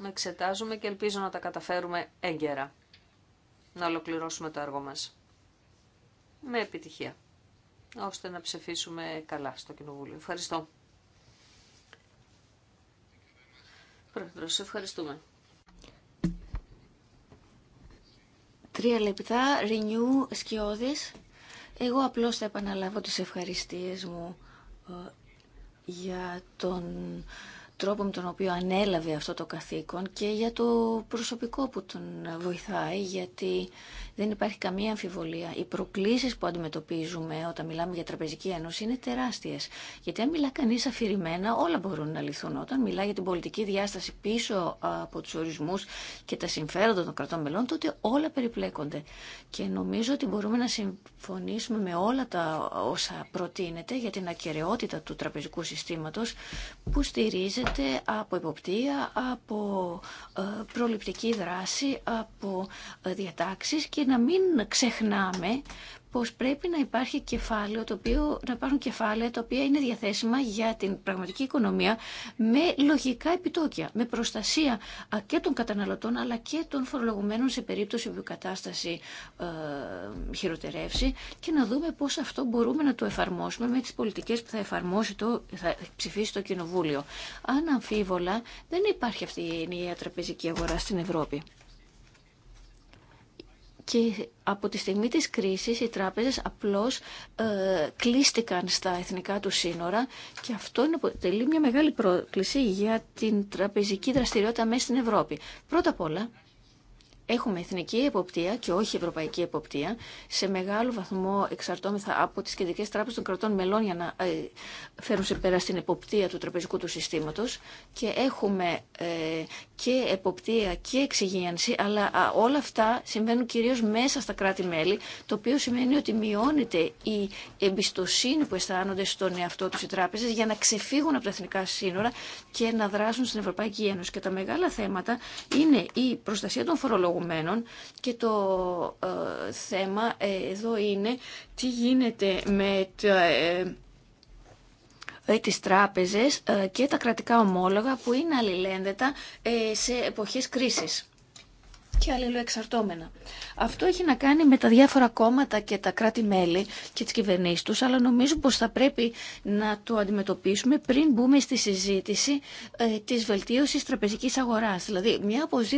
εξετάζουμε και ελπίζω να τα καταφέρουμε έγκαιρα. Να ολοκληρώσουμε το έργο μας. Με επιτυχία. Ώστε να ψηφίσουμε καλά στο Κοινοβούλιο. Ευχαριστώ. Πρόεδρος, ευχαριστούμε. Τρία λεπτά, Renew, Σκιώδης. Εγώ απλώς θα επαναλάβω τις ευχαριστίες μου ε, για τον τρόπο με τον οποίο ανέλαβε αυτό το καθήκον και για το προσωπικό που τον βοηθάει, γιατί δεν υπάρχει καμία αμφιβολία. Οι προκλήσει που αντιμετωπίζουμε όταν μιλάμε για Τραπεζική Ένωση είναι τεράστιε. Γιατί αν μιλά κανεί αφηρημένα, όλα μπορούν να λυθούν. Όταν μιλά για την πολιτική διάσταση πίσω από του ορισμού και τα συμφέροντα των κρατών μελών, τότε όλα περιπλέκονται. Και νομίζω ότι μπορούμε να συμφωνήσουμε με όλα τα όσα προτείνεται για την ακαιρεότητα του τραπεζικού συστήματο που στηρίζεται από υποπτία, από ε, προληπτική δράση, από ε, διατάξει και και να μην ξεχνάμε πως πρέπει να υπάρχει κεφάλαιο, το οποίο, να υπάρχουν κεφάλαια τα οποία είναι διαθέσιμα για την πραγματική οικονομία με λογικά επιτόκια, με προστασία και των καταναλωτών αλλά και των φορολογουμένων σε περίπτωση που η κατάσταση ε, χειροτερεύσει και να δούμε πώς αυτό μπορούμε να το εφαρμόσουμε με τις πολιτικές που θα, εφαρμόσει το, θα ψηφίσει το Κοινοβούλιο. Αν αμφίβολα δεν υπάρχει αυτή η ενιαία τραπεζική αγορά στην Ευρώπη και από τη στιγμή της κρίσης οι τράπεζες απλώς ε, κλείστηκαν στα εθνικά του σύνορα και αυτό αποτελεί μια μεγάλη πρόκληση για την τραπεζική δραστηριότητα μέσα στην Ευρώπη. Πρώτα απ' όλα, Έχουμε εθνική εποπτεία και όχι ευρωπαϊκή εποπτεία. Σε μεγάλο βαθμό εξαρτώμεθα από τις κεντρικές τράπεζες των κρατών μελών για να ε, φέρουν σε πέρα στην εποπτεία του τραπεζικού του συστήματο. Και έχουμε ε, και εποπτεία και εξυγίανση, αλλά όλα αυτά συμβαίνουν κυρίως μέσα στα κράτη-μέλη, το οποίο σημαίνει ότι μειώνεται η εμπιστοσύνη που αισθάνονται στον εαυτό τους οι τράπεζες για να ξεφύγουν από τα εθνικά σύνορα και να δράσουν στην Ευρωπαϊκή Ένωση. Και τα μεγάλα θέματα είναι η προστασία των φορολογουμένων και το ε, θέμα ε, εδώ είναι τι γίνεται με ε, ε, τις τράπεζες ε, και τα κρατικά ομόλογα που είναι αλληλένδετα ε, σε εποχές κρίσης και αλληλοεξαρτώμενα. Αυτό έχει να κάνει με τα διάφορα κόμματα και τα κράτη-μέλη και τις κυβερνήσεις τους, αλλά νομίζω πως θα πρέπει να το αντιμετωπίσουμε πριν μπούμε στη συζήτηση ε, της βελτίωσης τραπεζικής αγοράς. Δηλαδή,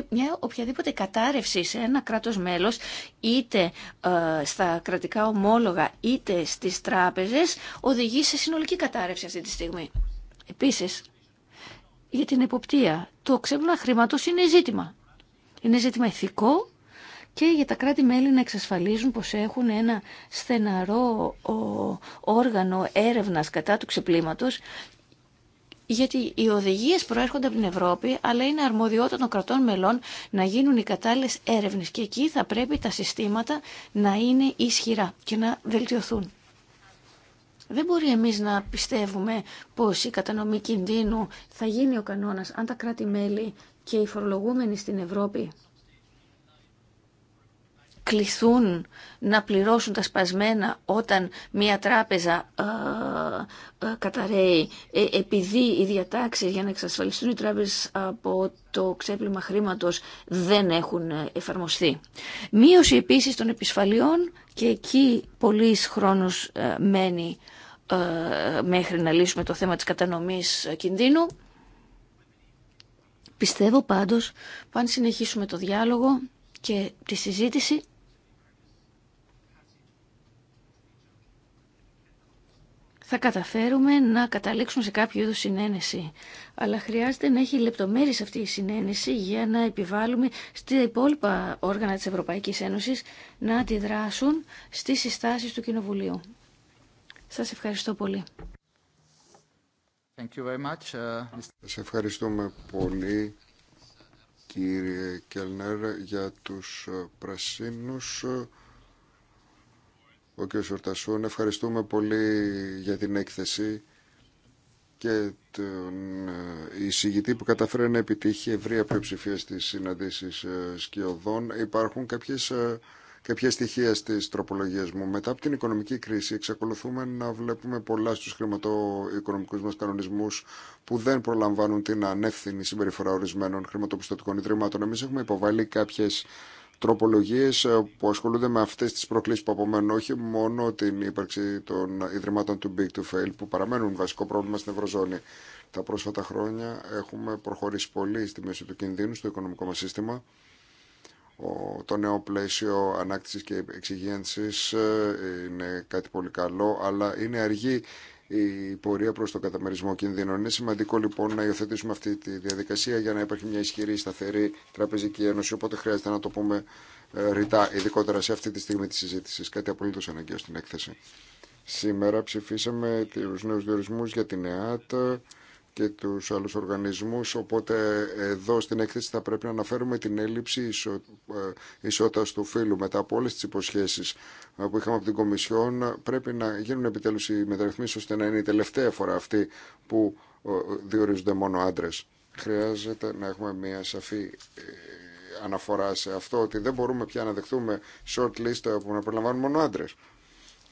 μια, οποιαδήποτε κατάρρευση σε ένα κράτος μέλος, είτε ε, στα κρατικά ομόλογα, είτε στις τράπεζες, οδηγεί σε συνολική κατάρρευση αυτή τη στιγμή. Επίσης, για την εποπτεία, το ξέπλυμα χρήματος είναι ζήτημα είναι ζήτημα ηθικό και για τα κράτη-μέλη να εξασφαλίζουν πως έχουν ένα στεναρό όργανο έρευνας κατά του ξεπλήματος γιατί οι οδηγίες προέρχονται από την Ευρώπη, αλλά είναι αρμοδιότητα των κρατών μελών να γίνουν οι κατάλληλες έρευνες και εκεί θα πρέπει τα συστήματα να είναι ισχυρά και να βελτιωθούν. Δεν μπορεί εμείς να πιστεύουμε πως η κατανομή κινδύνου θα γίνει ο κανόνας αν τα κράτη-μέλη και οι φορολογούμενοι στην Ευρώπη κληθούν να πληρώσουν τα σπασμένα όταν μια τράπεζα α, ε, ε, καταραίει ε, επειδή οι διατάξεις για να εξασφαλιστούν οι τράπεζες από το ξέπλυμα χρήματος δεν έχουν εφαρμοστεί. Μείωση επίσης των επισφαλιών και εκεί πολύς χρόνος μένει μέχρι να λύσουμε το θέμα της κατανομής κινδύνου Πιστεύω πάντως που αν συνεχίσουμε το διάλογο και τη συζήτηση θα καταφέρουμε να καταλήξουμε σε κάποιο είδους συνένεση. Αλλά χρειάζεται να έχει λεπτομέρειες αυτή η συνένεση για να επιβάλλουμε στα υπόλοιπα όργανα της Ευρωπαϊκής Ένωσης να αντιδράσουν στις συστάσεις του Κοινοβουλίου. Σας ευχαριστώ πολύ. Thank uh, ευχαριστούμε πολύ κύριε Κελνέρ για τους ε, πρασίνους. Ο κ. Σορτασούν, ευχαριστούμε πολύ για την έκθεση και τον ε, εισηγητή που καταφέρει να επιτύχει ευρεία πλειοψηφία στις συναντήσεις ε, σκιωδών. Υπάρχουν κάποιες κάποια στοιχεία στι τροπολογίες μου. Μετά από την οικονομική κρίση εξακολουθούμε να βλέπουμε πολλά στους χρηματοοικονομικούς μα κανονισμού που δεν προλαμβάνουν την ανεύθυνη συμπεριφορά ορισμένων χρηματοπιστωτικών ιδρυμάτων. Εμεί έχουμε υποβάλει κάποιε τροπολογίες που ασχολούνται με αυτέ τι προκλήσεις που απομένουν όχι μόνο την ύπαρξη των ιδρυμάτων του Big to Fail που παραμένουν βασικό πρόβλημα στην Ευρωζώνη. Τα πρόσφατα χρόνια έχουμε προχωρήσει πολύ στη μέση του κινδύνου στο οικονομικό μα σύστημα το νέο πλαίσιο ανάκτησης και εξυγένσης ε, είναι κάτι πολύ καλό, αλλά είναι αργή η πορεία προς το καταμερισμό κινδύνων. Είναι σημαντικό λοιπόν να υιοθετήσουμε αυτή τη διαδικασία για να υπάρχει μια ισχυρή, σταθερή τραπεζική ένωση, οπότε χρειάζεται να το πούμε ε, ρητά, ειδικότερα σε αυτή τη στιγμή της συζήτησης, κάτι απολύτως αναγκαίο στην έκθεση. Σήμερα ψηφίσαμε τους νέους διορισμούς για την ΕΑΤ, και τους άλλους οργανισμούς. Οπότε εδώ στην έκθεση θα πρέπει να αναφέρουμε την έλλειψη ε, ισότητας του φύλου. Μετά από όλες τις υποσχέσεις ε, που είχαμε από την Κομισιόν πρέπει να γίνουν επιτέλους οι μεταρρυθμίσεις ώστε να είναι η τελευταία φορά αυτή που ε, διορίζονται μόνο άντρε. Χρειάζεται να έχουμε μια σαφή αναφορά σε αυτό ότι δεν μπορούμε πια να δεχτούμε short list που να περιλαμβάνουν μόνο άντρες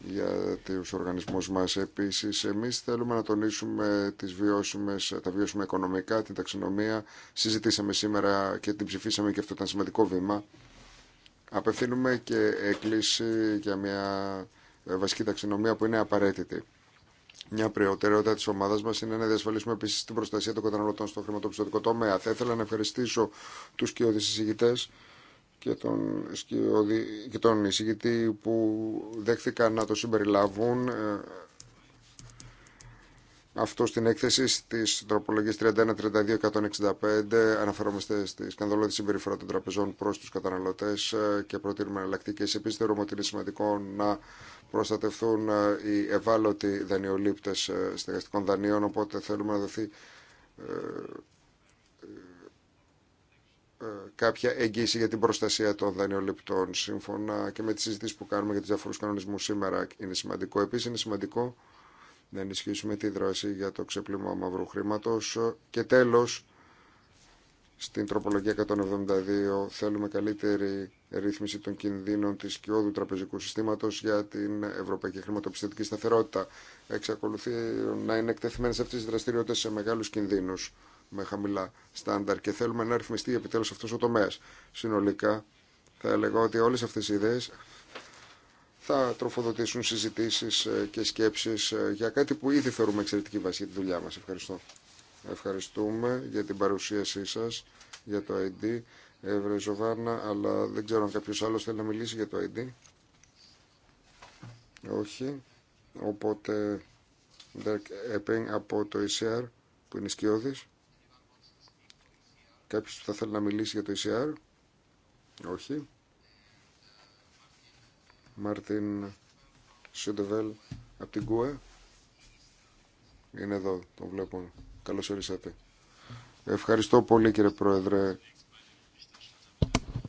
για τους οργανισμούς μας. Επίσης, εμείς θέλουμε να τονίσουμε τις βιώσιμες, τα βιώσιμα οικονομικά, την ταξινομία. Συζητήσαμε σήμερα και την ψηφίσαμε και αυτό ήταν σημαντικό βήμα. Απευθύνουμε και έκκληση για μια βασική ταξινομία που είναι απαραίτητη. Μια προτεραιότητα τη ομάδα μα είναι να διασφαλίσουμε επίση την προστασία των καταναλωτών στο χρηματοπιστωτικό τομέα. Θα ήθελα να ευχαριστήσω του και οδησυγητέ και τον, και τον εισηγητή που δέχθηκαν να το συμπεριλάβουν ε, αυτό στην έκθεση τη τροπολογη 31 31-32-165 αναφερόμαστε στη σκανδαλώδη συμπεριφορά των τραπεζών προ του καταναλωτέ ε, και προτείνουμε εναλλακτικέ. Επίση θεωρούμε ότι είναι σημαντικό να προστατευτούν ε, οι ευάλωτοι δανειολήπτε στεγαστικών δανείων οπότε θέλουμε να δοθεί ε, κάποια εγγύηση για την προστασία των δανειοληπτών. Σύμφωνα και με τις συζητήσεις που κάνουμε για τους διαφορούς κανονισμούς σήμερα είναι σημαντικό. Επίσης είναι σημαντικό να ενισχύσουμε τη δράση για το ξεπλήμα μαύρου χρήματο. Και τέλος, στην τροπολογία 172 θέλουμε καλύτερη ρύθμιση των κινδύνων της κοιόδου τραπεζικού συστήματος για την ευρωπαϊκή χρηματοπιστωτική σταθερότητα. Εξακολουθεί να είναι εκτεθειμένες αυτές οι δραστηριότητες σε μεγάλου κινδύνους με χαμηλά στάνταρ και θέλουμε να ρυθμιστεί επιτέλους αυτός ο τομέας. Συνολικά θα έλεγα ότι όλες αυτές οι ιδέες θα τροφοδοτήσουν συζητήσεις ε, και σκέψεις ε, για κάτι που ήδη θεωρούμε εξαιρετική βάση για τη δουλειά μας. Ευχαριστώ. Ευχαριστούμε για την παρουσίασή σας για το ID. Ευρωζοβάρνα, αλλά δεν ξέρω αν κάποιος άλλος θέλει να μιλήσει για το ID. Όχι. Οπότε, από το ECR, που είναι σκιώδης. Κάποιος που θα θέλει να μιλήσει για το ECR. Όχι. Μάρτιν Σιντεβέλ από την ΚΟΕ. Είναι εδώ, τον βλέπω. Καλώς ορίσατε. Ευχαριστώ πολύ κύριε Πρόεδρε.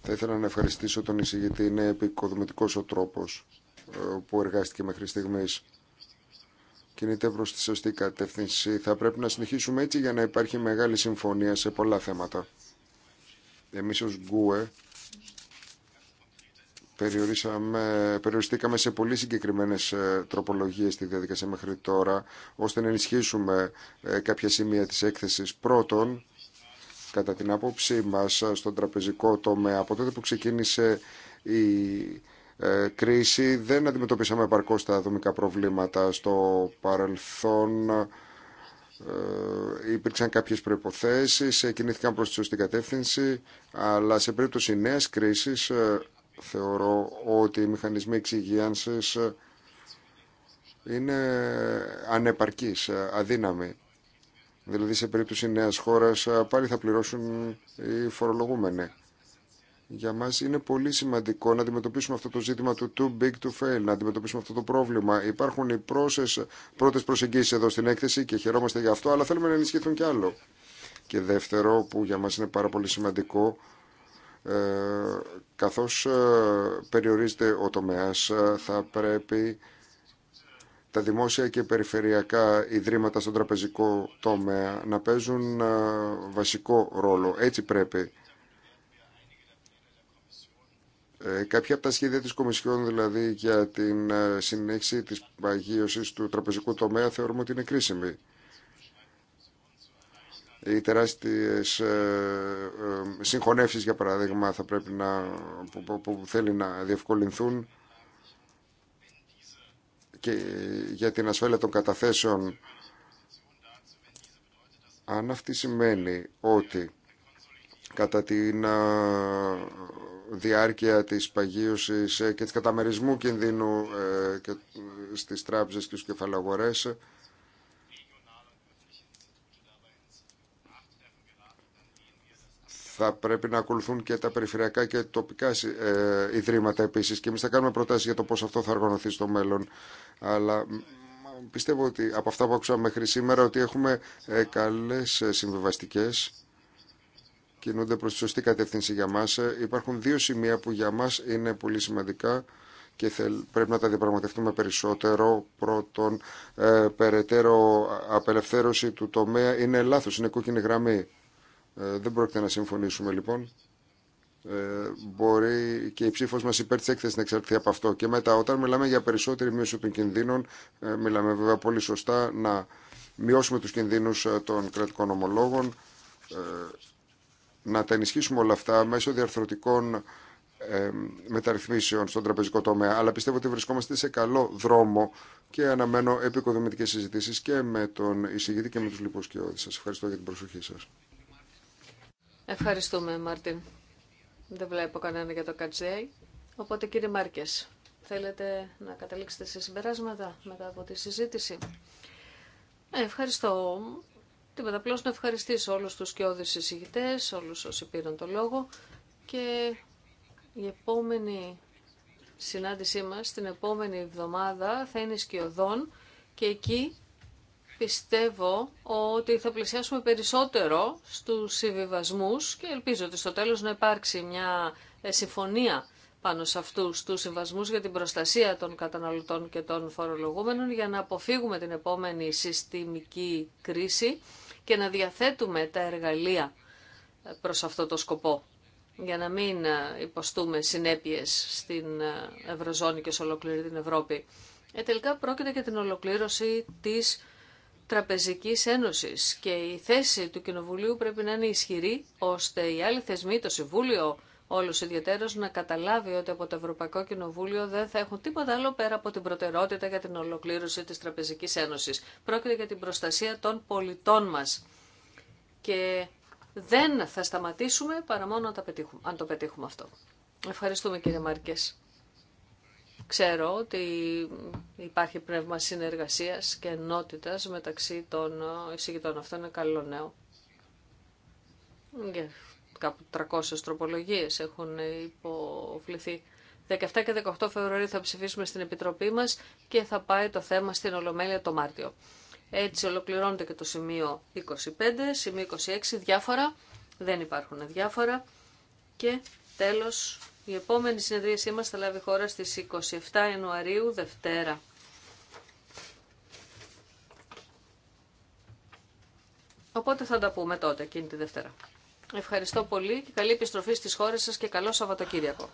Θα ήθελα να ευχαριστήσω τον εισηγητή. Είναι επικοδομητικός ο τρόπος ε, που εργάστηκε μέχρι στιγμής κινείται προς τη σωστή κατεύθυνση. Θα πρέπει να συνεχίσουμε έτσι για να υπάρχει μεγάλη συμφωνία σε πολλά θέματα. Εμείς ως Γκουε περιοριστήκαμε σε πολύ συγκεκριμένες ε, τροπολογίες στη διαδικασία μέχρι τώρα, ώστε να ενισχύσουμε ε, κάποια σημεία της έκθεσης. Πρώτον, κατά την άποψή μας στον τραπεζικό τομέα, από τότε που ξεκίνησε η ε, κρίση δεν αντιμετωπίσαμε επαρκώς τα δομικά προβλήματα στο παρελθόν. Ε, υπήρξαν κάποιες προϋποθέσεις, ε, κινήθηκαν προς τη σωστή κατεύθυνση, αλλά σε περίπτωση νέας κρίσης ε, θεωρώ ότι οι μηχανισμοί εξυγίανσης είναι ανεπαρκείς, αδύναμοι. Δηλαδή σε περίπτωση νέας χώρας πάλι θα πληρώσουν οι φορολογούμενοι. Για μας είναι πολύ σημαντικό να αντιμετωπίσουμε αυτό το ζήτημα του too big to fail, να αντιμετωπίσουμε αυτό το πρόβλημα. Υπάρχουν οι πρώτε πρώτες προσεγγίσεις εδώ στην έκθεση και χαιρόμαστε για αυτό, αλλά θέλουμε να ενισχυθούν κι άλλο. Και δεύτερο, που για μας είναι πάρα πολύ σημαντικό, ε, καθώς ε, περιορίζεται ο τομέας, ε, θα πρέπει τα δημόσια και περιφερειακά ιδρύματα στον τραπεζικό τομέα να παίζουν ε, βασικό ρόλο. Έτσι πρέπει ε, κάποια από τα σχέδια της Κομισιόν δηλαδή για την ε, συνέχιση της παγίωσης του τραπεζικού τομέα θεωρούμε ότι είναι κρίσιμη. Οι τεράστιες ε, συγχωνεύσεις για παράδειγμα θα πρέπει να, που, θέλει να διευκολυνθούν και για την ασφάλεια των καταθέσεων αν αυτή σημαίνει ότι κατά την διάρκεια της παγίωσης ε, και της καταμερισμού κινδύνου ε, και ε, στις τράπεζες και στους κεφαλαγορές. θα πρέπει να ακολουθούν και τα περιφερειακά και τοπικά ιδρύματα επίσης και εμείς θα κάνουμε προτάσεις για το πώς αυτό θα οργανωθεί στο μέλλον. Αλλά πιστεύω ότι από αυτά που άκουσα μέχρι σήμερα ότι έχουμε καλές συμβιβαστικές κινούνται προς τη σωστή κατεύθυνση για μας. Ε, υπάρχουν δύο σημεία που για μας είναι πολύ σημαντικά και πρέπει να τα διαπραγματευτούμε περισσότερο. Πρώτον, ε, περαιτέρω απελευθέρωση του τομέα είναι λάθος, είναι κόκκινη γραμμή. Ε, δεν πρόκειται να συμφωνήσουμε λοιπόν. Ε, μπορεί και η ψήφο μα υπέρ τη έκθεση να εξαρτηθεί από αυτό. Και μετά, όταν μιλάμε για περισσότερη μείωση των κινδύνων, ε, μιλάμε βέβαια πολύ σωστά να μειώσουμε του κινδύνου ε, των κρατικών ομολόγων. Ε, να τα ενισχύσουμε όλα αυτά μέσω διαρθρωτικών μεταρρυθμίσεων στον τραπεζικό τομέα. Αλλά πιστεύω ότι βρισκόμαστε σε καλό δρόμο και αναμένω επικοδομητικές συζητήσεις και με τον εισηγητή και με τους λοιπούς και Σας ευχαριστώ για την προσοχή σας. Ευχαριστούμε, Μάρτιν. Δεν βλέπω κανένα για το Κατζέι. Οπότε, κύριε Μάρκες, θέλετε να καταλήξετε σε συμπεράσματα μετά από τη συζήτηση. Ε, ευχαριστώ. Τίποτα, μεταπλώσω να ευχαριστήσω όλους τους σκιώδει συζητητέ, όλους όσοι πήραν το λόγο και η επόμενη συνάντησή μας, την επόμενη εβδομάδα, θα είναι σκιωδών και εκεί πιστεύω ότι θα πλησιάσουμε περισσότερο στους συμβιβασμούς και ελπίζω ότι στο τέλος να υπάρξει μια ε, συμφωνία πάνω σε αυτούς τους συμβασμούς για την προστασία των καταναλωτών και των φορολογούμενων για να αποφύγουμε την επόμενη συστημική κρίση και να διαθέτουμε τα εργαλεία προς αυτό το σκοπό για να μην ε, υποστούμε συνέπειες στην ε, Ευρωζώνη και σε ολόκληρη την Ευρώπη. Ε, τελικά πρόκειται για την ολοκλήρωση της Τραπεζικής Ένωσης και η θέση του Κοινοβουλίου πρέπει να είναι ισχυρή ώστε οι άλλοι θεσμοί, το Συμβούλιο, όλους ιδιαίτερως να καταλάβει ότι από το Ευρωπαϊκό Κοινοβούλιο δεν θα έχουν τίποτα άλλο πέρα από την προτεραιότητα για την ολοκλήρωση της Τραπεζικής Ένωσης. Πρόκειται για την προστασία των πολιτών μας. Και δεν θα σταματήσουμε παρά μόνο αν, πετύχουμε, αν το πετύχουμε αυτό. Ευχαριστούμε κύριε Μάρκε. Ξέρω ότι υπάρχει πνεύμα συνεργασίας και ενότητας μεταξύ των εισηγητών. Αυτό είναι καλό νέο κάπου 300 τροπολογίες έχουν υποβληθεί. 17 και 18 Φεβρουαρίου θα ψηφίσουμε στην Επιτροπή μας και θα πάει το θέμα στην Ολομέλεια το Μάρτιο. Έτσι ολοκληρώνεται και το σημείο 25, σημείο 26, διάφορα, δεν υπάρχουν διάφορα και τέλος η επόμενη συνεδρίασή μας θα λάβει χώρα στις 27 Ιανουαρίου, Δευτέρα. Οπότε θα τα πούμε τότε, εκείνη τη Δευτέρα. Ευχαριστώ πολύ και καλή επιστροφή στις χώρες σας και καλό Σαββατοκύριακο.